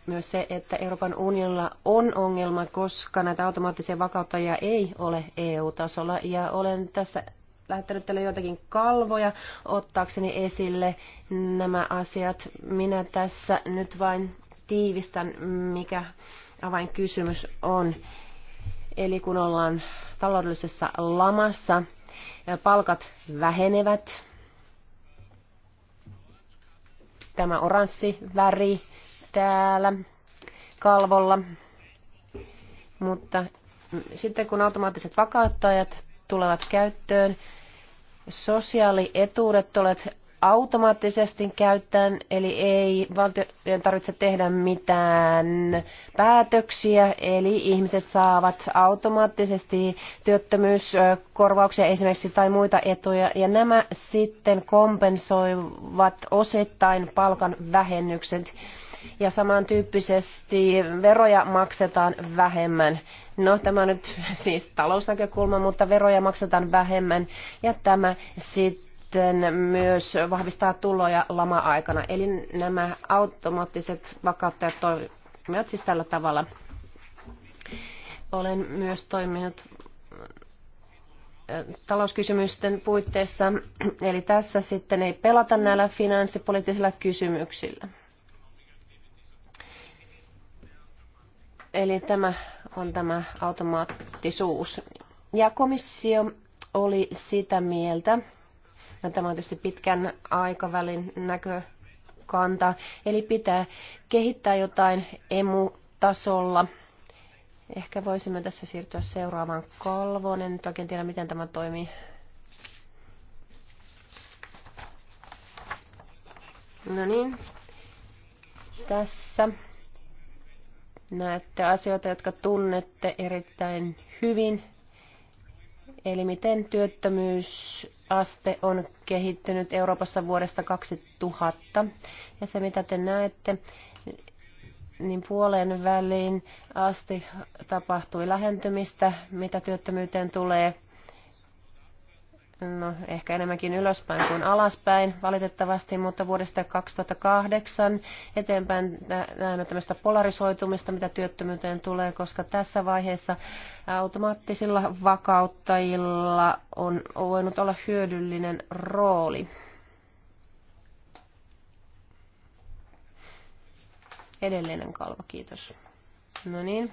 myös se, että Euroopan unionilla on ongelma, koska näitä automaattisia vakauttajia ei ole EU-tasolla. Ja olen tässä lähettänyt tälle joitakin kalvoja ottaakseni esille nämä asiat. Minä tässä nyt vain tiivistän, mikä avainkysymys on. Eli kun ollaan taloudellisessa lamassa, palkat vähenevät, tämä oranssi väri täällä kalvolla. Mutta sitten kun automaattiset vakauttajat tulevat käyttöön, sosiaalietuudet tulevat automaattisesti käyttäen, eli ei valtion tarvitse tehdä mitään päätöksiä, eli ihmiset saavat automaattisesti työttömyyskorvauksia esimerkiksi tai muita etuja, ja nämä sitten kompensoivat osittain palkan vähennykset, ja samantyyppisesti veroja maksetaan vähemmän. No tämä on nyt siis talousnäkökulma, mutta veroja maksetaan vähemmän, ja tämä sitten sitten myös vahvistaa tuloja lama-aikana. Eli nämä automaattiset vakauttajat toimivat siis tällä tavalla. Olen myös toiminut äh, talouskysymysten puitteissa, eli tässä sitten ei pelata näillä finanssipoliittisilla kysymyksillä. Eli tämä on tämä automaattisuus. Ja komissio oli sitä mieltä, No, tämä on tietysti pitkän aikavälin näkökanta. Eli pitää kehittää jotain emu-tasolla. Ehkä voisimme tässä siirtyä seuraavaan kalvoon. En nyt oikein tiedä, miten tämä toimii. No niin, tässä näette asioita, jotka tunnette erittäin hyvin. Eli miten työttömyys aste on kehittynyt Euroopassa vuodesta 2000. Ja se, mitä te näette, niin puolen väliin asti tapahtui lähentymistä, mitä työttömyyteen tulee – no ehkä enemmänkin ylöspäin kuin alaspäin valitettavasti, mutta vuodesta 2008 eteenpäin näemme tämmöistä polarisoitumista, mitä työttömyyteen tulee, koska tässä vaiheessa automaattisilla vakauttajilla on voinut olla hyödyllinen rooli. Edellinen kalvo, kiitos. No niin.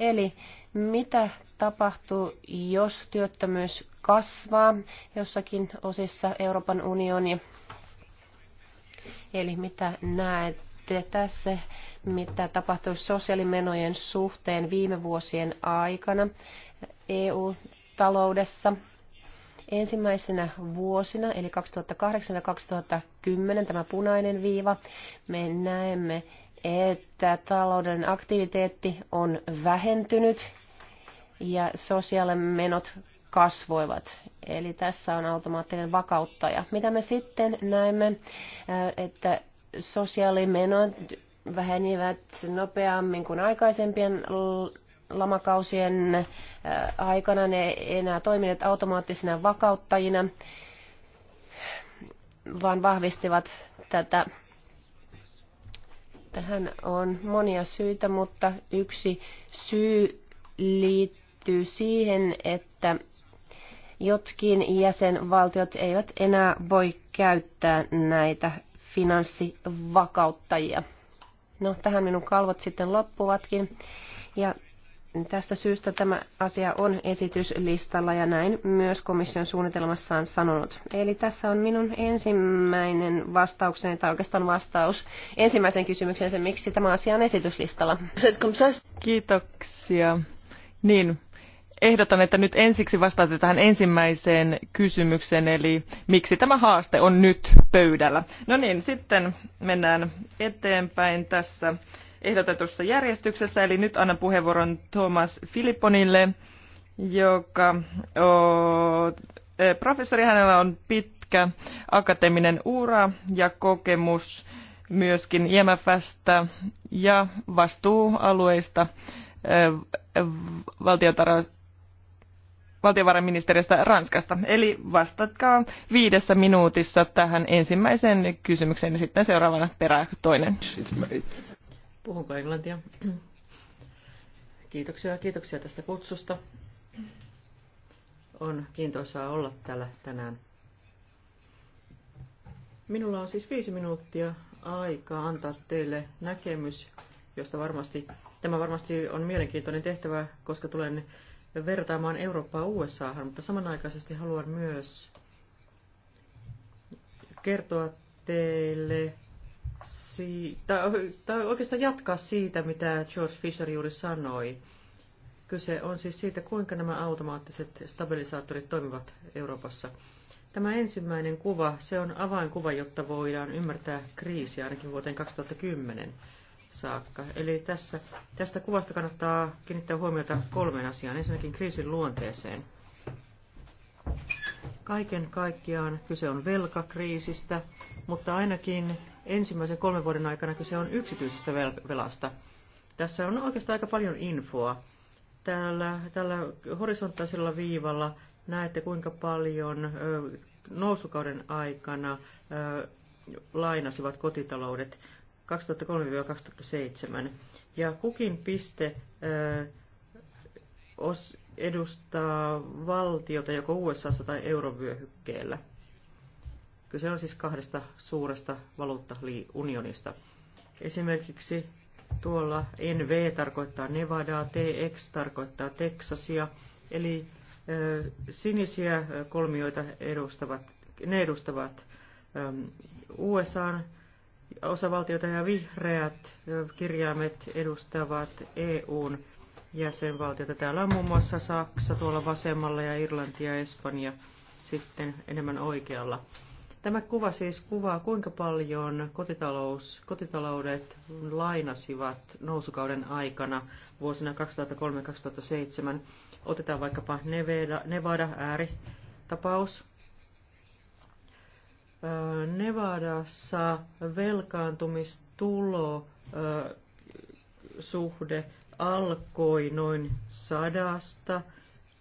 Eli mitä tapahtuu, jos työttömyys kasvaa jossakin osissa Euroopan unioni, Eli mitä näette tässä, mitä tapahtui sosiaalimenojen suhteen viime vuosien aikana EU-taloudessa? ensimmäisenä vuosina, eli 2008 ja 2010, tämä punainen viiva, me näemme, että talouden aktiviteetti on vähentynyt ja sosiaalimenot kasvoivat. Eli tässä on automaattinen vakauttaja. Mitä me sitten näemme, äh, että sosiaalimenot vähenivät nopeammin kuin aikaisempien lamakausien äh, aikana. Ne ei enää toimineet automaattisina vakauttajina, vaan vahvistivat tätä. Tähän on monia syitä, mutta yksi syy liittyy siihen, että Jotkin jäsenvaltiot eivät enää voi käyttää näitä finanssivakauttajia. No, tähän minun kalvot sitten loppuvatkin. Ja tästä syystä tämä asia on esityslistalla ja näin myös komission suunnitelmassaan sanonut. Eli tässä on minun ensimmäinen vastaukseni, tai oikeastaan vastaus ensimmäisen kysymykseen, se miksi tämä asia on esityslistalla. Kiitoksia. Niin, ehdotan, että nyt ensiksi vastaatte tähän ensimmäiseen kysymykseen, eli miksi tämä haaste on nyt pöydällä. No niin, sitten mennään eteenpäin tässä ehdotetussa järjestyksessä, eli nyt annan puheenvuoron Thomas Filipponille, joka on eh, professori, hänellä on pitkä akateeminen ura ja kokemus myöskin IMFstä ja vastuualueista eh, valtiontalouden valtiovarainministeriöstä Ranskasta. Eli vastatkaa viidessä minuutissa tähän ensimmäiseen kysymykseen ja sitten seuraavana perään toinen. Puhunko englantia? Kiitoksia, kiitoksia tästä kutsusta. On kiintoisaa olla täällä tänään. Minulla on siis viisi minuuttia aikaa antaa teille näkemys, josta varmasti, tämä varmasti on mielenkiintoinen tehtävä, koska tulen vertaamaan Eurooppaa USAhan, mutta samanaikaisesti haluan myös kertoa teille, si- tai, tai oikeastaan jatkaa siitä, mitä George Fisher juuri sanoi. Kyse on siis siitä, kuinka nämä automaattiset stabilisaattorit toimivat Euroopassa. Tämä ensimmäinen kuva, se on avainkuva, jotta voidaan ymmärtää kriisiä ainakin vuoteen 2010 saakka. Eli tässä, tästä kuvasta kannattaa kiinnittää huomiota kolmeen asiaan. Ensinnäkin kriisin luonteeseen. Kaiken kaikkiaan kyse on velkakriisistä, mutta ainakin ensimmäisen kolmen vuoden aikana kyse on yksityisestä velasta. Tässä on oikeastaan aika paljon infoa. Tällä, tällä horisontaalisella viivalla näette, kuinka paljon nousukauden aikana lainasivat kotitaloudet. 2003-2007. Ja kukin piste edustaa valtiota joko USA tai eurovyöhykkeellä. Kyse on siis kahdesta suuresta valuuttaunionista. Esimerkiksi tuolla NV tarkoittaa Nevadaa, TX tarkoittaa Texasia, eli sinisiä kolmioita edustavat, ne edustavat USAn, osavaltiota ja vihreät kirjaimet edustavat EUn jäsenvaltiota. Täällä on muun muassa Saksa tuolla vasemmalla ja Irlanti ja Espanja sitten enemmän oikealla. Tämä kuva siis kuvaa, kuinka paljon kotitalous, kotitaloudet lainasivat nousukauden aikana vuosina 2003-2007. Otetaan vaikkapa Nevada, Nevada tapaus Nevadassa velkaantumistulo suhde alkoi noin sadasta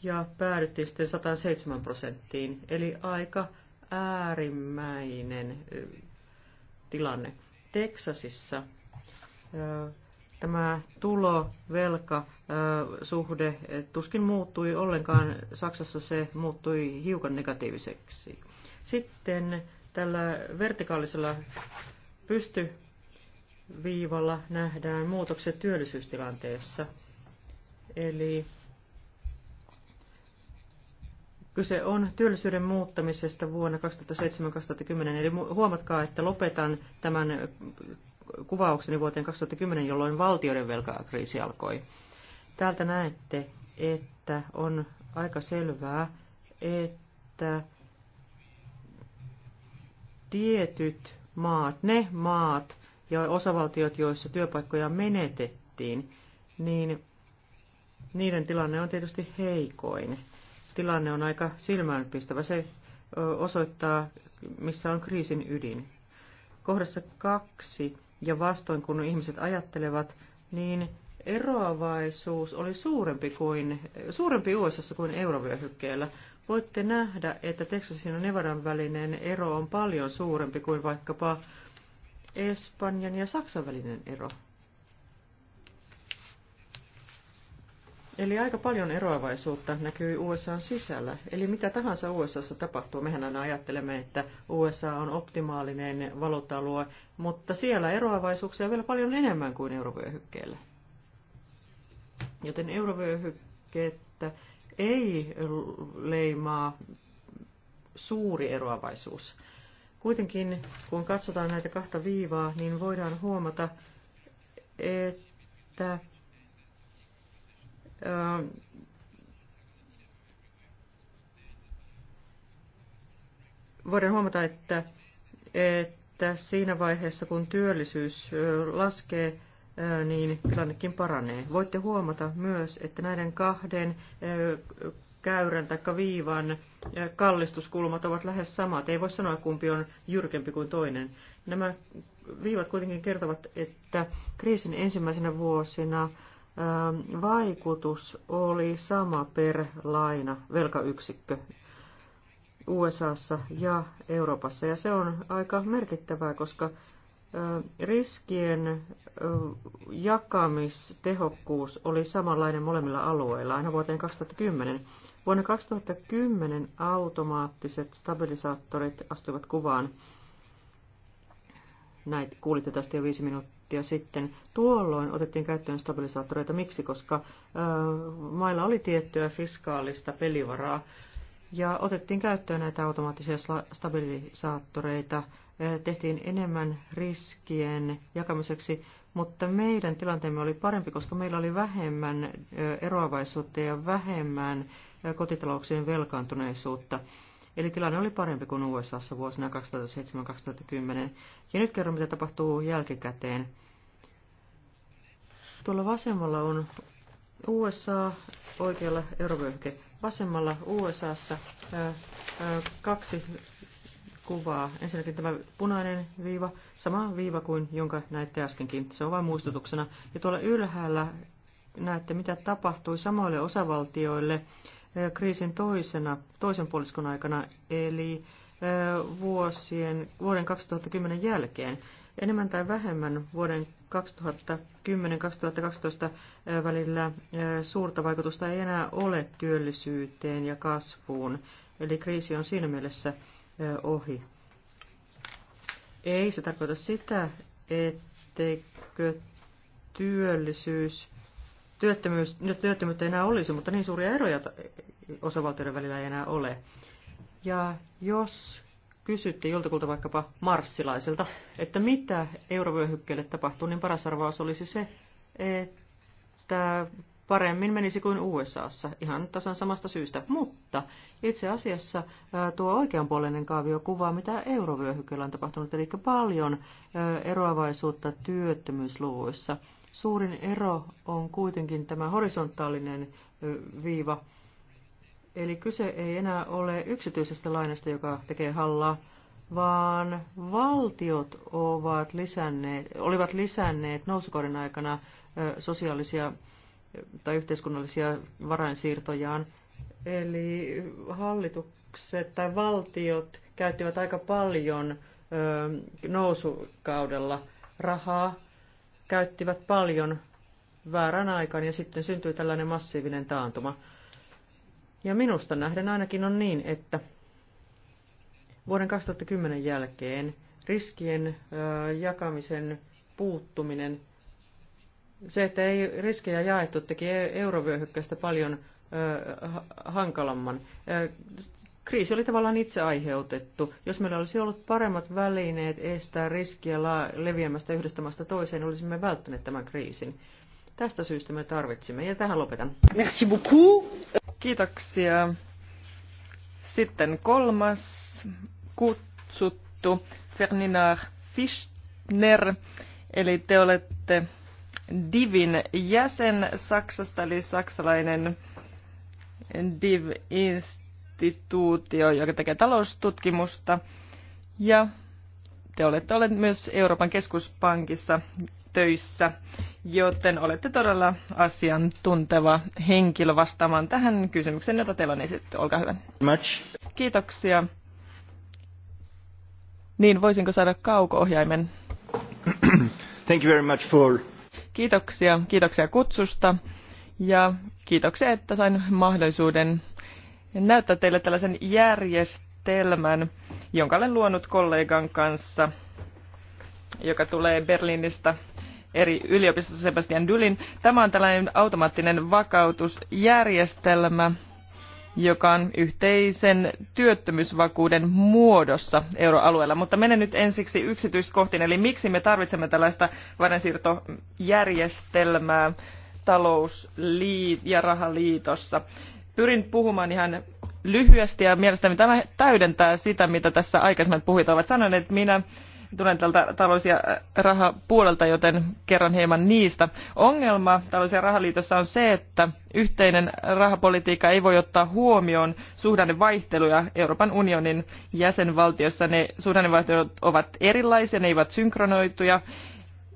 ja päädyttiin sitten 107 prosenttiin, eli aika äärimmäinen tilanne. Teksasissa tämä tulo-velka-suhde tuskin muuttui ollenkaan. Saksassa se muuttui hiukan negatiiviseksi. Sitten Tällä vertikaalisella pystyviivalla nähdään muutokset työllisyystilanteessa. Eli Kyse on työllisyyden muuttamisesta vuonna 2007-2010, eli huomatkaa, että lopetan tämän kuvaukseni vuoteen 2010, jolloin valtioiden velkakriisi alkoi. Täältä näette, että on aika selvää, että tietyt maat, ne maat ja osavaltiot, joissa työpaikkoja menetettiin, niin niiden tilanne on tietysti heikoin. Tilanne on aika silmäänpistävä. Se osoittaa, missä on kriisin ydin. Kohdassa kaksi ja vastoin kun ihmiset ajattelevat, niin eroavaisuus oli suurempi, kuin, suurempi USA kuin eurovyöhykkeellä. Voitte nähdä, että Texasin ja Nevadan välinen ero on paljon suurempi kuin vaikkapa Espanjan ja Saksan välinen ero. Eli aika paljon eroavaisuutta näkyy USAn sisällä. Eli mitä tahansa USAssa tapahtuu, mehän aina ajattelemme, että USA on optimaalinen valuutta-alue, mutta siellä eroavaisuuksia on vielä paljon enemmän kuin eurovyöhykkeellä. Joten eurovyöhykkeettä ei leimaa suuri eroavaisuus. Kuitenkin, kun katsotaan näitä kahta viivaa, niin voidaan huomata, että ää, voidaan huomata, että, että siinä vaiheessa, kun työllisyys laskee, niin tilannekin paranee. Voitte huomata myös, että näiden kahden käyrän tai viivan kallistuskulmat ovat lähes samat. Ei voi sanoa, kumpi on jyrkempi kuin toinen. Nämä viivat kuitenkin kertovat, että kriisin ensimmäisenä vuosina vaikutus oli sama per laina, velkayksikkö USAssa ja Euroopassa. Ja se on aika merkittävää, koska riskien jakamistehokkuus oli samanlainen molemmilla alueilla aina vuoteen 2010. Vuonna 2010 automaattiset stabilisaattorit astuivat kuvaan. Näitä kuulitte tästä jo viisi minuuttia sitten. Tuolloin otettiin käyttöön stabilisaattoreita. Miksi? Koska ää, mailla oli tiettyä fiskaalista pelivaraa. Ja otettiin käyttöön näitä automaattisia stabilisaattoreita tehtiin enemmän riskien jakamiseksi, mutta meidän tilanteemme oli parempi, koska meillä oli vähemmän eroavaisuutta ja vähemmän kotitalouksien velkaantuneisuutta. Eli tilanne oli parempi kuin USAssa vuosina 2007-2010. Ja nyt kerron, mitä tapahtuu jälkikäteen. Tuolla vasemmalla on USA, oikealla eurovyöhyke. Vasemmalla USAssa kaksi kuvaa. Ensinnäkin tämä punainen viiva, sama viiva kuin jonka näitte äskenkin. Se on vain muistutuksena. Ja tuolla ylhäällä näette, mitä tapahtui samoille osavaltioille eh, kriisin toisena, toisen puoliskon aikana, eli eh, vuosien, vuoden 2010 jälkeen. Enemmän tai vähemmän vuoden 2010-2012 eh, välillä suurta vaikutusta ei enää ole työllisyyteen ja kasvuun, eli kriisi on siinä mielessä ohi. Ei se tarkoita sitä, etteikö työllisyys, työttömyys, no, työttömyyttä enää olisi, mutta niin suuria eroja osavaltioiden välillä ei enää ole. Ja jos kysytte joltakulta vaikkapa marssilaiselta, että mitä eurovyöhykkeelle tapahtuu, niin paras arvaus olisi se, että paremmin menisi kuin USAssa, ihan tasan samasta syystä. Mutta itse asiassa tuo oikeanpuoleinen kaavio kuvaa, mitä eurovyöhykkeellä on tapahtunut, eli paljon eroavaisuutta työttömyysluvuissa. Suurin ero on kuitenkin tämä horisontaalinen viiva, eli kyse ei enää ole yksityisestä lainasta, joka tekee hallaa, vaan valtiot ovat lisänneet, olivat lisänneet nousukauden aikana sosiaalisia tai yhteiskunnallisia varainsiirtojaan. Eli hallitukset tai valtiot käyttivät aika paljon nousukaudella rahaa, käyttivät paljon väärän aikaan ja sitten syntyi tällainen massiivinen taantuma. Ja minusta nähden ainakin on niin, että vuoden 2010 jälkeen riskien jakamisen puuttuminen se, että ei riskejä jaettu, teki e- eurovyöhykkästä paljon hankalamman. Kriisi oli tavallaan itse aiheutettu. Jos meillä olisi ollut paremmat välineet estää riskiä leviämästä yhdestä maasta toiseen, olisimme välttäneet tämän kriisin. Tästä syystä me tarvitsimme. Ja tähän lopetan. Merci beaucoup. Kiitoksia. Sitten kolmas kutsuttu, Ferdinand Fischner. Eli te olette DIVin jäsen Saksasta, eli saksalainen DIV-instituutio, joka tekee taloustutkimusta. Ja te olette olleet myös Euroopan keskuspankissa töissä, joten olette todella asiantunteva henkilö vastaamaan tähän kysymykseen, jota teillä on esitetty. Olkaa hyvä. Much. Kiitoksia. Niin, voisinko saada kauko-ohjaimen? Thank you very much for Kiitoksia, kiitoksia kutsusta ja kiitoksia, että sain mahdollisuuden näyttää teille tällaisen järjestelmän, jonka olen luonut kollegan kanssa, joka tulee Berliinistä eri yliopistosta Sebastian Dylin. Tämä on tällainen automaattinen vakautusjärjestelmä, joka on yhteisen työttömyysvakuuden muodossa euroalueella. Mutta menen nyt ensiksi yksityiskohtiin, eli miksi me tarvitsemme tällaista varansiirtojärjestelmää talous- ja rahaliitossa. Pyrin puhumaan ihan lyhyesti ja mielestäni tämä täydentää sitä, mitä tässä aikaisemmat puhujat ovat sanoneet. Minä tulen tältä talous- ja äh, rahapuolelta, joten kerron hieman niistä. Ongelma talous- ja rahaliitossa on se, että yhteinen rahapolitiikka ei voi ottaa huomioon suhdannevaihteluja Euroopan unionin jäsenvaltiossa. Ne suhdannevaihtelut ovat erilaisia, ne eivät synkronoituja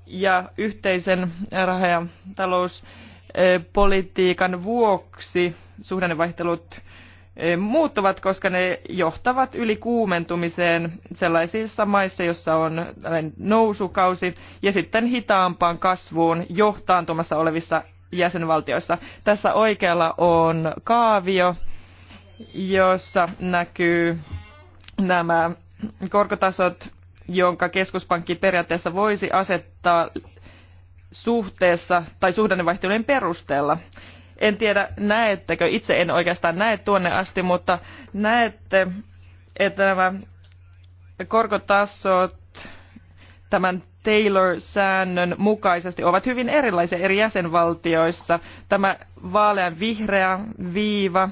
ja yhteisen raha- ja talouspolitiikan vuoksi suhdannevaihtelut E, muuttuvat, koska ne johtavat ylikuumentumiseen sellaisissa maissa, joissa on nousukausi, ja sitten hitaampaan kasvuun jo taantumassa olevissa jäsenvaltioissa. Tässä oikealla on kaavio, jossa näkyy nämä korkotasot, jonka keskuspankki periaatteessa voisi asettaa suhteessa tai suhdannevaihtelujen perusteella. En tiedä, näettekö, itse en oikeastaan näe tuonne asti, mutta näette, että nämä korkotasot tämän Taylor-säännön mukaisesti ovat hyvin erilaisia eri jäsenvaltioissa. Tämä vaalean vihreä viiva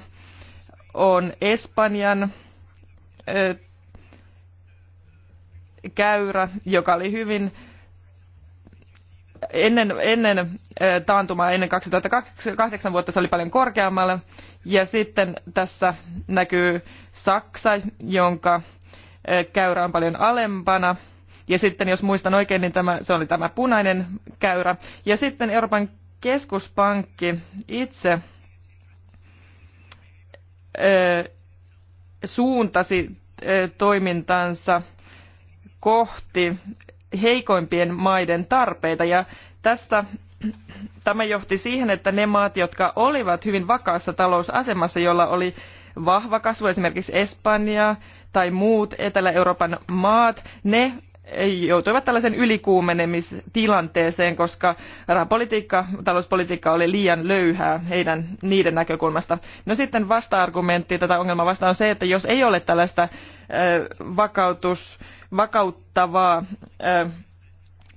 on Espanjan ö, käyrä, joka oli hyvin ennen, ennen taantumaa, ennen 2008 vuotta se oli paljon korkeammalla. Ja sitten tässä näkyy Saksa, jonka käyrä on paljon alempana. Ja sitten, jos muistan oikein, niin tämä, se oli tämä punainen käyrä. Ja sitten Euroopan keskuspankki itse suuntasi toimintansa kohti heikoimpien maiden tarpeita ja tästä tämä johti siihen, että ne maat, jotka olivat hyvin vakaassa talousasemassa, jolla oli vahva kasvu, esimerkiksi Espanja tai muut Etelä-Euroopan maat, ne joutuivat tällaisen ylikuumenemistilanteeseen, koska rahapolitiikka, talouspolitiikka oli liian löyhää heidän niiden näkökulmasta. No sitten vasta-argumentti tätä ongelmaa vastaan on se, että jos ei ole tällaista vakautus, vakauttavaa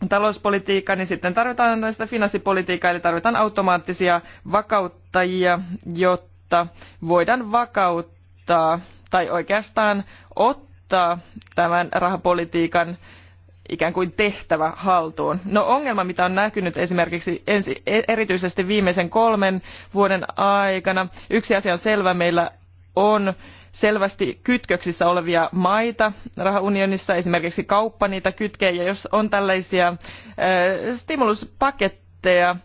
talouspolitiikkaa, niin sitten tarvitaan tällaista finanssipolitiikkaa, eli tarvitaan automaattisia vakauttajia, jotta voidaan vakauttaa tai oikeastaan ottaa ottaa tämän rahapolitiikan ikään kuin tehtävä haltuun. No ongelma, mitä on näkynyt esimerkiksi ensi, e, erityisesti viimeisen kolmen vuoden aikana, yksi asia on selvä, meillä on selvästi kytköksissä olevia maita rahaunionissa, esimerkiksi kauppa niitä kytkee, ja jos on tällaisia äh, stimuluspaketteja,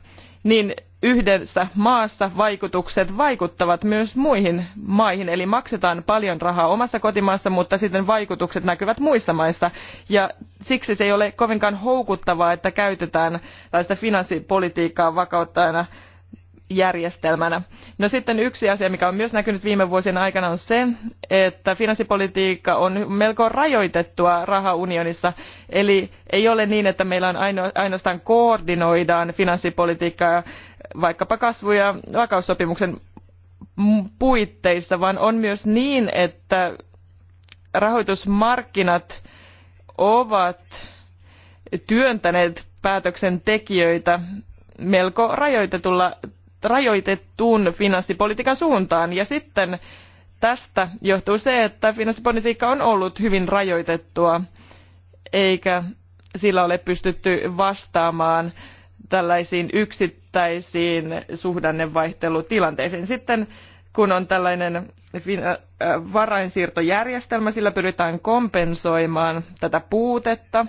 niin yhdessä maassa vaikutukset vaikuttavat myös muihin maihin eli maksetaan paljon rahaa omassa kotimaassa mutta sitten vaikutukset näkyvät muissa maissa ja siksi se ei ole kovinkaan houkuttavaa että käytetään tällaista finanssipolitiikkaa vakauttajana järjestelmänä. No sitten yksi asia, mikä on myös näkynyt viime vuosien aikana on se, että finanssipolitiikka on melko rajoitettua rahaunionissa. Eli ei ole niin, että meillä on aino, ainoastaan koordinoidaan finanssipolitiikkaa vaikkapa kasvu- ja vakaussopimuksen puitteissa, vaan on myös niin, että rahoitusmarkkinat ovat työntäneet päätöksentekijöitä melko rajoitetulla rajoitettuun finanssipolitiikan suuntaan. Ja sitten tästä johtuu se, että finanssipolitiikka on ollut hyvin rajoitettua, eikä sillä ole pystytty vastaamaan tällaisiin yksittäisiin suhdannevaihtelutilanteisiin. Sitten kun on tällainen äh, varainsiirtojärjestelmä, sillä pyritään kompensoimaan tätä puutetta,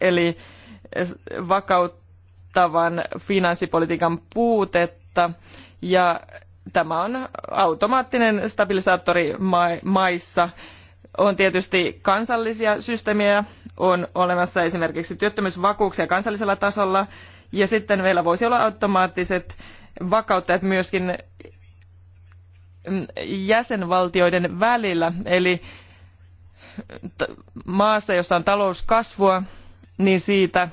eli vakautta kattavan finanssipolitiikan puutetta ja tämä on automaattinen stabilisaattori maissa. On tietysti kansallisia systeemejä, on olemassa esimerkiksi työttömyysvakuuksia kansallisella tasolla ja sitten meillä voisi olla automaattiset vakauttajat myöskin mm, jäsenvaltioiden välillä. Eli maassa, jossa on talouskasvua, niin siitä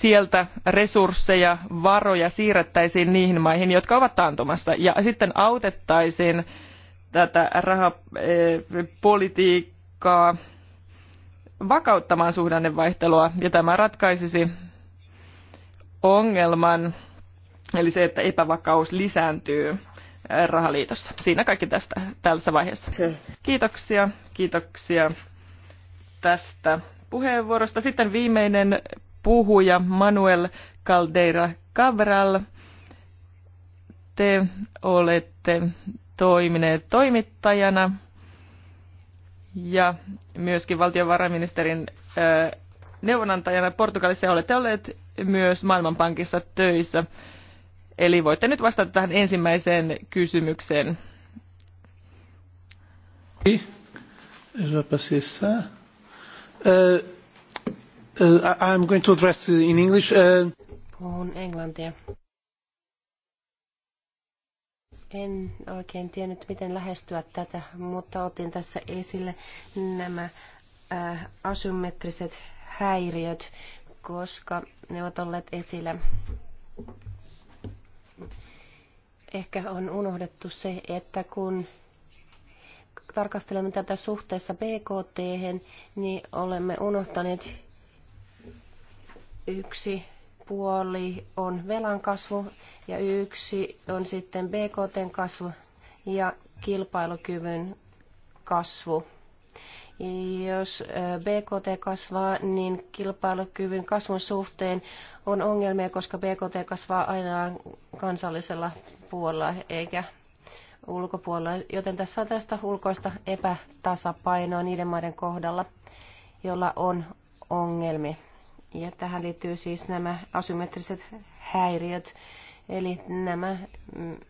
sieltä resursseja, varoja siirrettäisiin niihin maihin, jotka ovat taantumassa. Ja sitten autettaisiin tätä rahapolitiikkaa eh, vakauttamaan suhdannevaihtelua. Ja tämä ratkaisisi ongelman, eli se, että epävakaus lisääntyy eh, rahaliitossa. Siinä kaikki tästä tässä vaiheessa. Kiitoksia, kiitoksia tästä puheenvuorosta. Sitten viimeinen puhuja Manuel Caldeira Cabral. Te olette toimineet toimittajana ja myöskin valtiovarainministerin neuvonantajana Portugalissa ja olette olleet myös Maailmanpankissa töissä. Eli voitte nyt vastata tähän ensimmäiseen kysymykseen. Je vais passer ça. Euh, Uh, I'm going to address in English. Uh... Puhun englantia. En oikein tiennyt, miten lähestyä tätä, mutta otin tässä esille nämä äh, asymmetriset häiriöt, koska ne ovat olleet esillä. Ehkä on unohdettu se, että kun tarkastelemme tätä suhteessa BKT, niin olemme unohtaneet Yksi puoli on velan kasvu ja yksi on sitten BKTn kasvu ja kilpailukyvyn kasvu. Jos BKT kasvaa, niin kilpailukyvyn kasvun suhteen on ongelmia, koska BKT kasvaa aina kansallisella puolella eikä ulkopuolella. Joten tässä on tästä ulkoista epätasapainoa niiden maiden kohdalla, jolla on ongelmia. Ja tähän liittyy siis nämä asymmetriset häiriöt, eli nämä mm,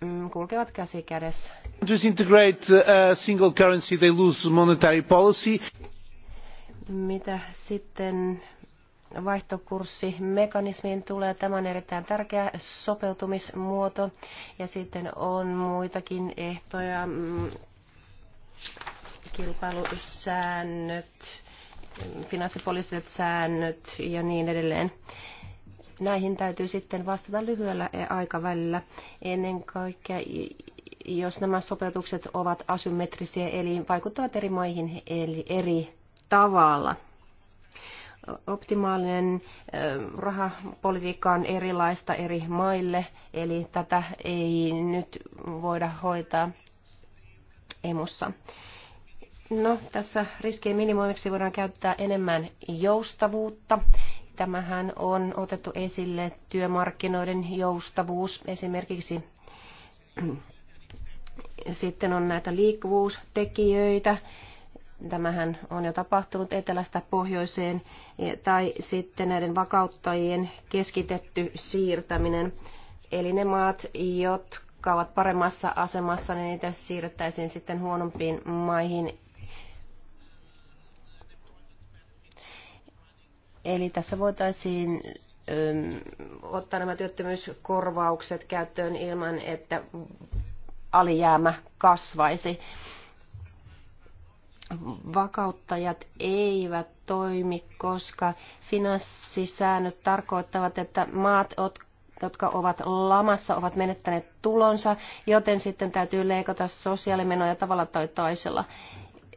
mm, kulkevat käsi kädessä. integrate a uh, single currency, they lose monetary policy. Mitä sitten vaihtokurssimekanismiin tulee. Tämä on erittäin tärkeä sopeutumismuoto. Ja sitten on muitakin ehtoja, mm, kilpailusäännöt finanssipoliittiset säännöt ja niin edelleen. Näihin täytyy sitten vastata lyhyellä aikavälillä. Ennen kaikkea, jos nämä sopeutukset ovat asymmetrisiä, eli vaikuttavat eri maihin eri tavalla optimaalinen rahapolitiikka on erilaista eri maille, eli tätä ei nyt voida hoitaa emussa. No, tässä riskien minimoimiksi voidaan käyttää enemmän joustavuutta. Tämähän on otettu esille työmarkkinoiden joustavuus esimerkiksi. Sitten on näitä liikkuvuustekijöitä. Tämähän on jo tapahtunut etelästä pohjoiseen. Tai sitten näiden vakauttajien keskitetty siirtäminen. Eli ne maat, jotka ovat paremmassa asemassa, niin niitä siirrettäisiin sitten huonompiin maihin Eli tässä voitaisiin ottaa nämä työttömyyskorvaukset käyttöön ilman, että alijäämä kasvaisi. Vakauttajat eivät toimi, koska finanssisäännöt tarkoittavat, että maat, jotka ovat lamassa, ovat menettäneet tulonsa, joten sitten täytyy leikata sosiaalimenoja tavalla tai toisella.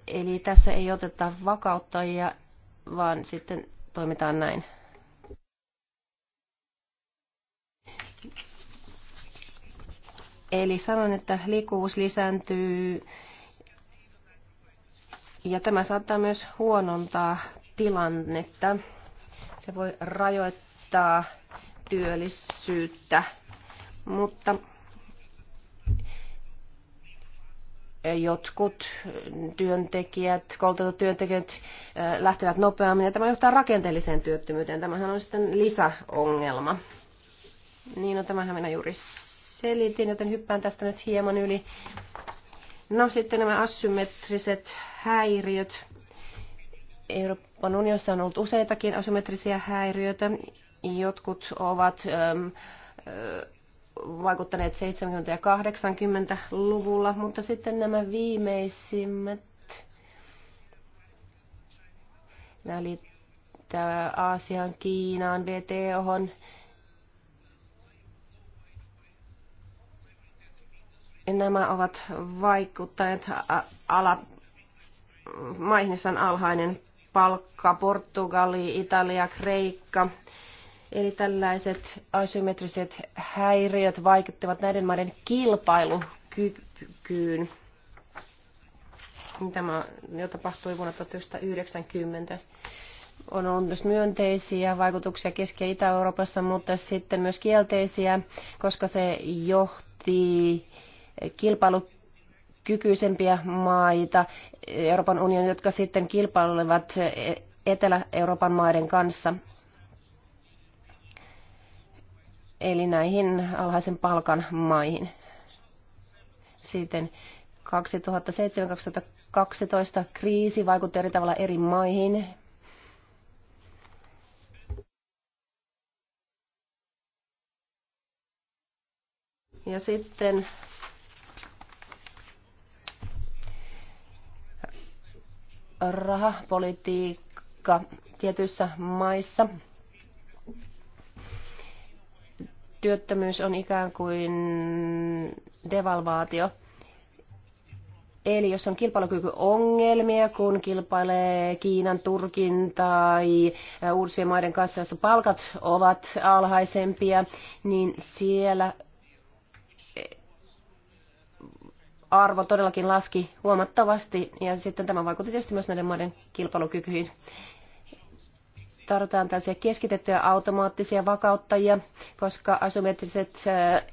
Eli tässä ei oteta vakauttajia, vaan sitten toimitaan näin. Eli sanon, että liikkuvuus lisääntyy ja tämä saattaa myös huonontaa tilannetta. Se voi rajoittaa työllisyyttä, mutta jotkut työntekijät, koulutetut työntekijät lähtevät nopeammin ja tämä johtaa rakenteelliseen työttömyyteen. Tämähän on sitten lisäongelma. Niin, no tämähän minä juuri selitin, joten hyppään tästä nyt hieman yli. No sitten nämä asymmetriset häiriöt. Euroopan unionissa on ollut useitakin asymmetrisiä häiriöitä. Jotkut ovat vaikuttaneet 70- ja 80-luvulla, mutta sitten nämä viimeisimmät, nämä liittää Aasiaan, Kiinaan, VTOhon, nämä ovat vaikuttaneet ala, maihin, on alhainen palkka, Portugali, Italia, Kreikka, Eli tällaiset asymmetriset häiriöt vaikuttavat näiden maiden kilpailukykyyn. Tämä jo tapahtui vuonna 1990. On ollut myös myönteisiä vaikutuksia Keski- ja Itä-Euroopassa, mutta sitten myös kielteisiä, koska se johti kilpailukykyisempiä maita Euroopan unionin, jotka sitten kilpailevat Etelä-Euroopan maiden kanssa – eli näihin alhaisen palkan maihin. Sitten 2007-2012 kriisi vaikutti eri tavalla eri maihin. Ja sitten rahapolitiikka tietyissä maissa – työttömyys on ikään kuin devalvaatio. Eli jos on kilpailukykyongelmia, kun kilpailee Kiinan, Turkin tai uusien maiden kanssa, jossa palkat ovat alhaisempia, niin siellä arvo todellakin laski huomattavasti ja sitten tämä vaikutti tietysti myös näiden maiden kilpailukykyihin tarvitaan tällaisia keskitettyjä automaattisia vakauttajia, koska asymmetriset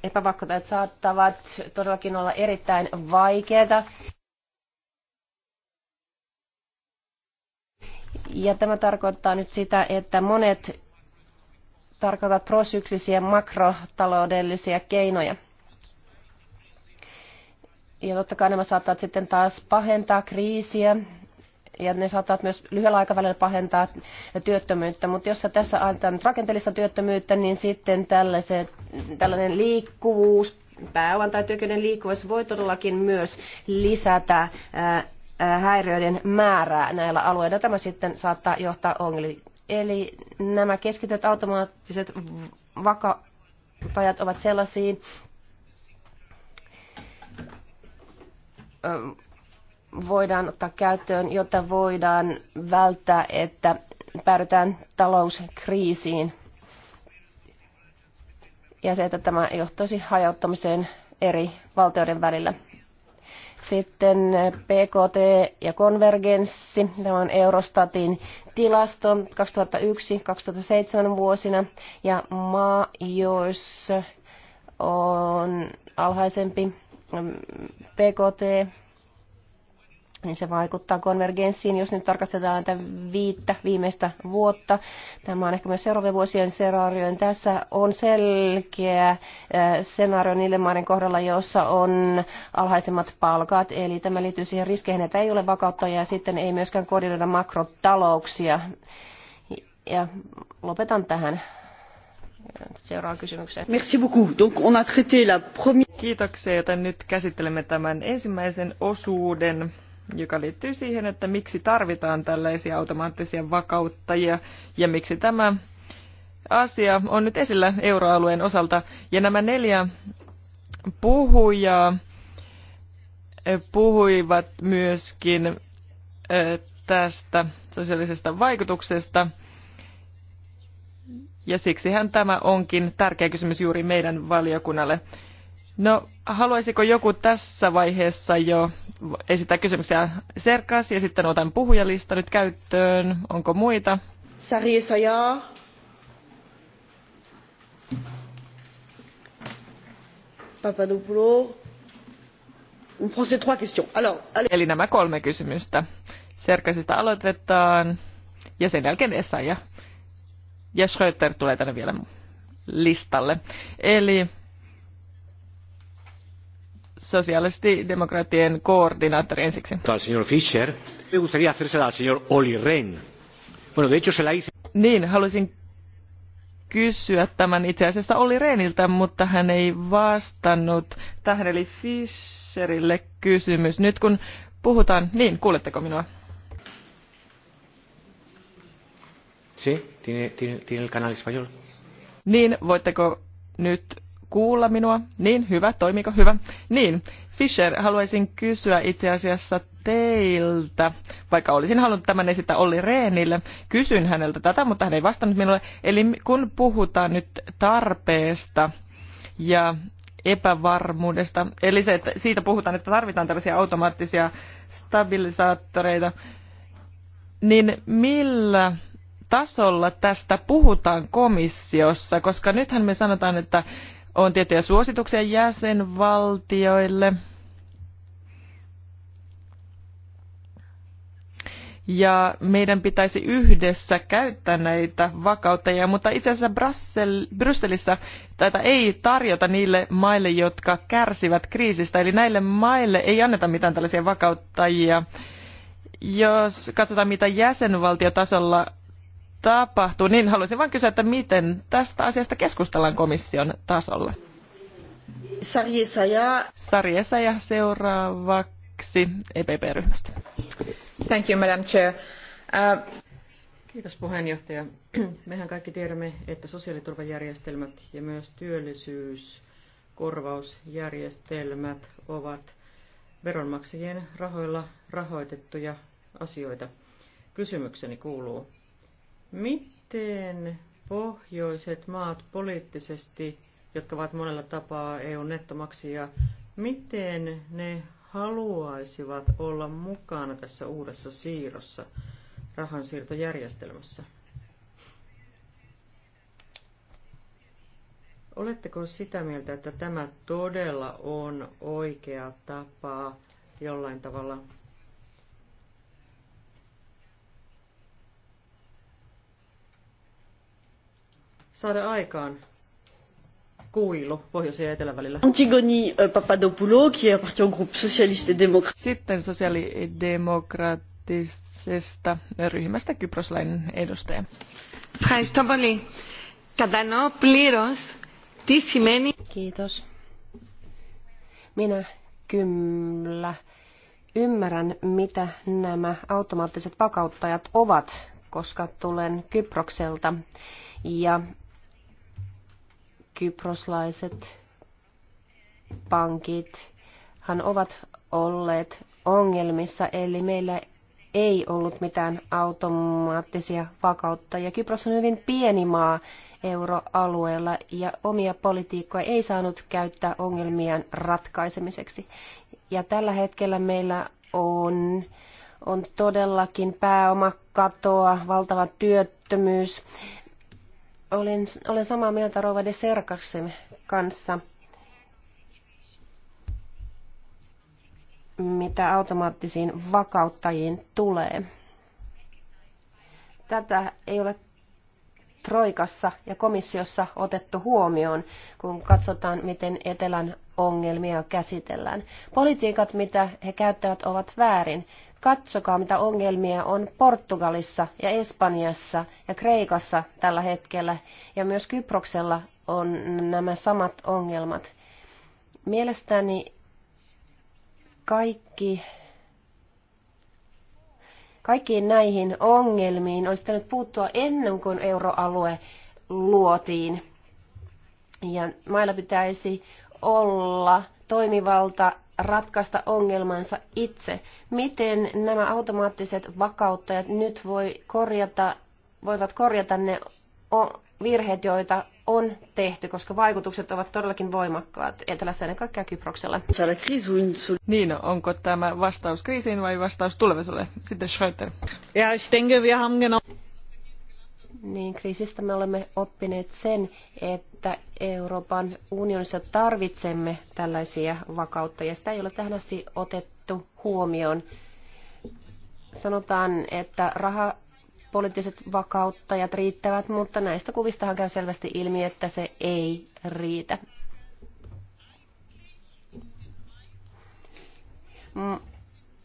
epävakautajat saattavat todellakin olla erittäin vaikeita. Ja tämä tarkoittaa nyt sitä, että monet tarkoittavat prosyklisiä makrotaloudellisia keinoja. Ja totta kai nämä saattavat sitten taas pahentaa kriisiä ja ne saattavat myös lyhyellä aikavälillä pahentaa työttömyyttä, mutta jos tässä antaa rakenteellista työttömyyttä, niin sitten tällaiset, tällainen liikkuvuus, pääoman tai työkyden liikkuvuus voi todellakin myös lisätä häiriöiden määrää näillä alueilla. Tämä sitten saattaa johtaa ongelmiin. Eli nämä keskityt automaattiset vakautajat ovat sellaisia, voidaan ottaa käyttöön, jotta voidaan välttää, että päädytään talouskriisiin. Ja se, että tämä johtaisi hajauttamiseen eri valtioiden välillä. Sitten PKT ja konvergenssi. Tämä on Eurostatin tilasto 2001-2007 vuosina. Ja maa, jos on alhaisempi PKT, niin se vaikuttaa konvergenssiin. Jos nyt tarkastetaan tätä viittä viimeistä vuotta, tämä on ehkä myös seuraavien vuosien skenaario, tässä on selkeä äh, skenaario niille maiden kohdalla, joissa on alhaisemmat palkat, eli tämä liittyy siihen riskeihin, että ei ole vakautta ja sitten ei myöskään koordinoida makrotalouksia. Ja lopetan tähän seuraavaan kysymykseen. Merci beaucoup. Donc on a traité la première... Kiitoksia, joten nyt käsittelemme tämän ensimmäisen osuuden joka liittyy siihen, että miksi tarvitaan tällaisia automaattisia vakauttajia ja miksi tämä asia on nyt esillä euroalueen osalta. Ja nämä neljä puhujaa puhuivat myöskin tästä sosiaalisesta vaikutuksesta. Ja siksihän tämä onkin tärkeä kysymys juuri meidän valiokunnalle. No, haluaisiko joku tässä vaiheessa jo esittää kysymyksiä Serkas ja sitten otan puhujalista nyt käyttöön. Onko muita? Sari Sajaa. Papadopoulou. On prend ces trois questions. Alors, allez. Eli nämä kolme kysymystä. Serkasista aloitetaan ja sen jälkeen Essa ja, ja Schröter tulee tänne vielä listalle. Eli sosiaalistidemokraattien koordinaattori ensiksi. Fischer, me gustaría hacérsela al señor Rehn. Bueno, de hecho se la hice... Niin, kysyä tämän itse asiassa Olli Rehniltä, mutta hän ei vastannut tähän, eli Fischerille kysymys. Nyt kun puhutaan, niin kuuletteko minua? Sí, tiene, tiene, tiene el canal español. Niin, voitteko nyt kuulla minua? Niin, hyvä, toimiko hyvä? Niin, Fisher, haluaisin kysyä itse asiassa teiltä, vaikka olisin halunnut tämän esittää Olli Reenille. Kysyn häneltä tätä, mutta hän ei vastannut minulle. Eli kun puhutaan nyt tarpeesta ja epävarmuudesta, eli se, että siitä puhutaan, että tarvitaan tällaisia automaattisia stabilisaattoreita, niin millä tasolla tästä puhutaan komissiossa, koska nythän me sanotaan, että on tiettyjä suosituksia jäsenvaltioille. ja meidän pitäisi yhdessä käyttää näitä vakauttajia, mutta itse asiassa Brassel, Brysselissä tätä ei tarjota niille maille, jotka kärsivät kriisistä, eli näille maille ei anneta mitään tällaisia vakauttajia. Jos katsotaan, mitä jäsenvaltiotasolla tapahtuu, niin haluaisin vain kysyä, että miten tästä asiasta keskustellaan komission tasolla. Sarjessa ja... Sarjessa ja seuraavaksi EPP-ryhmästä. Thank you, Madam Chair. Uh... Kiitos puheenjohtaja. Mehän kaikki tiedämme, että sosiaaliturvajärjestelmät ja myös työllisyyskorvausjärjestelmät ovat veronmaksajien rahoilla rahoitettuja asioita. Kysymykseni kuuluu, Miten pohjoiset maat poliittisesti, jotka ovat monella tapaa eu nettomaksia, miten ne haluaisivat olla mukana tässä uudessa siirrossa rahansiirtojärjestelmässä? Oletteko sitä mieltä, että tämä todella on oikea tapa jollain tavalla saada aikaan kuilu pohjois- ja etelän välillä. Antigoni äh, Papadopoulou, qui appartient au groupe socialiste et démocrate. Sitten sosiaalidemokraattisesta ryhmästä kyproslainen edustaja. Ευχαριστώ πολύ. Κατανοώ πλήρως τι σημαίνει... Kiitos. Minä kyllä ymmärrän, mitä nämä automaattiset vakauttajat ovat, koska tulen Kyprokselta. Ja kyproslaiset pankit hän ovat olleet ongelmissa, eli meillä ei ollut mitään automaattisia vakautta. Ja Kypros on hyvin pieni maa euroalueella ja omia politiikkoja ei saanut käyttää ongelmien ratkaisemiseksi. Ja tällä hetkellä meillä on, on todellakin pääomakatoa, valtava työttömyys. Olen, olen samaa mieltä Rova de Serkaksen kanssa, mitä automaattisiin vakauttajiin tulee. Tätä ei ole Troikassa ja komissiossa otettu huomioon, kun katsotaan, miten etelän ongelmia käsitellään. Politiikat, mitä he käyttävät, ovat väärin. Katsokaa, mitä ongelmia on Portugalissa ja Espanjassa ja Kreikassa tällä hetkellä, ja myös Kyproksella on nämä samat ongelmat. Mielestäni kaikki Kaikkiin näihin ongelmiin olisi pitänyt puuttua ennen kuin euroalue luotiin. Ja mailla pitäisi olla toimivalta ratkaista ongelmansa itse. Miten nämä automaattiset vakauttajat nyt voi korjata, voivat korjata ne virheet, joita on tehty, koska vaikutukset ovat todellakin voimakkaat etelässä ennen kaikkea Kyproksella. Niin, onko tämä vastaus kriisiin vai vastaus tulevaisuudelle? Sitten Schröter. Ja, ich denke, wir haben genau... Niin, kriisistä me olemme oppineet sen, että Euroopan unionissa tarvitsemme tällaisia vakauttajia. Sitä ei ole tähän asti otettu huomioon. Sanotaan, että raha poliittiset vakauttajat riittävät, mutta näistä kuvistahan käy selvästi ilmi, että se ei riitä.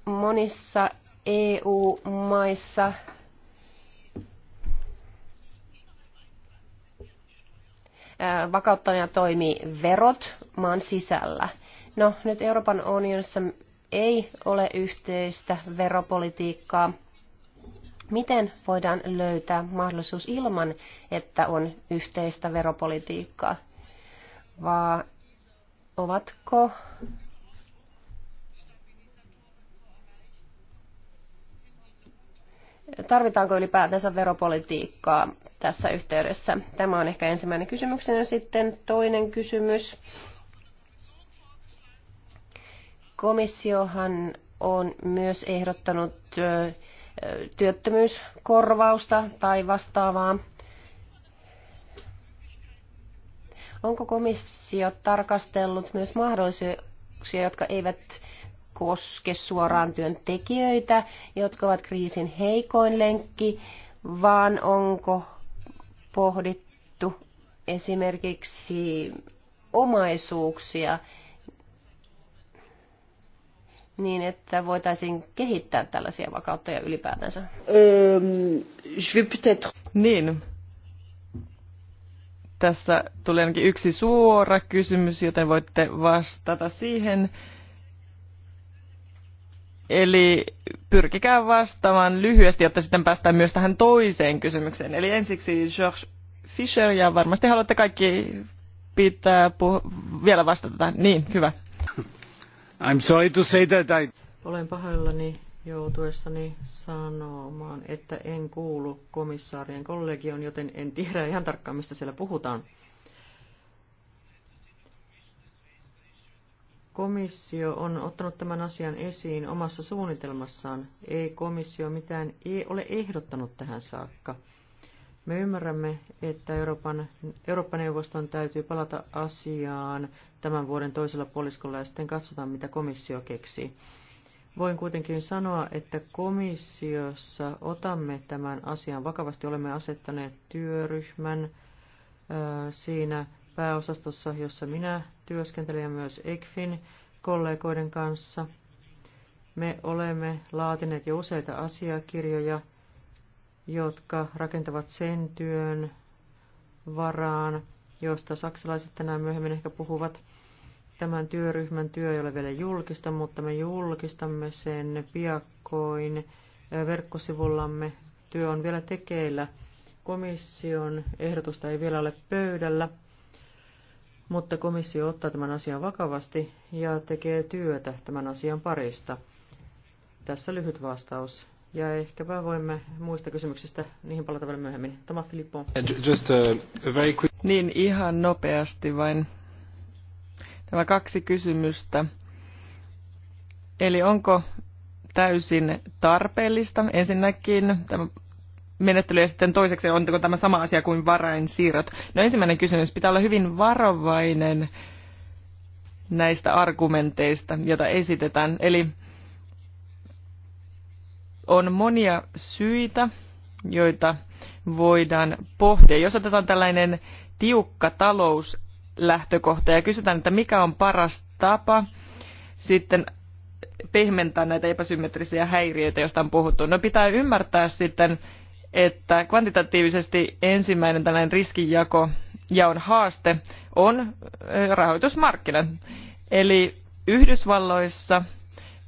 Monissa EU-maissa vakauttajana toimii verot maan sisällä. No, nyt Euroopan unionissa ei ole yhteistä veropolitiikkaa. Miten voidaan löytää mahdollisuus ilman, että on yhteistä veropolitiikkaa? vaan ovatko tarvitaanko ylipäätänsä veropolitiikkaa tässä yhteydessä? Tämä on ehkä ensimmäinen ja Sitten toinen kysymys. Komissiohan on myös ehdottanut työttömyyskorvausta tai vastaavaa. Onko komissio tarkastellut myös mahdollisuuksia, jotka eivät koske suoraan työntekijöitä, jotka ovat kriisin heikoin lenkki, vaan onko pohdittu esimerkiksi omaisuuksia, niin, että voitaisiin kehittää tällaisia vakauttajia ylipäätänsä? Ähm, niin. Tässä tulee ainakin yksi suora kysymys, joten voitte vastata siihen. Eli pyrkikää vastaamaan lyhyesti, jotta sitten päästään myös tähän toiseen kysymykseen. Eli ensiksi George Fisher, ja varmasti haluatte kaikki pitää puh- vielä vastata. Niin, hyvä. Olen pahoillani joutuessani sanomaan, että en kuulu komissaarien kollegioon, joten en tiedä ihan tarkkaan, mistä siellä puhutaan. Komissio on ottanut tämän asian esiin omassa suunnitelmassaan. Ei komissio mitään ei ole ehdottanut tähän saakka. Me ymmärrämme, että Euroopan, Eurooppa-neuvoston täytyy palata asiaan tämän vuoden toisella puoliskolla ja sitten katsotaan, mitä komissio keksii. Voin kuitenkin sanoa, että komissiossa otamme tämän asian vakavasti. Olemme asettaneet työryhmän siinä pääosastossa, jossa minä työskentelen ja myös ECFin kollegoiden kanssa. Me olemme laatineet jo useita asiakirjoja jotka rakentavat sen työn varaan, josta saksalaiset tänään myöhemmin ehkä puhuvat. Tämän työryhmän työ ei ole vielä julkista, mutta me julkistamme sen piakkoin verkkosivullamme. Työ on vielä tekeillä. Komission ehdotusta ei vielä ole pöydällä, mutta komissio ottaa tämän asian vakavasti ja tekee työtä tämän asian parista. Tässä lyhyt vastaus ja ehkäpä voimme muista kysymyksistä niihin palata vielä myöhemmin. Tämä Filippo. Just a very quick... Niin ihan nopeasti vain. Tämä kaksi kysymystä. Eli onko täysin tarpeellista ensinnäkin tämä menettely ja sitten toiseksi, onko tämä sama asia kuin varainsiirrot? No ensimmäinen kysymys, pitää olla hyvin varovainen näistä argumenteista, joita esitetään. Eli on monia syitä, joita voidaan pohtia. Jos otetaan tällainen tiukka talouslähtökohta ja kysytään, että mikä on paras tapa sitten pehmentää näitä epäsymmetrisiä häiriöitä, joista on puhuttu. No pitää ymmärtää sitten, että kvantitatiivisesti ensimmäinen tällainen riskijako ja on haaste on rahoitusmarkkinat. Eli Yhdysvalloissa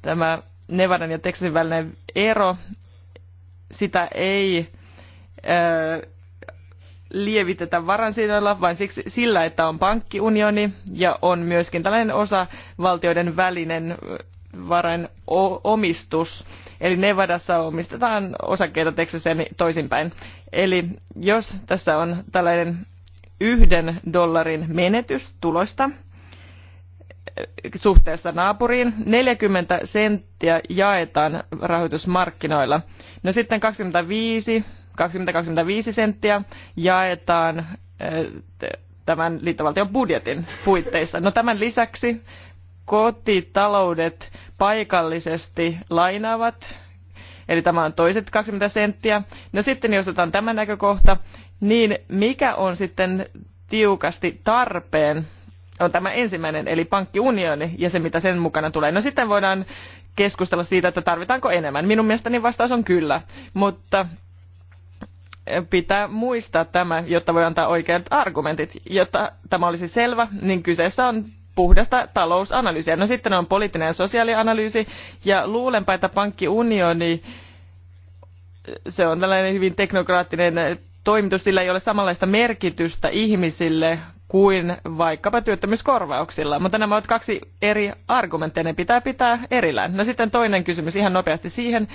tämä Nevadan ja Texasin välinen ero, sitä ei ö, lievitetä varansiinoilla, vaan siksi, sillä, että on pankkiunioni ja on myöskin tällainen osa valtioiden välinen varan omistus. Eli Nevadassa omistetaan osakkeita Texasiin toisinpäin. Eli jos tässä on tällainen yhden dollarin menetys tulosta, suhteessa naapuriin. 40 senttiä jaetaan rahoitusmarkkinoilla. No sitten 25, 20, 25 senttiä jaetaan eh, tämän liittovaltion budjetin puitteissa. No tämän lisäksi kotitaloudet paikallisesti lainaavat, eli tämä on toiset 20 senttiä. No sitten jos otetaan tämä näkökohta, niin mikä on sitten tiukasti tarpeen on tämä ensimmäinen, eli pankkiunioni ja se, mitä sen mukana tulee. No sitten voidaan keskustella siitä, että tarvitaanko enemmän. Minun mielestäni vastaus on kyllä, mutta eh, pitää muistaa tämä, jotta voi antaa oikeat argumentit. Jotta tämä olisi selvä, niin kyseessä on puhdasta talousanalyysiä. No sitten on poliittinen ja sosiaalianalyysi, ja luulenpa, että pankkiunioni, eh, se on tällainen hyvin teknokraattinen eh, toimitus, sillä ei ole samanlaista merkitystä ihmisille kuin vaikkapa työttömyyskorvauksilla. Mutta nämä ovat kaksi eri argumenttia, ne pitää pitää erillään. No sitten toinen kysymys ihan nopeasti siihen.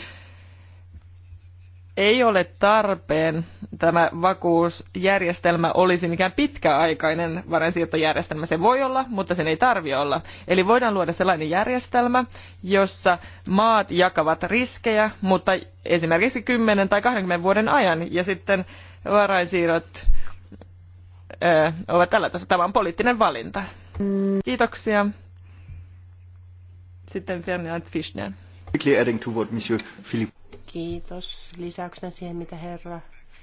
Ei ole tarpeen tämä vakuusjärjestelmä olisi mikään pitkäaikainen varainsiirtojärjestelmä. Se voi olla, mutta sen ei tarvi olla. Eli voidaan luoda sellainen järjestelmä, jossa maat jakavat riskejä, mutta esimerkiksi 10 tai 20 vuoden ajan ja sitten varainsiirrot ö, ovat tällä tasolla. Tämä on poliittinen valinta. Kiitoksia. Sitten Fernand Fischner. Kiitos. Lisäyksenä siihen, mitä herra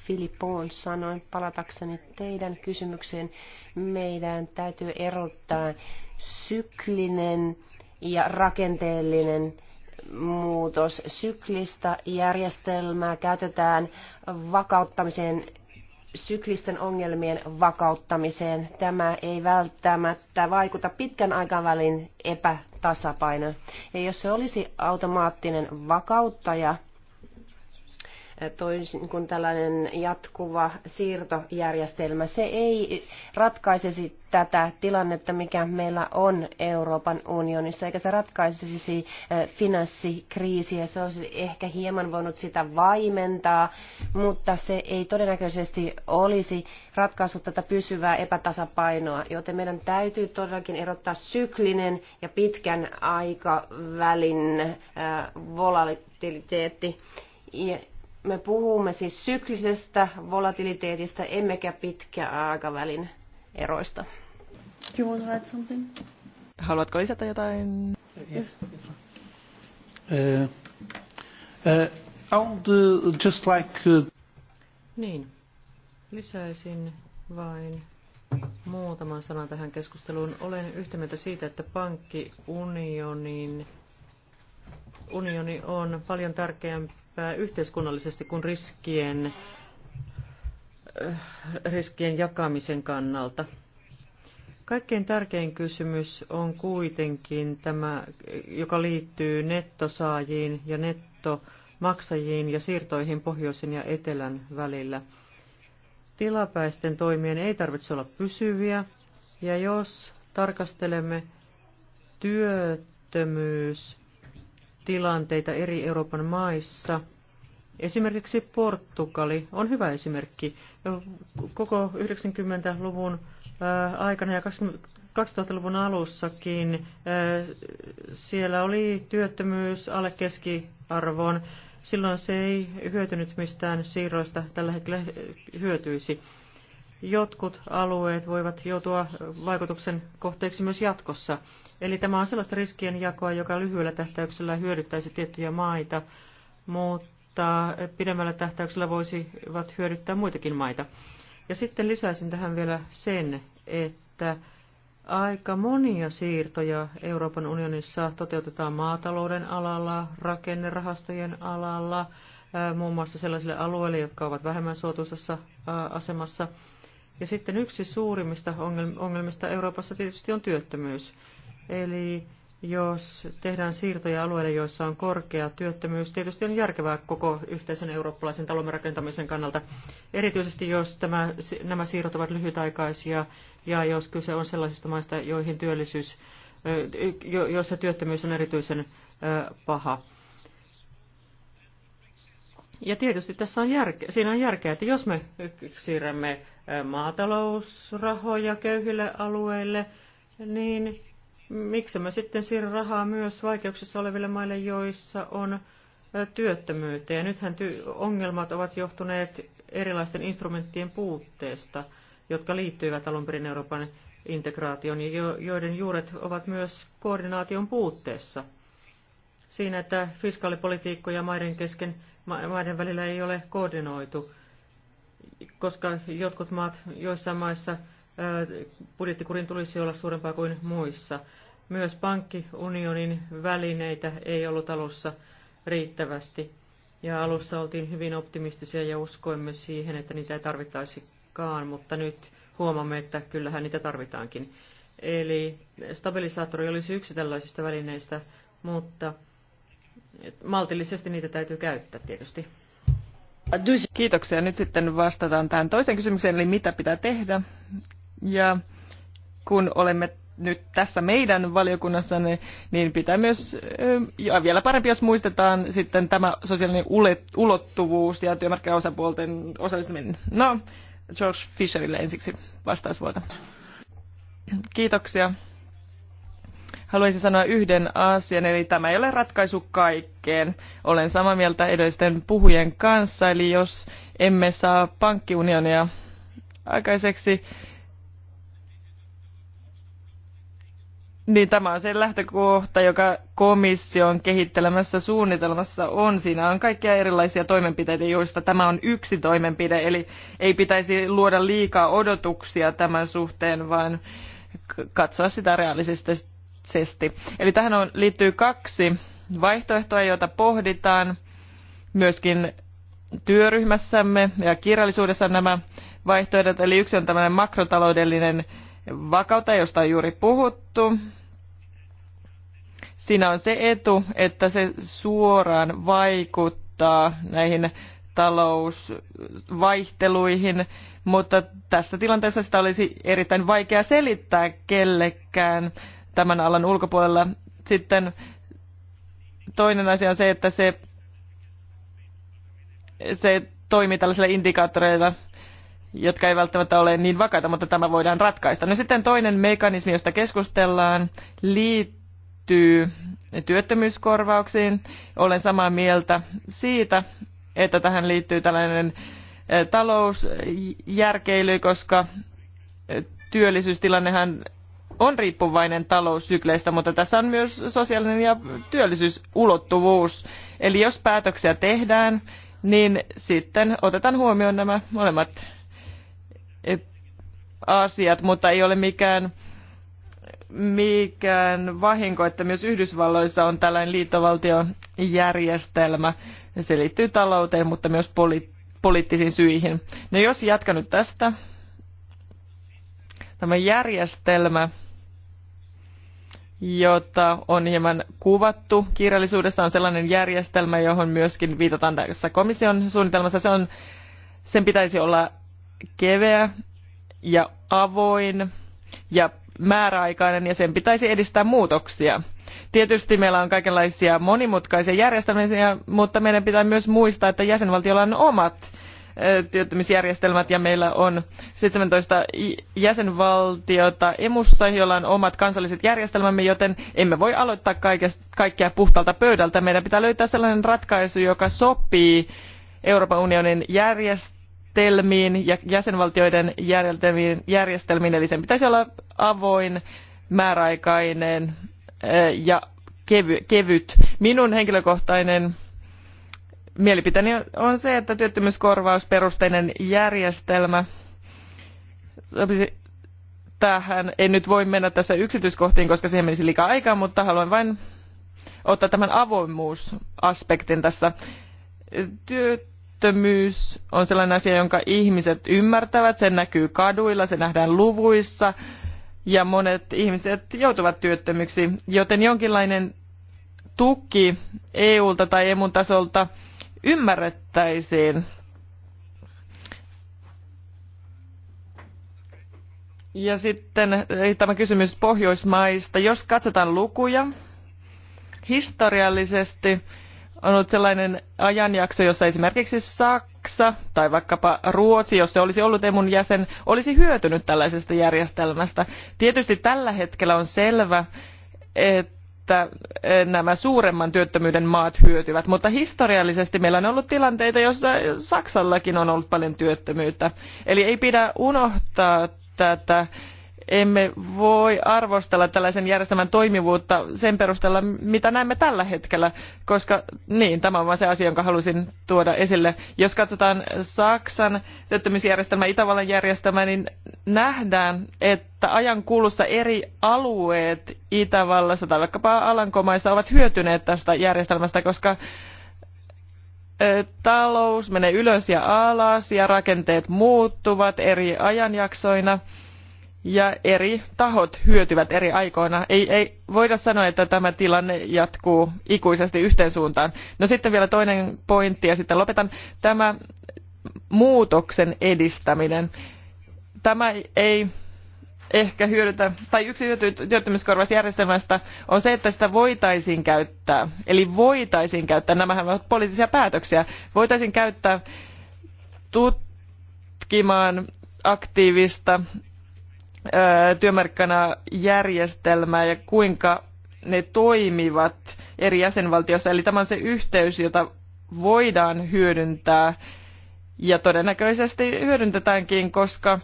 Filippoon sanoi, palatakseni teidän kysymykseen, meidän täytyy erottaa syklinen ja rakenteellinen muutos syklistä järjestelmää käytetään vakauttamiseen syklisten ongelmien vakauttamiseen. Tämä ei välttämättä vaikuta pitkän aikavälin epätasapainoon. Ja jos se olisi automaattinen vakauttaja, toisin kuin tällainen jatkuva siirtojärjestelmä. Se ei ratkaisisi tätä tilannetta, mikä meillä on Euroopan unionissa, eikä se ratkaisisi finanssikriisiä. Se olisi ehkä hieman voinut sitä vaimentaa, mutta se ei todennäköisesti olisi ratkaissut tätä pysyvää epätasapainoa, joten meidän täytyy todellakin erottaa syklinen ja pitkän aikavälin volatiliteetti me puhumme siis syklisestä volatiliteetista, emmekä pitkän aikavälin eroista. You want to add something? Haluatko lisätä jotain? Yes. Uh, uh, uh, just like... Uh... Niin. Lisäisin vain muutaman sanan tähän keskusteluun. Olen yhtä mieltä siitä, että pankkiunionin unioni on paljon tärkeämpi yhteiskunnallisesti kuin riskien, eh, riskien jakamisen kannalta. Kaikkein tärkein kysymys on kuitenkin tämä, joka liittyy nettosaajiin ja nettomaksajiin ja siirtoihin pohjoisen ja etelän välillä. Tilapäisten toimien ei tarvitse olla pysyviä, ja jos tarkastelemme työttömyys tilanteita eri Euroopan maissa. Esimerkiksi Portugali on hyvä esimerkki. Koko 90-luvun äh, aikana ja 2000-luvun alussakin äh, siellä oli työttömyys alle keskiarvon. Silloin se ei hyötynyt mistään siirroista, tällä hetkellä hyötyisi. Jotkut alueet voivat joutua vaikutuksen kohteeksi myös jatkossa. Eli tämä on sellaista jakoa, joka lyhyellä tähtäyksellä hyödyttäisi tiettyjä maita, mutta pidemmällä tähtäyksellä voisivat hyödyttää muitakin maita. Ja sitten lisäisin tähän vielä sen, että aika monia siirtoja Euroopan unionissa toteutetaan maatalouden alalla, rakennerahastojen alalla, muun muassa sellaisille alueille, jotka ovat vähemmän suotuisassa asemassa. Ja sitten yksi suurimmista ongelmista Euroopassa tietysti on työttömyys. Eli jos tehdään siirtoja alueille, joissa on korkea työttömyys, tietysti on järkevää koko yhteisen eurooppalaisen talomme rakentamisen kannalta, erityisesti jos tämä, nämä siirrot ovat lyhytaikaisia ja jos kyse on sellaisista maista, joihin työllisyys, joissa työttömyys on erityisen paha. Ja tietysti tässä on järke, siinä on järkeä, että jos me siirrämme maatalousrahoja köyhille alueille, niin miksi me sitten siirrä rahaa myös vaikeuksissa oleville maille, joissa on työttömyyteen. Ja nythän ty- ongelmat ovat johtuneet erilaisten instrumenttien puutteesta, jotka liittyivät alun perin Euroopan integraation ja jo- joiden juuret ovat myös koordinaation puutteessa. Siinä, että fiskaalipolitiikko ja maiden kesken, ma- maiden välillä ei ole koordinoitu, koska jotkut maat joissain maissa budjettikurin tulisi olla suurempaa kuin muissa. Myös pankkiunionin välineitä ei ollut alussa riittävästi. Ja alussa oltiin hyvin optimistisia ja uskoimme siihen, että niitä ei tarvittaisikaan, mutta nyt huomamme, että kyllähän niitä tarvitaankin. Eli stabilisaattori olisi yksi tällaisista välineistä, mutta maltillisesti niitä täytyy käyttää tietysti. Kiitoksia. Nyt sitten vastataan tähän toiseen kysymykseen, eli mitä pitää tehdä. Ja kun olemme nyt tässä meidän valiokunnassa, niin pitää myös, ja vielä parempi, jos muistetaan sitten tämä sosiaalinen ulottuvuus ja työmarkkinaosapuolten osallistuminen. No, George Fisherille ensiksi vastausvuolta. Kiitoksia. Haluaisin sanoa yhden asian, eli tämä ei ole ratkaisu kaikkeen. Olen samaa mieltä edellisten puhujen kanssa, eli jos emme saa pankkiunionia aikaiseksi, Niin tämä on se lähtökohta, joka komission kehittelemässä suunnitelmassa on. Siinä on kaikkia erilaisia toimenpiteitä, joista tämä on yksi toimenpide. Eli ei pitäisi luoda liikaa odotuksia tämän suhteen, vaan katsoa sitä realistisesti. Eli tähän on, liittyy kaksi vaihtoehtoa, joita pohditaan myöskin työryhmässämme ja kirjallisuudessa nämä vaihtoehdot. Eli yksi on tämmöinen makrotaloudellinen vakautta, josta on juuri puhuttu. Siinä on se etu, että se suoraan vaikuttaa näihin talousvaihteluihin, mutta tässä tilanteessa sitä olisi erittäin vaikea selittää kellekään tämän alan ulkopuolella. Sitten toinen asia on se, että se, se toimii tällaisilla indikaattoreilla – jotka ei välttämättä ole niin vakaita, mutta tämä voidaan ratkaista. No sitten toinen mekanismi, josta keskustellaan, liittyy työttömyyskorvauksiin. Olen samaa mieltä siitä, että tähän liittyy tällainen talousjärkeily, koska työllisyystilannehan on riippuvainen taloussykleistä, mutta tässä on myös sosiaalinen ja työllisyysulottuvuus. Eli jos päätöksiä tehdään, niin sitten otetaan huomioon nämä molemmat asiat, mutta ei ole mikään, mikään vahinko, että myös Yhdysvalloissa on tällainen järjestelmä. Se liittyy talouteen, mutta myös poli- poliittisiin syihin. No jos jatkan nyt tästä. Tämä järjestelmä, jota on hieman kuvattu kirjallisuudessa, on sellainen järjestelmä, johon myöskin viitataan tässä komission suunnitelmassa. Se on, sen pitäisi olla keveä ja avoin ja määräaikainen ja sen pitäisi edistää muutoksia. Tietysti meillä on kaikenlaisia monimutkaisia järjestelmiä, mutta meidän pitää myös muistaa, että jäsenvaltiolla on omat työttömyysjärjestelmät ja meillä on 17 jäsenvaltiota emussa, joilla on omat kansalliset järjestelmämme, joten emme voi aloittaa kaikkea puhtaalta pöydältä. Meidän pitää löytää sellainen ratkaisu, joka sopii Euroopan unionin järjestelmään järjestelmiin ja jäsenvaltioiden järjestelmiin, eli sen pitäisi olla avoin, määräaikainen eh, ja kevyt. Minun henkilökohtainen mielipiteeni on se, että työttömyyskorvausperusteinen järjestelmä sopisi tähän. En nyt voi mennä tässä yksityiskohtiin, koska siihen menisi liikaa aikaa, mutta haluan vain ottaa tämän avoimuusaspektin tässä. Työt työttömyys on sellainen asia, jonka ihmiset ymmärtävät. Se näkyy kaduilla, se nähdään luvuissa ja monet ihmiset joutuvat työttömyksi, joten jonkinlainen tuki EUlta tai EMUn tasolta ymmärrettäisiin. Ja sitten tämä kysymys Pohjoismaista. Jos katsotaan lukuja historiallisesti, on ollut sellainen ajanjakso, jossa esimerkiksi Saksa tai vaikkapa Ruotsi, jos se olisi ollut emun jäsen, olisi hyötynyt tällaisesta järjestelmästä. Tietysti tällä hetkellä on selvä, että eh, nämä suuremman työttömyyden maat hyötyvät, mutta historiallisesti meillä on ollut tilanteita, joissa Saksallakin on ollut paljon työttömyyttä. Eli ei pidä unohtaa tätä emme voi arvostella tällaisen järjestelmän toimivuutta sen perusteella, mitä näemme tällä hetkellä, koska niin, tämä on vain se asia, jonka halusin tuoda esille. Jos katsotaan Saksan työttömyysjärjestelmää, Itävallan järjestelmää, niin nähdään, että ajan kulussa eri alueet Itävallassa tai vaikkapa Alankomaissa ovat hyötyneet tästä järjestelmästä, koska talous menee ylös ja alas ja rakenteet muuttuvat eri ajanjaksoina – ja eri tahot hyötyvät eri aikoina. Ei, ei voida sanoa, että tämä tilanne jatkuu ikuisesti yhteen suuntaan. No sitten vielä toinen pointti ja sitten lopetan. Tämä muutoksen edistäminen. Tämä ei ehkä hyödytä, tai yksi hyöty työttömyyskorvausjärjestelmästä on se, että sitä voitaisiin käyttää. Eli voitaisiin käyttää, nämähän ovat poliittisia päätöksiä, voitaisiin käyttää tutkimaan aktiivista työmarkkinajärjestelmää ja kuinka ne toimivat eri jäsenvaltioissa. Eli tämä on se yhteys, jota voidaan hyödyntää ja todennäköisesti hyödyntetäänkin, koska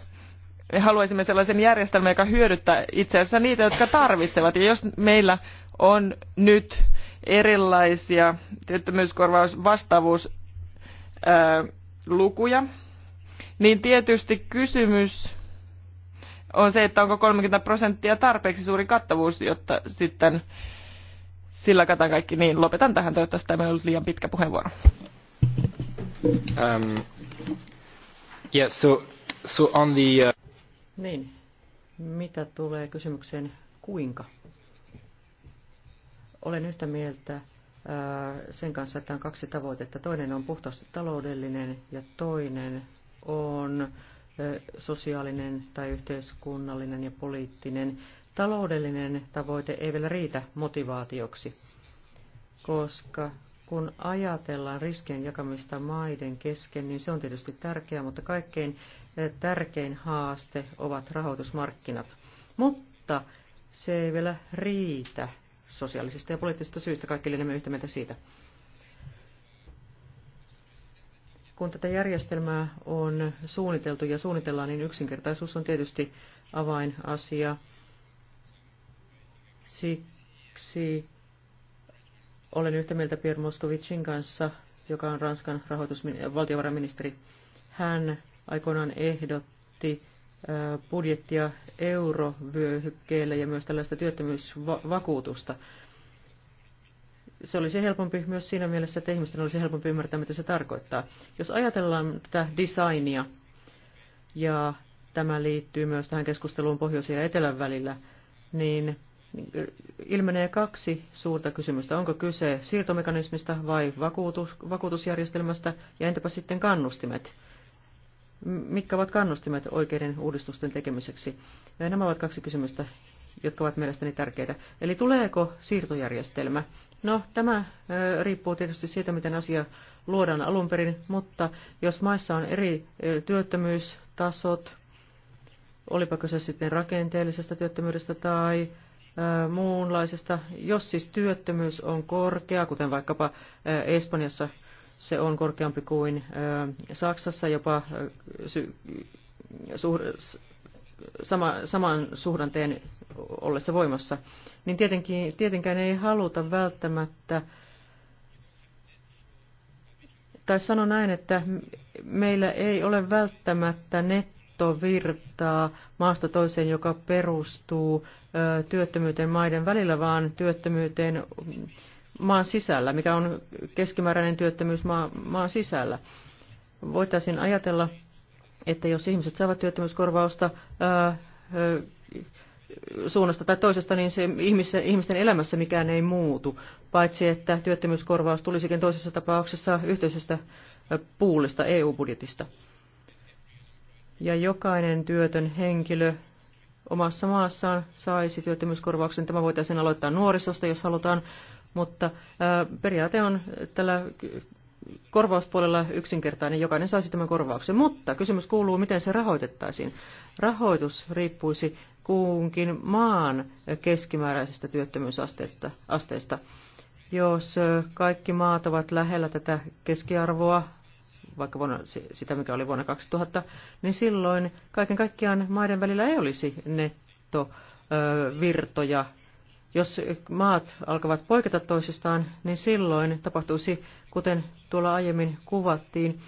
me haluaisimme sellaisen järjestelmän, joka hyödyttää itse asiassa niitä, jotka tarvitsevat. Ja jos meillä on nyt erilaisia työttömyyskorvausvastaavuuslukuja, niin tietysti kysymys on se, että onko 30 prosenttia tarpeeksi suuri kattavuus, jotta sitten sillä katan kaikki. Niin lopetan tähän, toivottavasti tämä ei ollut liian pitkä puheenvuoro. Um, yeah, so, so on the, uh... Niin, mitä tulee kysymykseen kuinka? Olen yhtä mieltä uh, sen kanssa, että on kaksi tavoitetta. Toinen on puhtaasti taloudellinen ja toinen on sosiaalinen tai yhteiskunnallinen ja poliittinen. Taloudellinen tavoite ei vielä riitä motivaatioksi, koska kun ajatellaan riskien jakamista maiden kesken, niin se on tietysti tärkeää, mutta kaikkein tärkein haaste ovat rahoitusmarkkinat. Mutta se ei vielä riitä sosiaalisista ja poliittisista syistä, kaikki olemme yhtä mieltä siitä. Kun tätä järjestelmää on suunniteltu ja suunnitellaan, niin yksinkertaisuus on tietysti avainasia. Siksi olen yhtä mieltä Pierre Moskovicin kanssa, joka on Ranskan valtiovarainministeri. Hän aikoinaan ehdotti budjettia eurovyöhykkeelle ja myös tällaista työttömyysvakuutusta se olisi helpompi myös siinä mielessä, että ihmisten olisi helpompi ymmärtää, mitä se tarkoittaa. Jos ajatellaan tätä designia, ja tämä liittyy myös tähän keskusteluun pohjoisen ja etelän välillä, niin ilmenee kaksi suurta kysymystä. Onko kyse siirtomekanismista vai vakuutus, vakuutusjärjestelmästä, ja entäpä sitten kannustimet? Mitkä ovat kannustimet oikeiden uudistusten tekemiseksi? Nämä ovat kaksi kysymystä, jotka ovat mielestäni tärkeitä. Eli tuleeko siirtojärjestelmä? No, tämä riippuu tietysti siitä, miten asia luodaan alun perin, mutta jos maissa on eri työttömyystasot, olipa kyse sitten rakenteellisesta työttömyydestä tai muunlaisesta, jos siis työttömyys on korkea, kuten vaikkapa Espanjassa se on korkeampi kuin Saksassa, jopa sama, saman suhdanteen ollessa voimassa, niin tietenkin, tietenkään ei haluta välttämättä, tai sano näin, että meillä ei ole välttämättä nettovirtaa maasta toiseen, joka perustuu ö, työttömyyteen maiden välillä, vaan työttömyyteen maan sisällä, mikä on keskimääräinen työttömyys maan sisällä. Voitaisiin ajatella että jos ihmiset saavat työttömyyskorvausta ää, suunnasta tai toisesta, niin se ihmisten elämässä mikään ei muutu, paitsi että työttömyyskorvaus tulisikin toisessa tapauksessa yhteisestä puulista EU-budjetista. Ja jokainen työtön henkilö omassa maassaan saisi työttömyyskorvauksen. Tämä voitaisiin aloittaa nuorisosta, jos halutaan, mutta periaate on tällä korvauspuolella yksinkertainen, jokainen saisi tämän korvauksen. Mutta kysymys kuuluu, miten se rahoitettaisiin. Rahoitus riippuisi kuunkin maan keskimääräisestä työttömyysasteesta. Jos kaikki maat ovat lähellä tätä keskiarvoa, vaikka vuonna, sitä mikä oli vuonna 2000, niin silloin kaiken kaikkiaan maiden välillä ei olisi nettovirtoja jos maat alkavat poiketa toisistaan, niin silloin tapahtuisi, kuten tuolla aiemmin kuvattiin,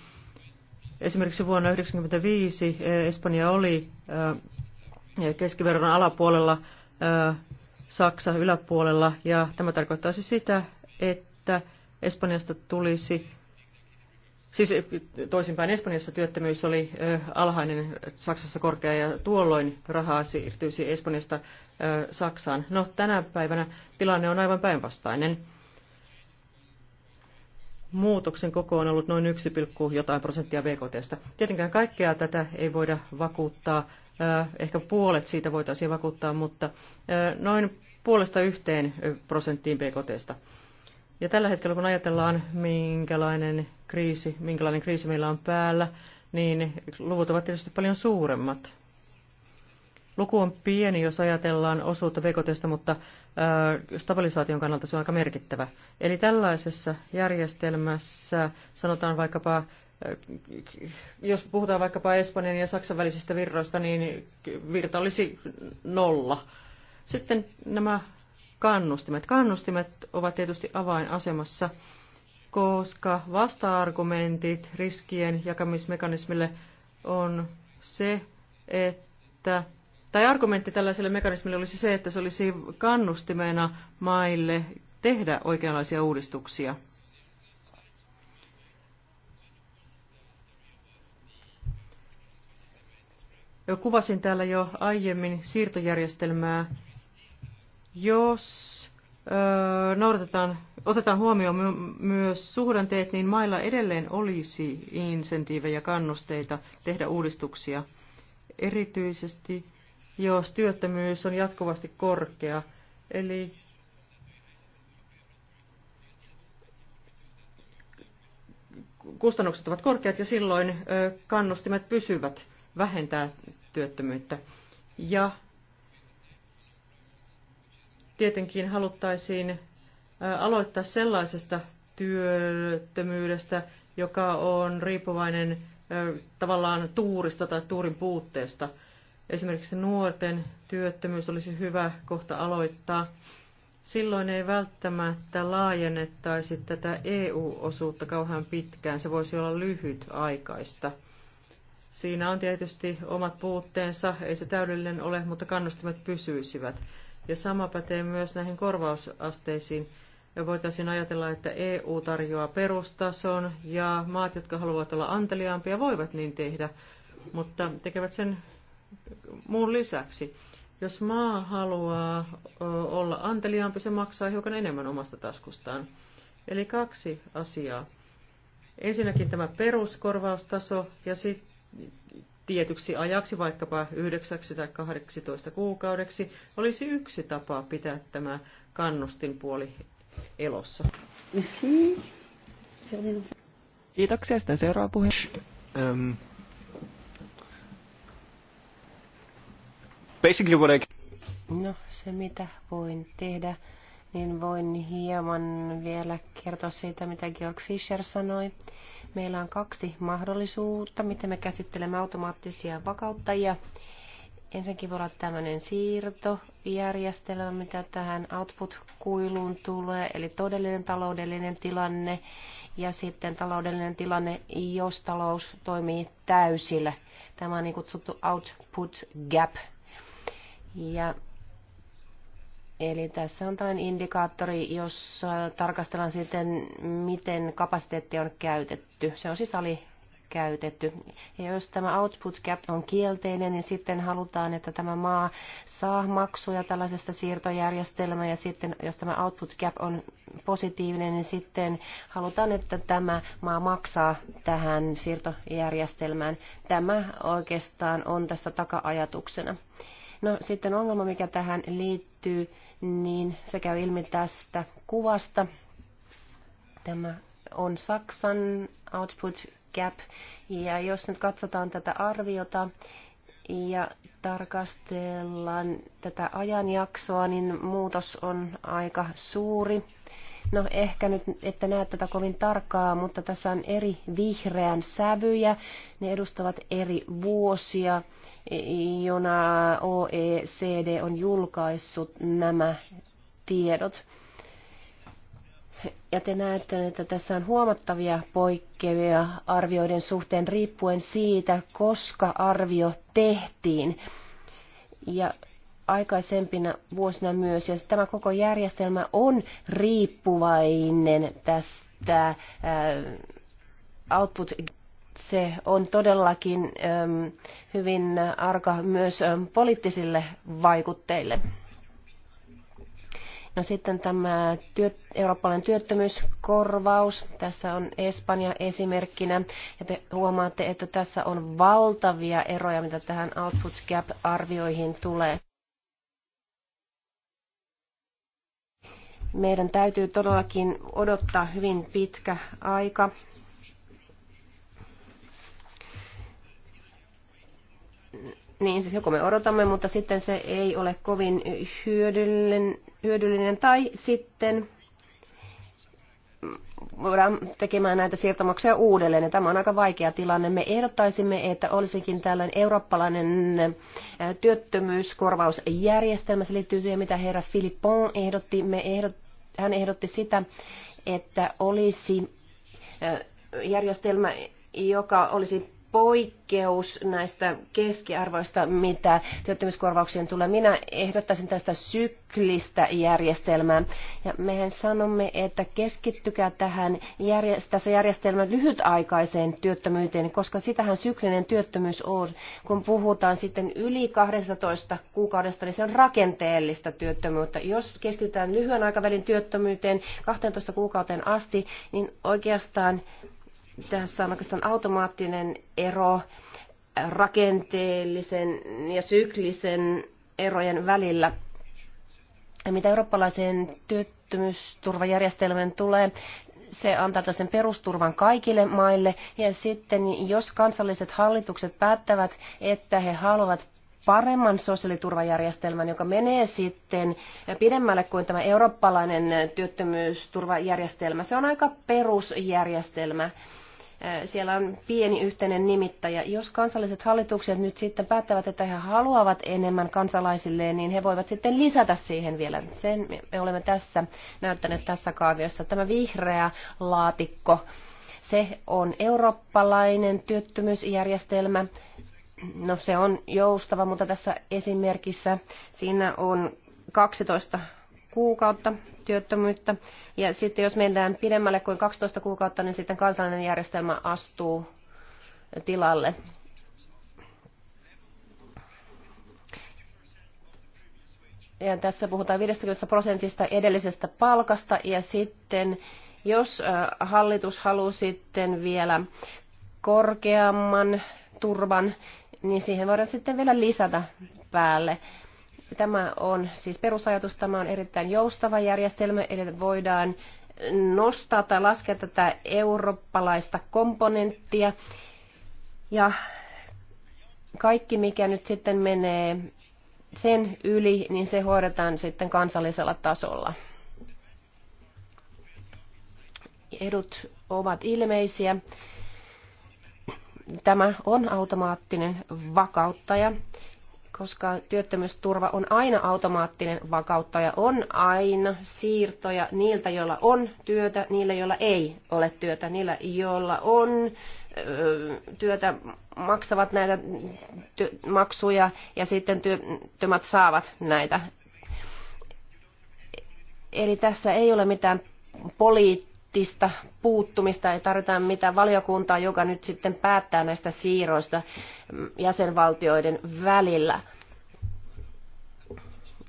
Esimerkiksi vuonna 1995 eh, Espanja oli eh, keskiverron alapuolella, eh, Saksa yläpuolella, ja tämä tarkoittaisi sitä, että Espanjasta tulisi Siis eh, toisinpäin Espanjassa työttömyys oli eh, alhainen, Saksassa korkea ja tuolloin rahaa siirtyisi Espanjasta eh, Saksaan. No tänä päivänä tilanne on aivan päinvastainen. Muutoksen koko on ollut noin 1, jotain prosenttia BKTstä. Tietenkään kaikkea tätä ei voida vakuuttaa. Ehkä puolet siitä voitaisiin vakuuttaa, mutta noin puolesta yhteen prosenttiin BKTstä. Ja tällä hetkellä, kun ajatellaan, minkälainen kriisi, minkälainen kriisi meillä on päällä, niin luvut ovat tietysti paljon suuremmat. Luku on pieni, jos ajatellaan osuutta BKTstä, mutta stabilisaation kannalta se on aika merkittävä. Eli tällaisessa järjestelmässä, sanotaan vaikkapa, jos puhutaan vaikkapa Espanjan ja Saksan välisistä virroista, niin virta olisi nolla. Sitten nämä kannustimet. Kannustimet ovat tietysti avainasemassa, koska vasta-argumentit riskien jakamismekanismille on se, että tai argumentti tällaiselle mekanismille olisi se, että se olisi kannustimena maille tehdä oikeanlaisia uudistuksia. Kuvasin täällä jo aiemmin siirtojärjestelmää jos noudatetaan, otetaan huomioon my- myös suhdanteet, niin mailla edelleen olisi insentiivejä kannusteita tehdä uudistuksia. Erityisesti jos työttömyys on jatkuvasti korkea. Eli kustannukset ovat korkeat ja silloin kannustimet pysyvät vähentää työttömyyttä. Ja tietenkin haluttaisiin aloittaa sellaisesta työttömyydestä, joka on riippuvainen tavallaan tuurista tai tuurin puutteesta. Esimerkiksi nuorten työttömyys olisi hyvä kohta aloittaa. Silloin ei välttämättä laajennettaisi tätä EU-osuutta kauhean pitkään, se voisi olla lyhytaikaista. Siinä on tietysti omat puutteensa, ei se täydellinen ole, mutta kannustimet pysyisivät. Ja sama pätee myös näihin korvausasteisiin. Ja voitaisiin ajatella, että EU tarjoaa perustason ja maat, jotka haluavat olla anteliaampia, voivat niin tehdä, mutta tekevät sen muun lisäksi. Jos maa haluaa olla anteliaampi, se maksaa hiukan enemmän omasta taskustaan. Eli kaksi asiaa. Ensinnäkin tämä peruskorvaustaso ja sitten tietyksi ajaksi, vaikkapa 9 tai 18 kuukaudeksi, olisi yksi tapa pitää tämä kannustinpuoli elossa. Kiitoksia. Sitten seuraava puhe. Um, basically what I... No, se mitä voin tehdä, niin voin hieman vielä kertoa siitä, mitä Georg Fischer sanoi meillä on kaksi mahdollisuutta, miten me käsittelemme automaattisia vakauttajia. Ensinnäkin voi olla tämmöinen siirtojärjestelmä, mitä tähän output-kuiluun tulee, eli todellinen taloudellinen tilanne ja sitten taloudellinen tilanne, jos talous toimii täysillä. Tämä on niin kutsuttu output gap. Ja Eli tässä on tällainen indikaattori, jossa tarkastellaan sitten, miten kapasiteetti on käytetty. Se on siis käytetty. Ja jos tämä output gap on kielteinen, niin sitten halutaan, että tämä maa saa maksuja tällaisesta siirtojärjestelmästä. Ja sitten jos tämä output gap on positiivinen, niin sitten halutaan, että tämä maa maksaa tähän siirtojärjestelmään. Tämä oikeastaan on tässä taka-ajatuksena. No sitten ongelma, mikä tähän liittyy, niin se käy ilmi tästä kuvasta. Tämä on Saksan output gap. Ja jos nyt katsotaan tätä arviota ja tarkastellaan tätä ajanjaksoa, niin muutos on aika suuri. No ehkä nyt että näe tätä kovin tarkkaa, mutta tässä on eri vihreän sävyjä. Ne edustavat eri vuosia, jona OECD on julkaissut nämä tiedot. Ja te näette, että tässä on huomattavia poikkeavia arvioiden suhteen riippuen siitä, koska arvio tehtiin. Ja aikaisempina vuosina myös, ja tämä koko järjestelmä on riippuvainen tästä äh, output se on todellakin ähm, hyvin arka myös ähm, poliittisille vaikutteille. No sitten tämä työt, eurooppalainen työttömyyskorvaus. Tässä on Espanja esimerkkinä. Ja te huomaatte, että tässä on valtavia eroja, mitä tähän output gap-arvioihin tulee. Meidän täytyy todellakin odottaa hyvin pitkä aika. Niin, siis joko me odotamme, mutta sitten se ei ole kovin hyödyllinen, hyödyllinen tai sitten voidaan tekemään näitä siirtomaksuja uudelleen. Ja tämä on aika vaikea tilanne. Me ehdottaisimme, että olisikin tällainen eurooppalainen työttömyyskorvausjärjestelmä. Se liittyy siihen, mitä herra Philippon ehdotti. Me ehdot, hän ehdotti sitä, että olisi järjestelmä, joka olisi poikkeus näistä keskiarvoista, mitä työttömyyskorvauksien tulee. Minä ehdottaisin tästä syklistä järjestelmää. Ja mehän sanomme, että keskittykää tähän järjest- tässä järjestelmän lyhytaikaiseen työttömyyteen, koska sitähän syklinen työttömyys on. Kun puhutaan sitten yli 12 kuukaudesta, niin se on rakenteellista työttömyyttä. Jos keskitytään lyhyen aikavälin työttömyyteen 12 kuukauteen asti, niin oikeastaan tässä on oikeastaan automaattinen ero rakenteellisen ja syklisen erojen välillä. Mitä eurooppalaiseen työttömyysturvajärjestelmään tulee, se antaa sen perusturvan kaikille maille. Ja sitten jos kansalliset hallitukset päättävät, että he haluavat paremman sosiaaliturvajärjestelmän, joka menee sitten pidemmälle kuin tämä eurooppalainen työttömyysturvajärjestelmä. Se on aika perusjärjestelmä. Siellä on pieni yhteinen nimittäjä. Jos kansalliset hallitukset nyt sitten päättävät, että he haluavat enemmän kansalaisille, niin he voivat sitten lisätä siihen vielä. Sen me olemme tässä näyttäneet tässä kaaviossa. Tämä vihreä laatikko, se on eurooppalainen työttömyysjärjestelmä. No se on joustava, mutta tässä esimerkissä siinä on 12 kuukautta työttömyyttä. Ja sitten jos mennään pidemmälle kuin 12 kuukautta, niin sitten kansallinen järjestelmä astuu tilalle. Ja tässä puhutaan 50 prosentista edellisestä palkasta ja sitten jos hallitus haluaa sitten vielä korkeamman turvan, niin siihen voidaan sitten vielä lisätä päälle. Tämä on siis perusajatus, tämä on erittäin joustava järjestelmä, eli voidaan nostaa tai laskea tätä eurooppalaista komponenttia. Ja kaikki, mikä nyt sitten menee sen yli, niin se hoidetaan sitten kansallisella tasolla. Edut ovat ilmeisiä. Tämä on automaattinen vakauttaja koska työttömyysturva on aina automaattinen vakauttaja, on aina siirtoja niiltä, joilla on työtä, niillä, joilla ei ole työtä, niillä, joilla on työtä, maksavat näitä maksuja ja sitten työttömät saavat näitä. Eli tässä ei ole mitään poliittista poliittista puuttumista, ei tarvita mitään valiokuntaa, joka nyt sitten päättää näistä siirroista jäsenvaltioiden välillä.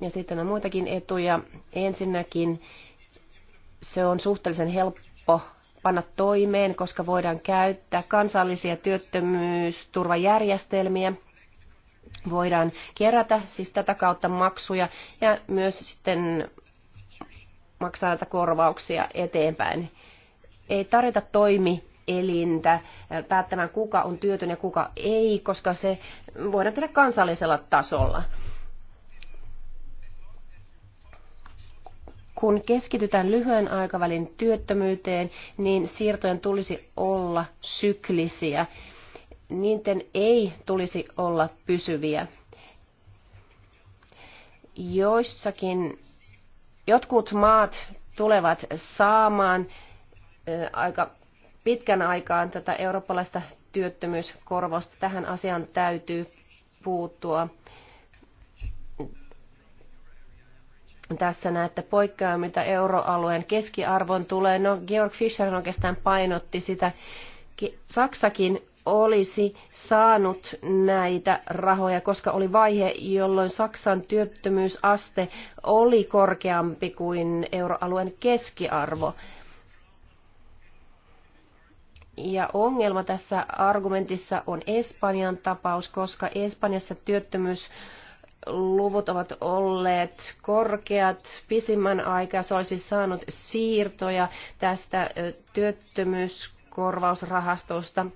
Ja sitten on muitakin etuja. Ensinnäkin se on suhteellisen helppo panna toimeen, koska voidaan käyttää kansallisia työttömyysturvajärjestelmiä. Voidaan kerätä siis tätä kautta maksuja ja myös sitten maksaa näitä korvauksia eteenpäin. Ei tarjota toimi elintä päättämään, kuka on työtön ja kuka ei, koska se voidaan tehdä kansallisella tasolla. Kun keskitytään lyhyen aikavälin työttömyyteen, niin siirtojen tulisi olla syklisiä. Niiden ei tulisi olla pysyviä. Joissakin Jotkut maat tulevat saamaan aika pitkän aikaan tätä eurooppalaista työttömyyskorvausta. Tähän asiaan täytyy puuttua. Tässä näette poikkeaa, mitä euroalueen keskiarvon tulee. No, Georg Fischer oikeastaan painotti sitä. Saksakin olisi saanut näitä rahoja, koska oli vaihe, jolloin Saksan työttömyysaste oli korkeampi kuin euroalueen keskiarvo. Ja ongelma tässä argumentissa on Espanjan tapaus, koska Espanjassa työttömyysluvut ovat olleet korkeat pisimmän aikaa. Se olisi saanut siirtoja tästä työttömyyskorvausrahastosta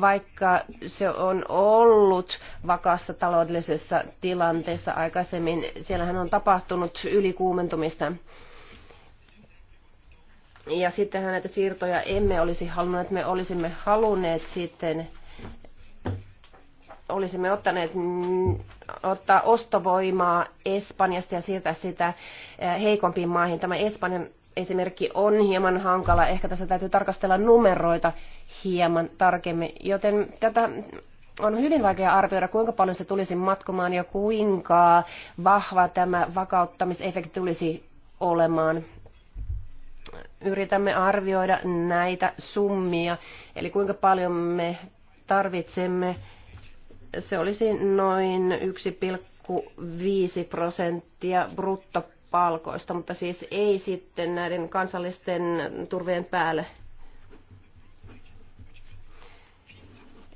vaikka se on ollut vakassa taloudellisessa tilanteessa aikaisemmin. Siellähän on tapahtunut ylikuumentumista. Ja sittenhän näitä siirtoja emme olisi halunneet, me olisimme halunneet sitten, olisimme ottaneet ottaa ostovoimaa Espanjasta ja siirtää sitä eh, heikompiin maihin. Tämä Espanjan esimerkki on hieman hankala. Ehkä tässä täytyy tarkastella numeroita hieman tarkemmin, joten tätä on hyvin vaikea arvioida, kuinka paljon se tulisi matkumaan ja kuinka vahva tämä vakauttamisefekti tulisi olemaan. Yritämme arvioida näitä summia, eli kuinka paljon me tarvitsemme. Se olisi noin 1,5 prosenttia brutto palkoista, mutta siis ei sitten näiden kansallisten turvien päälle.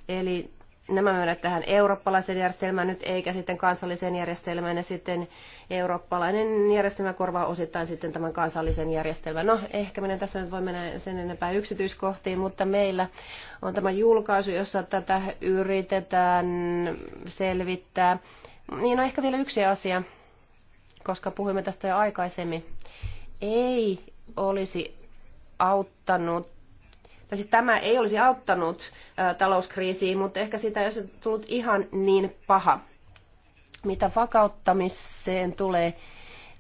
Eli nämä menevät tähän eurooppalaisen järjestelmään nyt eikä sitten kansalliseen järjestelmään ja sitten eurooppalainen järjestelmä korvaa osittain sitten tämän kansallisen järjestelmän. No ehkä menen tässä nyt voi mennä sen enempää yksityiskohtiin, mutta meillä on tämä julkaisu, jossa tätä yritetään selvittää. Niin no ehkä vielä yksi asia koska puhuimme tästä jo aikaisemmin, ei olisi auttanut, tai siis tämä ei olisi auttanut ä, talouskriisiin, mutta ehkä sitä ei olisi tullut ihan niin paha. Mitä vakauttamiseen tulee,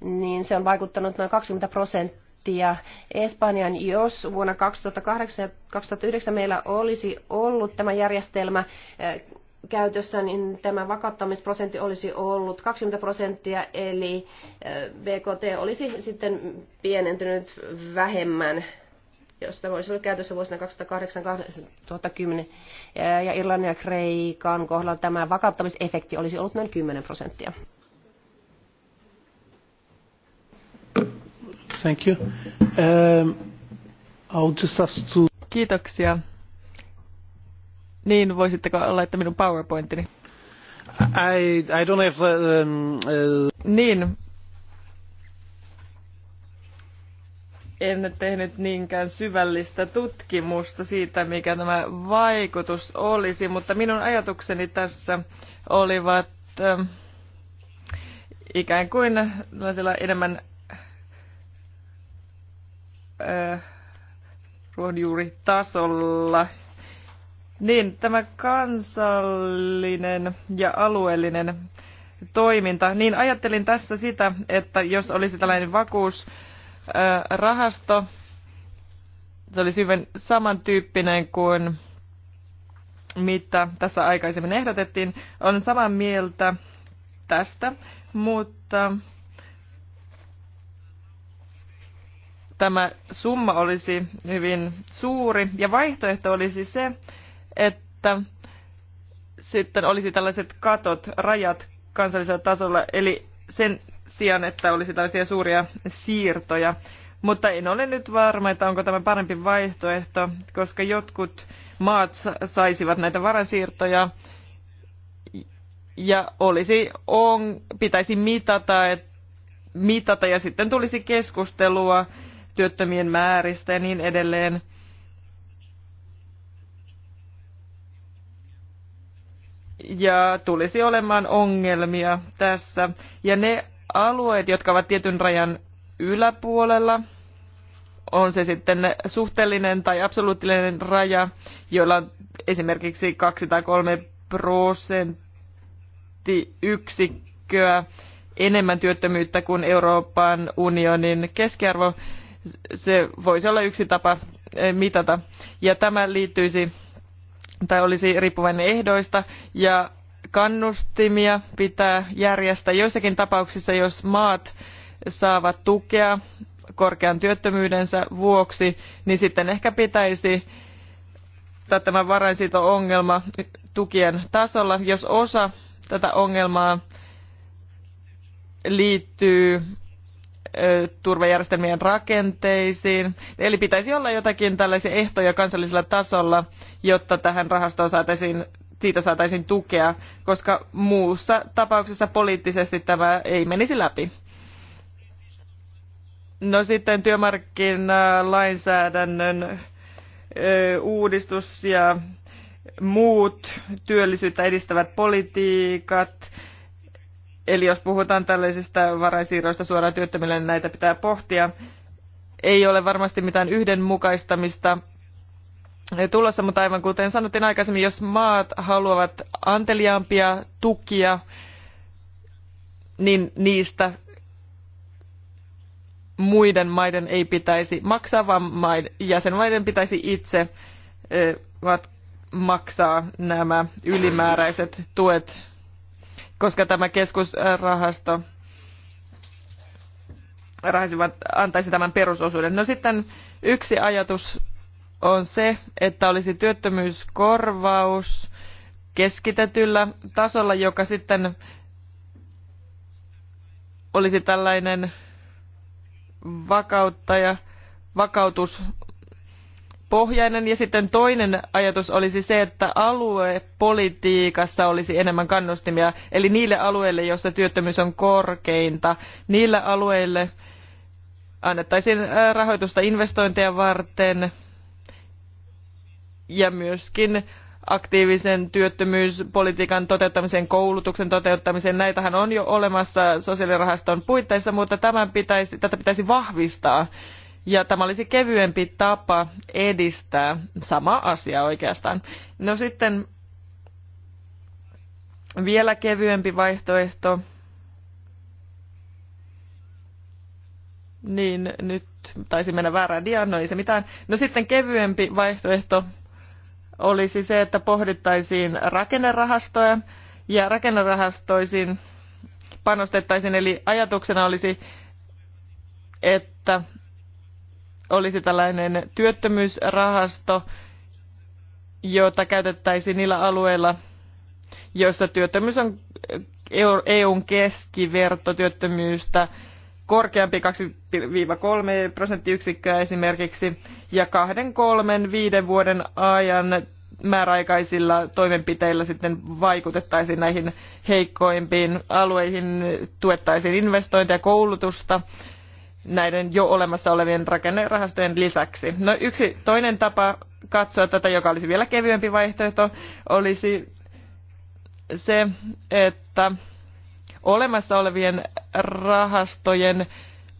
niin se on vaikuttanut noin 20 prosenttia Espanjan. Jos vuonna 2008 ja 2009 meillä olisi ollut tämä järjestelmä käytössä, niin tämä vakauttamisprosentti olisi ollut 20 prosenttia, eli eh, BKT olisi sitten pienentynyt vähemmän, jos tämä olisi ollut käytössä vuosina 2008-2010. Eh, ja Irlannin ja Kreikan kohdalla tämä vakauttamisefekti olisi ollut noin 10 prosenttia. Thank you. Um, I'll just ask to... Kiitoksia. Niin, voisitteko laittaa minun PowerPointini? I, I don't have, uh, um, uh... Niin. En tehnyt niinkään syvällistä tutkimusta siitä, mikä tämä vaikutus olisi, mutta minun ajatukseni tässä olivat äh, ikään kuin enemmän äh, ruohonjuuritasolla niin, tämä kansallinen ja alueellinen toiminta, niin ajattelin tässä sitä, että jos olisi tällainen vakuusrahasto, se olisi hyvin samantyyppinen kuin mitä tässä aikaisemmin ehdotettiin. olen samaa mieltä tästä, mutta tämä summa olisi hyvin suuri ja vaihtoehto olisi se, että sitten olisi tällaiset katot, rajat kansallisella tasolla, eli sen sijaan, että olisi tällaisia suuria siirtoja. Mutta en ole nyt varma, että onko tämä parempi vaihtoehto, koska jotkut maat saisivat näitä varasiirtoja ja olisi, on, pitäisi mitata, et, mitata ja sitten tulisi keskustelua työttömien määristä ja niin edelleen. ja tulisi olemaan ongelmia tässä. Ja ne alueet, jotka ovat tietyn rajan yläpuolella, on se sitten suhteellinen tai absoluuttinen raja, joilla on esimerkiksi 2 tai 3 prosenttiyksikköä enemmän työttömyyttä kuin Euroopan unionin keskiarvo. Se voisi olla yksi tapa eh, mitata. Ja tämä liittyisi tai olisi riippuvainen ehdoista ja kannustimia pitää järjestää joissakin tapauksissa, jos maat saavat tukea korkean työttömyydensä vuoksi, niin sitten ehkä pitäisi tämä varainsiito-ongelma tukien tasolla, jos osa tätä ongelmaa liittyy turvajärjestelmien rakenteisiin. Eli pitäisi olla jotakin tällaisia ehtoja kansallisella tasolla, jotta tähän rahastoon saataisiin, siitä saataisiin tukea, koska muussa tapauksessa poliittisesti tämä ei menisi läpi. No sitten työmarkkinalainsäädännön uudistus ja muut työllisyyttä edistävät politiikat Eli jos puhutaan tällaisista varainsiirroista suoraan työttömille, niin näitä pitää pohtia. Ei ole varmasti mitään yhdenmukaistamista tulossa, mutta aivan kuten sanottiin aikaisemmin, jos maat haluavat anteliaampia tukia, niin niistä muiden maiden ei pitäisi maksaa, vaan maiden, jäsenmaiden pitäisi itse maksaa nämä ylimääräiset tuet koska tämä keskusrahasto rahasivat, antaisi tämän perusosuuden. No sitten yksi ajatus on se, että olisi työttömyyskorvaus keskitetyllä tasolla, joka sitten olisi tällainen vakauttaja, vakautus pohjainen ja sitten toinen ajatus olisi se, että aluepolitiikassa olisi enemmän kannustimia, eli niille alueille, joissa työttömyys on korkeinta, niillä alueille annettaisiin äh, rahoitusta investointeja varten ja myöskin aktiivisen työttömyyspolitiikan toteuttamiseen, koulutuksen toteuttamiseen. Näitähän on jo olemassa sosiaalirahaston puitteissa, mutta tämän pitäisi, tätä pitäisi vahvistaa ja tämä olisi kevyempi tapa edistää sama asia oikeastaan. No sitten vielä kevyempi vaihtoehto. Niin nyt taisi mennä väärään diaan, no ei se mitään. No sitten kevyempi vaihtoehto olisi se, että pohdittaisiin rakennerahastoja ja rakennerahastoisiin panostettaisiin. Eli ajatuksena olisi, että olisi tällainen työttömyysrahasto, jota käytettäisiin niillä alueilla, joissa työttömyys on eh, EUn keskiverto työttömyystä korkeampi 2-3 prosenttiyksikköä esimerkiksi ja kahden, kolmen, viiden vuoden ajan määräaikaisilla toimenpiteillä sitten vaikutettaisiin näihin heikkoimpiin alueihin, tuettaisiin investointeja, koulutusta näiden jo olemassa olevien rakennerahastojen lisäksi. No yksi toinen tapa katsoa tätä, joka olisi vielä kevyempi vaihtoehto, olisi se, että olemassa olevien rahastojen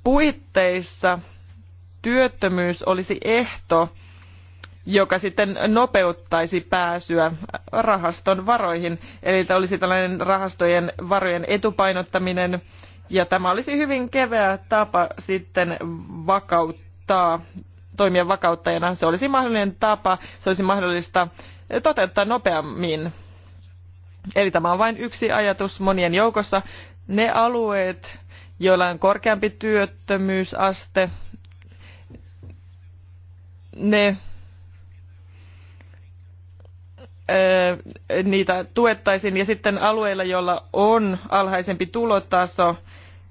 puitteissa työttömyys olisi ehto, joka sitten nopeuttaisi pääsyä rahaston varoihin. Eli olisi tällainen rahastojen varojen etupainottaminen, ja tämä olisi hyvin keveä tapa sitten vakauttaa, toimia vakauttajana. Se olisi mahdollinen tapa, se olisi mahdollista toteuttaa nopeammin. Eli tämä on vain yksi ajatus monien joukossa. Ne alueet, joilla on korkeampi työttömyysaste, ne niitä tuettaisiin ja sitten alueilla, joilla on alhaisempi tulotaso,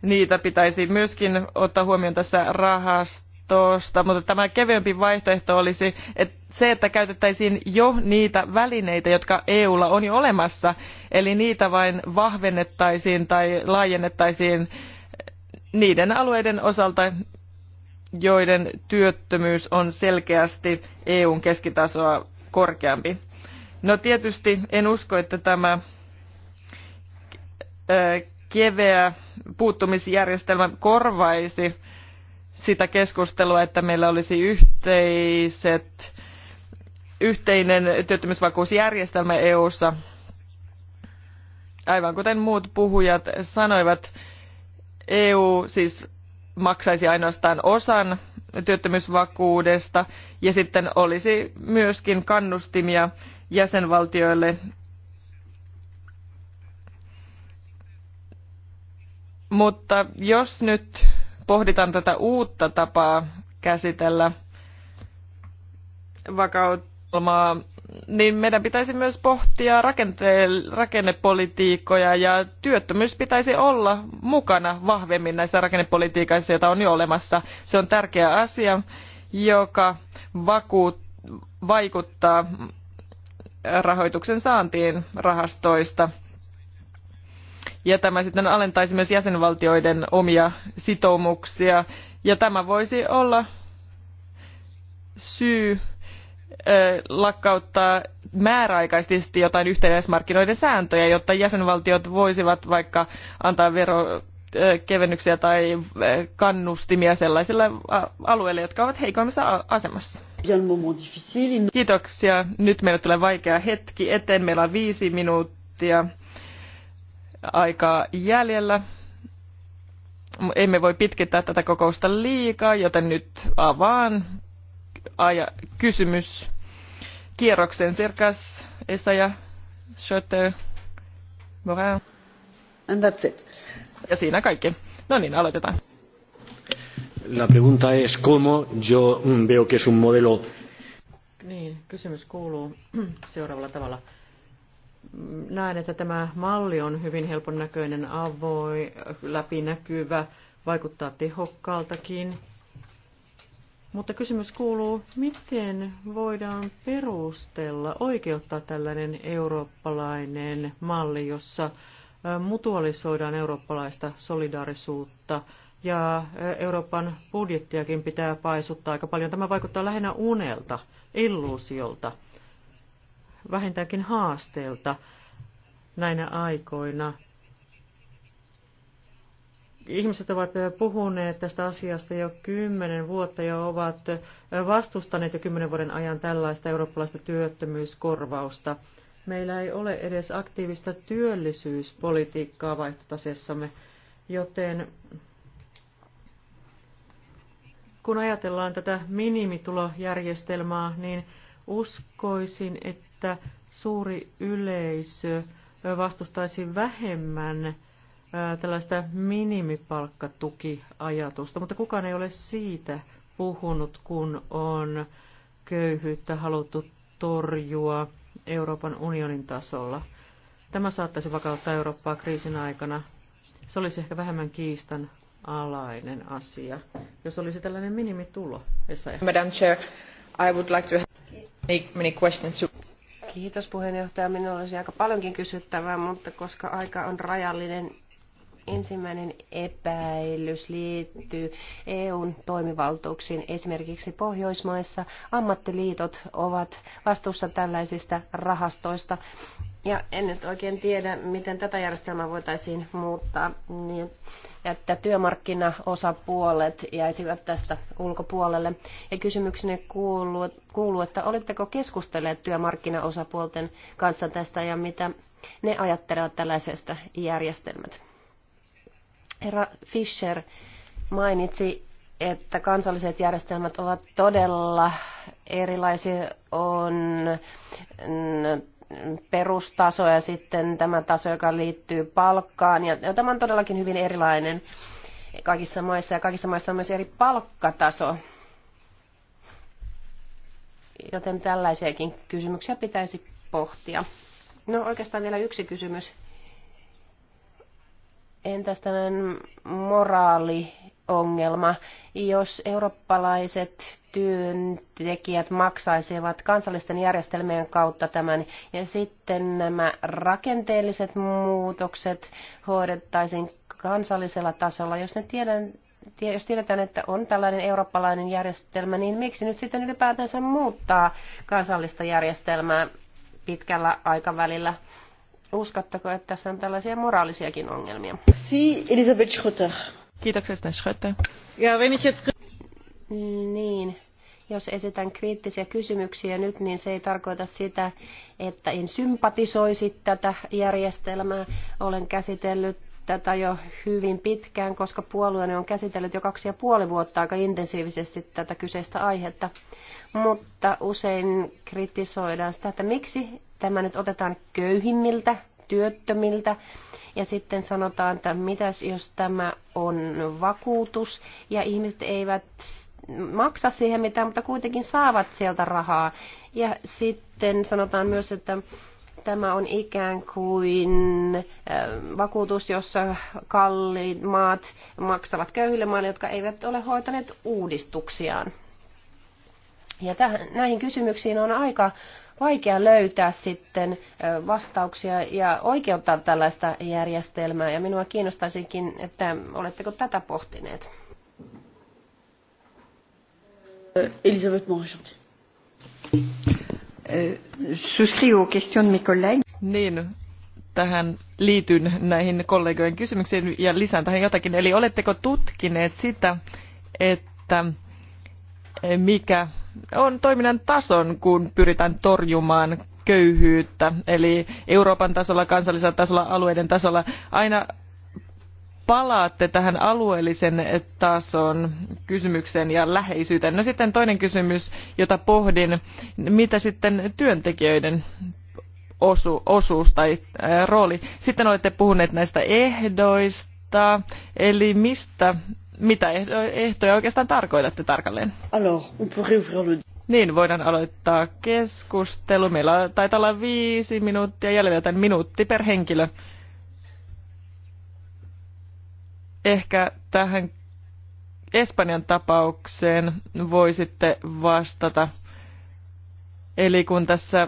niitä pitäisi myöskin ottaa huomioon tässä rahastosta, mutta tämä kevyempi vaihtoehto olisi että se, että käytettäisiin jo niitä välineitä, jotka EUlla on jo olemassa, eli niitä vain vahvennettaisiin tai laajennettaisiin eh, niiden alueiden osalta, joiden työttömyys on selkeästi EUn keskitasoa korkeampi. No tietysti en usko, että tämä eh, keveä puuttumisjärjestelmä korvaisi sitä keskustelua, että meillä olisi yhteiset, yhteinen työttömyysvakuusjärjestelmä EU:ssa. Aivan kuten muut puhujat sanoivat, EU siis maksaisi ainoastaan osan työttömyysvakuudesta ja sitten olisi myöskin kannustimia jäsenvaltioille Mutta jos nyt pohditaan tätä uutta tapaa käsitellä vakautelmaa, niin meidän pitäisi myös pohtia rakennepolitiikkoja ja työttömyys pitäisi olla mukana vahvemmin näissä rakennepolitiikassa, joita on jo olemassa. Se on tärkeä asia, joka vakuut- vaikuttaa rahoituksen saantiin rahastoista – ja tämä sitten alentaisi myös jäsenvaltioiden omia sitoumuksia ja tämä voisi olla syy lakkauttaa määräaikaisesti jotain yhteismarkkinoiden sääntöjä, jotta jäsenvaltiot voisivat vaikka antaa verokevennyksiä tai kannustimia sellaisille alueille, jotka ovat heikoimmassa asemassa. Kiitoksia. Nyt meillä tulee vaikea hetki eteen. Meillä on viisi minuuttia aikaa jäljellä. Emme voi pitkittää tätä kokousta liikaa, joten nyt avaan aja, kysymys kierroksen. Sirkas, Esaja, Schotter, Morin. And that's it. Ja siinä kaikki. No niin, aloitetaan. La pregunta es cómo yo veo que es un modelo. Niin, kysymys kuuluu seuraavalla tavalla näen, että tämä malli on hyvin helpon näköinen, avoin, läpinäkyvä, vaikuttaa tehokkaaltakin. Mutta kysymys kuuluu, miten voidaan perustella, oikeuttaa tällainen eurooppalainen malli, jossa mutualisoidaan eurooppalaista solidaarisuutta ja Euroopan budjettiakin pitää paisuttaa aika paljon. Tämä vaikuttaa lähinnä unelta, illuusiolta vähintäänkin haasteelta näinä aikoina. Ihmiset ovat puhuneet tästä asiasta jo kymmenen vuotta ja ovat vastustaneet jo kymmenen vuoden ajan tällaista eurooppalaista työttömyyskorvausta. Meillä ei ole edes aktiivista työllisyyspolitiikkaa vaihtotasessamme, joten kun ajatellaan tätä minimitulojärjestelmää, niin uskoisin, että että suuri yleisö vastustaisi vähemmän tällaista minimipalkkatukiajatusta, mutta kukaan ei ole siitä puhunut, kun on köyhyyttä haluttu torjua Euroopan unionin tasolla. Tämä saattaisi vakauttaa Eurooppaa kriisin aikana. Se olisi ehkä vähemmän kiistan alainen asia, jos olisi tällainen minimitulo. Madam Chair, I would like to have many, many questions. Kiitos puheenjohtaja. Minulla olisi aika paljonkin kysyttävää, mutta koska aika on rajallinen, Ensimmäinen epäilys liittyy EUn toimivaltuuksiin. Esimerkiksi Pohjoismaissa ammattiliitot ovat vastuussa tällaisista rahastoista. Ja en nyt oikein tiedä, miten tätä järjestelmää voitaisiin muuttaa niin, että työmarkkinaosapuolet jäisivät tästä ulkopuolelle. Ja kysymykseni kuuluu, kuuluu, että olitteko keskustelleet työmarkkinaosapuolten kanssa tästä ja mitä ne ajattelevat tällaisesta järjestelmästä? Herra Fischer mainitsi, että kansalliset järjestelmät ovat todella erilaisia. On mm, perustaso ja sitten tämä taso, joka liittyy palkkaan. Ja tämä on todellakin hyvin erilainen kaikissa maissa ja kaikissa maissa on myös eri palkkataso. Joten tällaisiakin kysymyksiä pitäisi pohtia. No oikeastaan vielä yksi kysymys Entäs tämmöinen moraaliongelma, jos eurooppalaiset työntekijät maksaisivat kansallisten järjestelmien kautta tämän, ja sitten nämä rakenteelliset muutokset hoidettaisiin kansallisella tasolla, jos ne tiedän, jos tiedetään, että on tällainen eurooppalainen järjestelmä, niin miksi nyt sitten ylipäätänsä muuttaa kansallista järjestelmää pitkällä aikavälillä? uskotteko, että tässä on tällaisia moraalisiakin ongelmia? Si, Elisabeth Schröter. Kiitoksesta Schröter. Ja wenn ich jetzt... Niin, jos esitän kriittisiä kysymyksiä nyt, niin se ei tarkoita sitä, että en sympatisoisi tätä järjestelmää. Olen käsitellyt tätä jo hyvin pitkään, koska puolueeni on käsitellyt jo kaksi ja puoli vuotta aika intensiivisesti tätä kyseistä aihetta. Mutta usein kritisoidaan sitä, että miksi tämä nyt otetaan köyhimmiltä, työttömiltä, ja sitten sanotaan, että mitäs jos tämä on vakuutus, ja ihmiset eivät maksa siihen mitään, mutta kuitenkin saavat sieltä rahaa. Ja sitten sanotaan myös, että tämä on ikään kuin vakuutus, jossa kalliit maat maksavat köyhille maille, jotka eivät ole hoitaneet uudistuksiaan. Ja tähän, näihin kysymyksiin on aika vaikea löytää sitten vastauksia ja oikeuttaa tällaista järjestelmää. Ja minua kiinnostaisinkin, että oletteko tätä pohtineet? Elisabeth morin Souscris aux questions de mes collègues. Niin, tähän liityn näihin kollegojen kysymyksiin ja lisään tähän jotakin. Eli oletteko tutkineet sitä, että mikä on toiminnan tason, kun pyritään torjumaan köyhyyttä. Eli Euroopan tasolla, kansallisella tasolla, alueiden tasolla aina palaatte tähän alueellisen tason kysymykseen ja läheisyyteen. No sitten toinen kysymys, jota pohdin, mitä sitten työntekijöiden osu, osuus tai rooli. Sitten olette puhuneet näistä ehdoista, eli mistä mitä ehtoja oikeastaan tarkoitatte tarkalleen? Niin, voidaan aloittaa keskustelu. Meillä taitaa olla viisi minuuttia jäljellä, joten minuutti per henkilö. Ehkä tähän Espanjan tapaukseen voisitte vastata. Eli kun tässä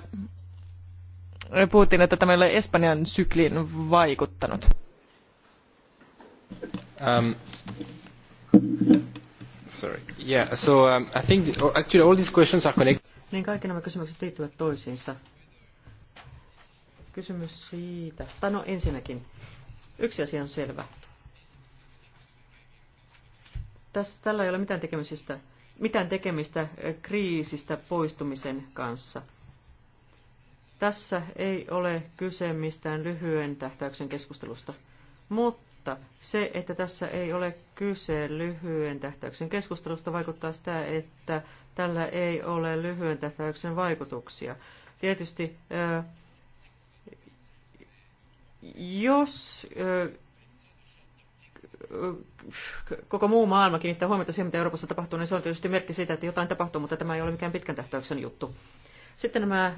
puhuttiin, että tämä ei ole Espanjan sykliin vaikuttanut. Um, Sorry. Yeah, so um, I think the, oh, actually all these questions are connected. Niin kaikki nämä kysymykset liittyvät toisiinsa. Kysymys siitä. Tai no ensinnäkin, yksi asia on selvä. Tässä, tällä ei ole mitään, tekemistä, mitään tekemistä kriisistä poistumisen kanssa. Tässä ei ole kyse mistään lyhyen tähtäyksen keskustelusta, mutta mutta se, että tässä ei ole kyse lyhyen tähtäyksen keskustelusta, vaikuttaa sitä, että tällä ei ole lyhyen tähtäyksen vaikutuksia. Tietysti jos koko muu maailma kiinnittää huomiota siihen, mitä Euroopassa tapahtuu, niin se on tietysti merkki siitä, että jotain tapahtuu, mutta tämä ei ole mikään pitkän tähtäyksen juttu. Sitten nämä äh,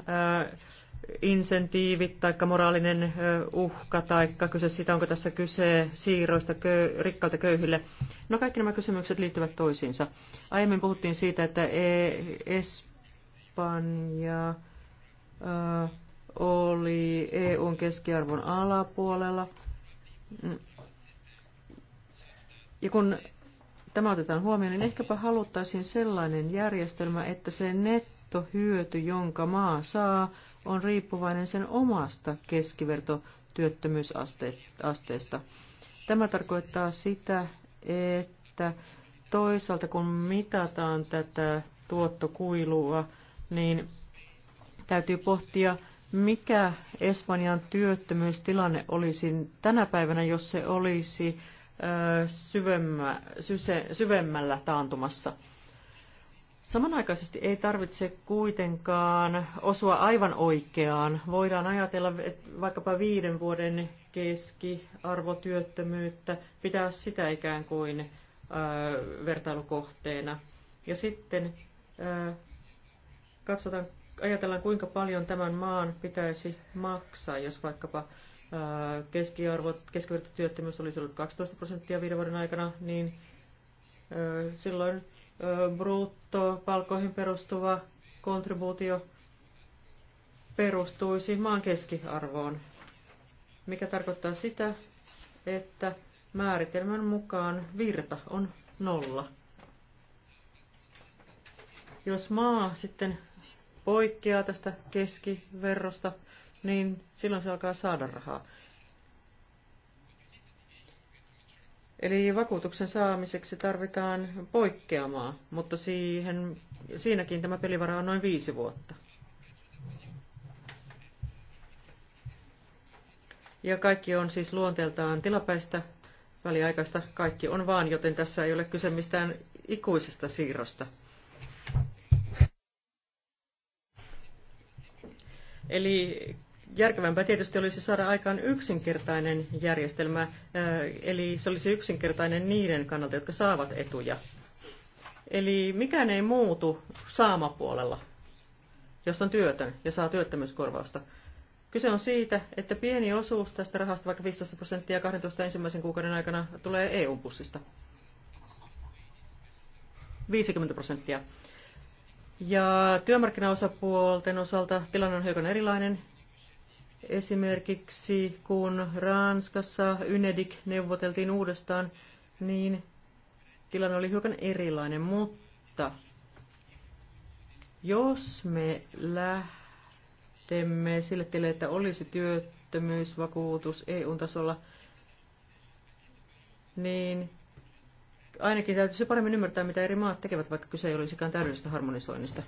insentiivit tai moraalinen äh, uhka tai kyse siitä, onko tässä kyse siirroista köy, rikkalta köyhille. No kaikki nämä kysymykset liittyvät toisiinsa. Aiemmin puhuttiin siitä, että e, Espanja äh, oli EUn keskiarvon alapuolella. Ja kun tämä otetaan huomioon, niin ehkäpä haluttaisiin sellainen järjestelmä, että se net hyöty jonka maa saa, on riippuvainen sen omasta keskivertotyöttömyysasteesta. Tämä tarkoittaa sitä, että toisaalta kun mitataan tätä tuottokuilua, niin täytyy pohtia, mikä Espanjan työttömyystilanne olisi tänä päivänä, jos se olisi syvemmä, syse, syvemmällä taantumassa. Samanaikaisesti ei tarvitse kuitenkaan osua aivan oikeaan. Voidaan ajatella että vaikkapa viiden vuoden keskiarvotyöttömyyttä, pitää sitä ikään kuin vertailukohteena. Ja sitten katsotaan, ajatellaan kuinka paljon tämän maan pitäisi maksaa, jos vaikkapa keskiarvo, keskivertotyöttömyys olisi ollut 12 prosenttia viiden vuoden aikana, niin silloin bruttopalkkoihin perustuva kontribuutio perustuisi maan keskiarvoon, mikä tarkoittaa sitä, että määritelmän mukaan virta on nolla. Jos maa sitten poikkeaa tästä keskiverrosta, niin silloin se alkaa saada rahaa. Eli vakuutuksen saamiseksi tarvitaan poikkeamaa, mutta siihen, siinäkin tämä pelivara on noin viisi vuotta. Ja kaikki on siis luonteeltaan tilapäistä, väliaikaista, kaikki on vaan, joten tässä ei ole kyse mistään ikuisesta siirrosta. Eli järkevämpää tietysti olisi saada aikaan yksinkertainen järjestelmä, eh, eli se olisi yksinkertainen niiden kannalta, jotka saavat etuja. Eli mikään ei muutu saamapuolella, jos on työtön ja saa työttömyyskorvausta. Kyse on siitä, että pieni osuus tästä rahasta, vaikka 15 prosenttia 12 ensimmäisen kuukauden aikana, tulee EU-pussista. 50 prosenttia. Ja työmarkkinaosapuolten osalta tilanne on hiukan erilainen. Esimerkiksi kun Ranskassa Ynedik neuvoteltiin uudestaan, niin tilanne oli hiukan erilainen, mutta jos me lähdemme sille tielle, että olisi työttömyysvakuutus EU-tasolla, niin ainakin täytyisi paremmin ymmärtää, mitä eri maat tekevät, vaikka kyse ei olisikaan täydellisestä harmonisoinnista.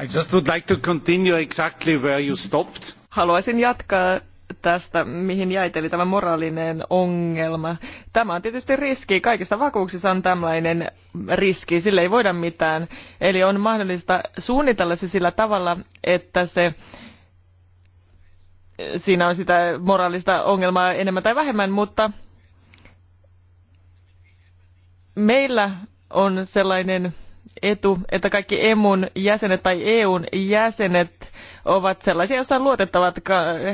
I just would like to continue exactly where you stopped. Haluaisin jatkaa tästä, mihin jäit, eli tämä moraalinen ongelma. Tämä on tietysti riski. Kaikissa vakuuksissa on tämmöinen riski. Sille ei voida mitään. Eli on mahdollista suunnitella se sillä tavalla, että se siinä on sitä moraalista ongelmaa enemmän tai vähemmän, mutta meillä on sellainen etu, että kaikki EMUn jäsenet tai EUn jäsenet ovat sellaisia, joissa on luotettavat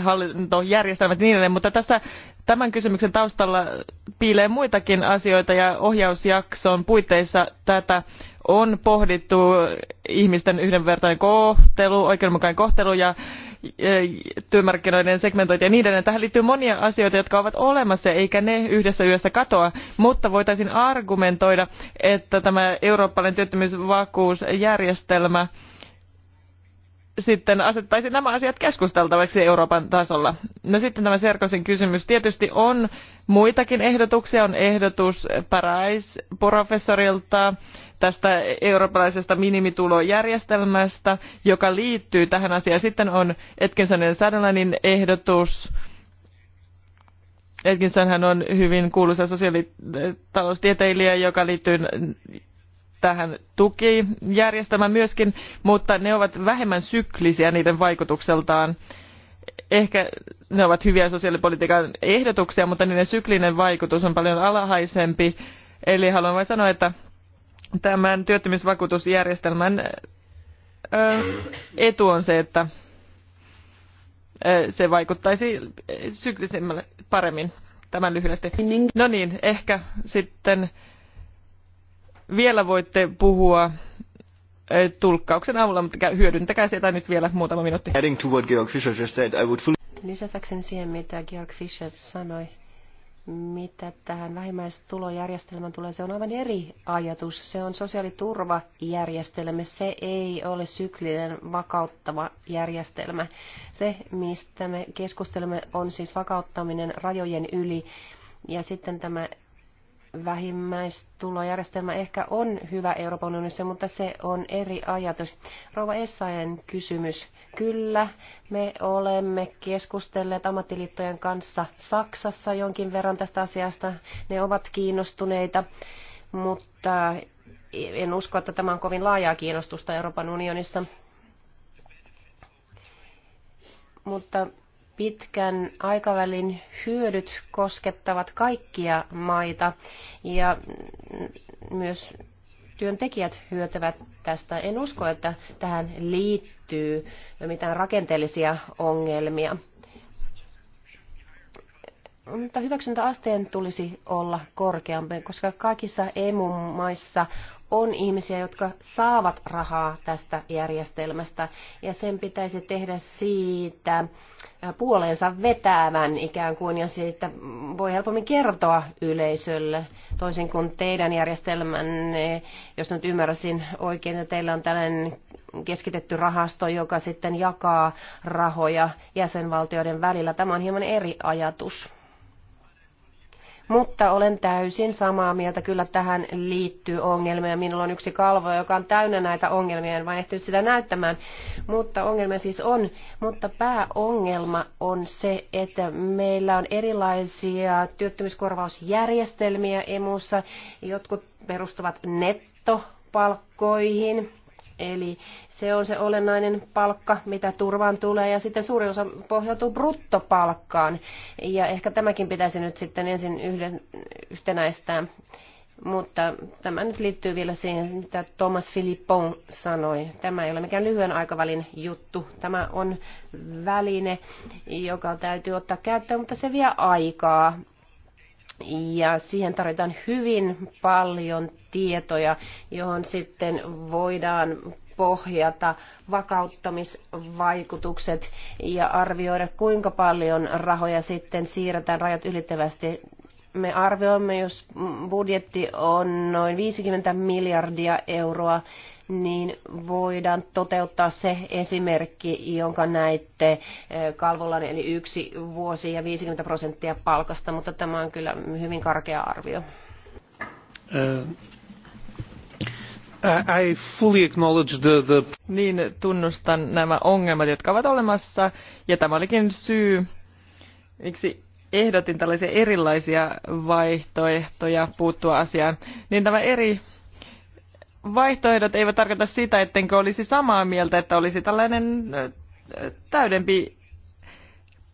hallintojärjestelmät ja niin edelleen, mutta tässä tämän kysymyksen taustalla piilee muitakin asioita ja ohjausjakson puitteissa tätä on pohdittu ihmisten yhdenvertainen kohtelu, oikeudenmukainen kohtelu ja e, työmarkkinoiden segmentointi ja niin edelleen. Tähän liittyy monia asioita, jotka ovat olemassa eikä ne yhdessä yössä katoa, mutta voitaisiin argumentoida, että tämä eurooppalainen työttömyysvakuusjärjestelmä sitten asettaisi nämä asiat keskusteltavaksi Euroopan tasolla. No sitten tämä Serkosin kysymys. Tietysti on muitakin ehdotuksia. On ehdotus Parais professorilta tästä eurooppalaisesta minimitulojärjestelmästä, joka liittyy tähän asiaan. Sitten on Atkinsonin ja Sutherlandin ehdotus. hän on hyvin kuuluisa sosiaalitaloustieteilijä, joka liittyy tähän tukijärjestelmään myöskin, mutta ne ovat vähemmän syklisiä niiden vaikutukseltaan. Ehkä ne ovat hyviä sosiaalipolitiikan ehdotuksia, mutta niiden syklinen vaikutus on paljon alhaisempi. Eli haluan vain sanoa, että tämän työttömyysvakuutusjärjestelmän etu on se, että se vaikuttaisi syklisemmälle paremmin. Tämän lyhyesti. No niin, ehkä sitten vielä voitte puhua eh, tulkkauksen avulla, mutta hyödyntäkää sitä nyt vielä muutama minuutti. Lisätäkseni siihen, mitä Georg Fischer sanoi, mitä tähän vähimmäistulojärjestelmään tulee, se on aivan eri ajatus. Se on sosiaaliturvajärjestelmä, se ei ole syklinen vakauttava järjestelmä. Se, mistä me keskustelemme, on siis vakauttaminen rajojen yli. Ja sitten tämä vähimmäistulojärjestelmä ehkä on hyvä Euroopan unionissa, mutta se on eri ajatus. Rouva Essayen kysymys. Kyllä, me olemme keskustelleet ammattiliittojen kanssa Saksassa jonkin verran tästä asiasta. Ne ovat kiinnostuneita, mutta en usko, että tämä on kovin laajaa kiinnostusta Euroopan unionissa. Mutta pitkän aikavälin hyödyt koskettavat kaikkia maita ja myös työntekijät hyötyvät tästä. En usko, että tähän liittyy mitään rakenteellisia ongelmia. Mutta hyväksyntäasteen tulisi olla korkeampi, koska kaikissa EU-maissa on ihmisiä, jotka saavat rahaa tästä järjestelmästä, ja sen pitäisi tehdä siitä puoleensa vetävän ikään kuin, ja siitä voi helpommin kertoa yleisölle, toisin kuin teidän järjestelmänne, jos nyt ymmärsin oikein, että teillä on tällainen keskitetty rahasto, joka sitten jakaa rahoja jäsenvaltioiden välillä. Tämä on hieman eri ajatus. Mutta olen täysin samaa mieltä, kyllä tähän liittyy ongelmia. Minulla on yksi kalvo, joka on täynnä näitä ongelmia, en vain ehtinyt sitä näyttämään. Mutta ongelmia siis on. Mutta pääongelma on se, että meillä on erilaisia työttömyyskorvausjärjestelmiä emussa. Jotkut perustuvat nettopalkkoihin Eli se on se olennainen palkka, mitä turvaan tulee, ja sitten suurin osa pohjautuu bruttopalkkaan. Ja ehkä tämäkin pitäisi nyt sitten ensin yhden, yhtenäistää. Mutta tämä nyt liittyy vielä siihen, mitä Thomas Philippon sanoi. Tämä ei ole mikään lyhyen aikavälin juttu. Tämä on väline, joka täytyy ottaa käyttöön, mutta se vie aikaa ja siihen tarvitaan hyvin paljon tietoja, johon sitten voidaan pohjata vakauttamisvaikutukset ja arvioida, kuinka paljon rahoja sitten siirretään rajat ylittävästi me arvioimme, jos budjetti on noin 50 miljardia euroa, niin voidaan toteuttaa se esimerkki, jonka näitte eh, Kalvolan, eli yksi vuosi ja 50 prosenttia palkasta, mutta tämä on kyllä hyvin karkea arvio. Uh, uh, I fully acknowledge the, the... Niin, tunnustan nämä ongelmat, jotka ovat olemassa, ja tämä olikin syy, miksi ehdotin tällaisia erilaisia vaihtoehtoja puuttua asiaan, niin tämä eri vaihtoehdot eivät tarkoita sitä, ettenkö olisi samaa mieltä, että olisi tällainen täydempi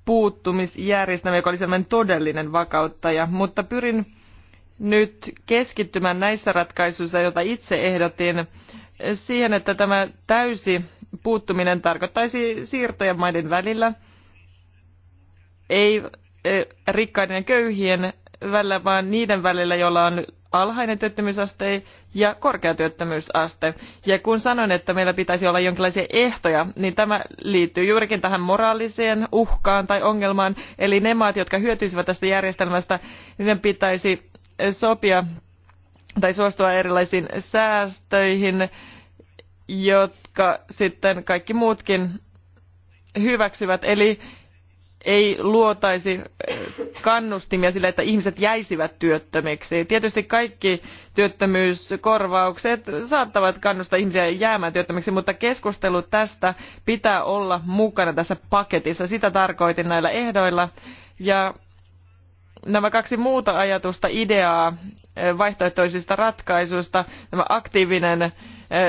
puuttumisjärjestelmä, joka olisi sellainen todellinen vakauttaja, mutta pyrin nyt keskittymään näissä ratkaisuissa, joita itse ehdotin, siihen, että tämä täysi puuttuminen tarkoittaisi siirtojen maiden välillä, ei rikkaiden ja köyhien välillä, vaan niiden välillä, joilla on alhainen työttömyysaste ja korkea työttömyysaste. Ja kun sanoin, että meillä pitäisi olla jonkinlaisia ehtoja, niin tämä liittyy juurikin tähän moraaliseen uhkaan tai ongelmaan. Eli ne maat, jotka hyötyisivät tästä järjestelmästä, niiden pitäisi sopia tai suostua erilaisiin säästöihin, jotka sitten kaikki muutkin hyväksyvät. Eli ei luotaisi eh, kannustimia sille, että ihmiset jäisivät työttömiksi. Tietysti kaikki työttömyyskorvaukset saattavat kannustaa ihmisiä jäämään työttömiksi, mutta keskustelu tästä pitää olla mukana tässä paketissa. Sitä tarkoitin näillä ehdoilla. Ja nämä kaksi muuta ajatusta, ideaa eh, vaihtoehtoisista ratkaisuista, tämä aktiivinen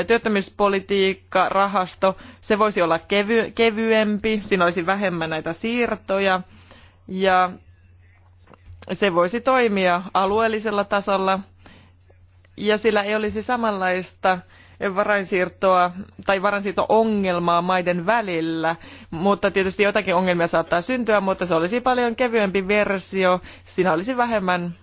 työttömyyspolitiikka, rahasto, se voisi olla kevy, kevyempi, siinä olisi vähemmän näitä siirtoja ja se voisi toimia alueellisella tasolla ja sillä ei olisi samanlaista varainsiirtoa tai varainsiirto-ongelmaa maiden välillä, mutta tietysti jotakin ongelmia saattaa syntyä, mutta se olisi paljon kevyempi versio, siinä olisi vähemmän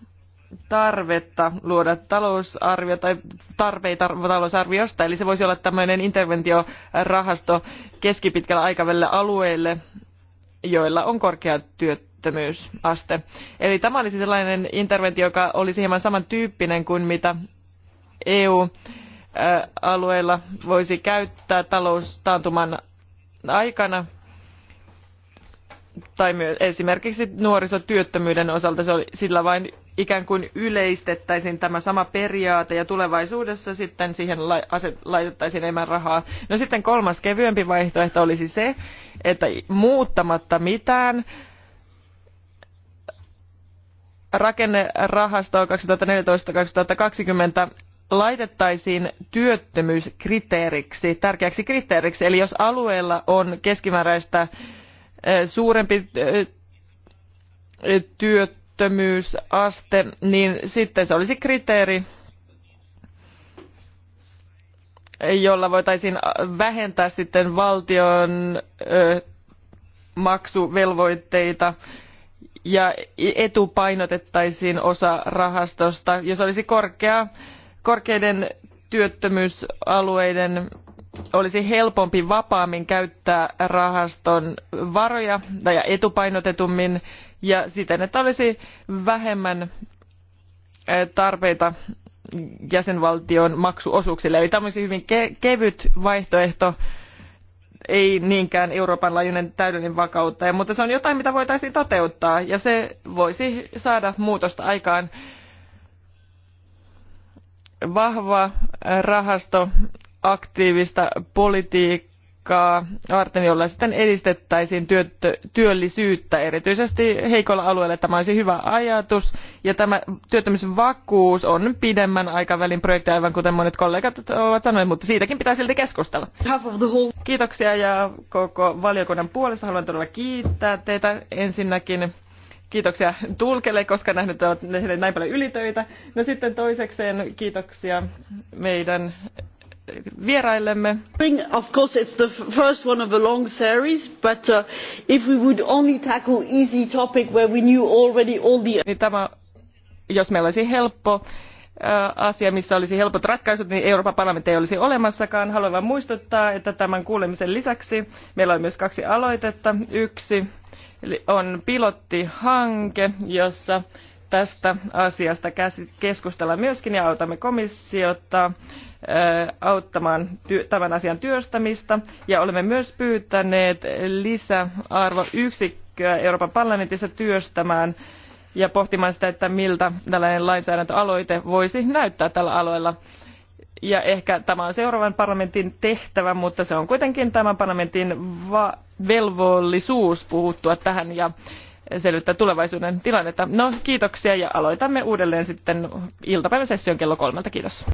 tarvetta luoda talousarvio tai tarpeita talousarviosta. Eli se voisi olla tämmöinen interventiorahasto keskipitkällä aikavälillä alueille, joilla on korkea työttömyysaste. Eli tämä olisi sellainen interventio, joka olisi hieman samantyyppinen kuin mitä EU-alueilla voisi käyttää taloustaantuman aikana – tai myös esimerkiksi nuorisotyöttömyyden osalta se oli, sillä vain ikään kuin yleistettäisiin tämä sama periaate ja tulevaisuudessa sitten siihen laitettaisiin enemmän rahaa. No sitten kolmas kevyempi vaihtoehto olisi se, että muuttamatta mitään rakennerahastoa 2014-2020 laitettaisiin työttömyyskriteeriksi, tärkeäksi kriteeriksi. Eli jos alueella on keskimääräistä suurempi työttömyysaste, niin sitten se olisi kriteeri, jolla voitaisiin vähentää sitten valtion maksuvelvoitteita ja etupainotettaisiin osa rahastosta. Jos olisi korkea, korkeiden työttömyysalueiden olisi helpompi vapaammin käyttää rahaston varoja ja etupainotetummin ja siten, että olisi vähemmän eh, tarpeita jäsenvaltion maksuosuuksille. Eli tämä olisi hyvin kevyt vaihtoehto, ei niinkään Euroopan laajuinen täydellinen vakautta, mutta se on jotain, mitä voitaisiin toteuttaa ja se voisi saada muutosta aikaan. Vahva rahasto aktiivista politiikkaa varten, jolla sitten edistettäisiin työllisyyttä. Erityisesti heikolla alueella tämä olisi hyvä ajatus ja tämä työttömyysvakuus on pidemmän aikavälin projekti, aivan kuten monet kollegat ovat sanoneet, mutta siitäkin pitää silti keskustella. Kiitoksia ja koko valiokunnan puolesta haluan todella kiittää teitä ensinnäkin kiitoksia tulkelle, koska nähnyt ovat tehneet näin paljon ylitöitä. No sitten toisekseen kiitoksia meidän vieraillemme. of course it is the first one of a long series but uh, if we would only tackle easy topic where we knew already all the. Niin tämä, jos meillä olisi helppo äh, asia, missä olisi helpot ratkaisut, niin Euroopan parlamentti ei olisi olemassakaan. Haluan vain muistuttaa, että tämän kuulemisen lisäksi meillä on myös kaksi aloitetta. Yksi on pilottihanke, jossa tästä asiasta keskustella myöskin ja autamme komissiota auttamaan tämän asian työstämistä ja olemme myös pyytäneet lisäarvoyksikköä Euroopan parlamentissa työstämään ja pohtimaan sitä, että miltä tällainen lainsäädäntöaloite voisi näyttää tällä alueella. Ja ehkä tämä on seuraavan parlamentin tehtävä, mutta se on kuitenkin tämän parlamentin velvollisuus puuttua tähän ja selvittää tulevaisuuden tilannetta. No kiitoksia ja aloitamme uudelleen sitten iltapäiväsession kello kolmelta. Kiitos.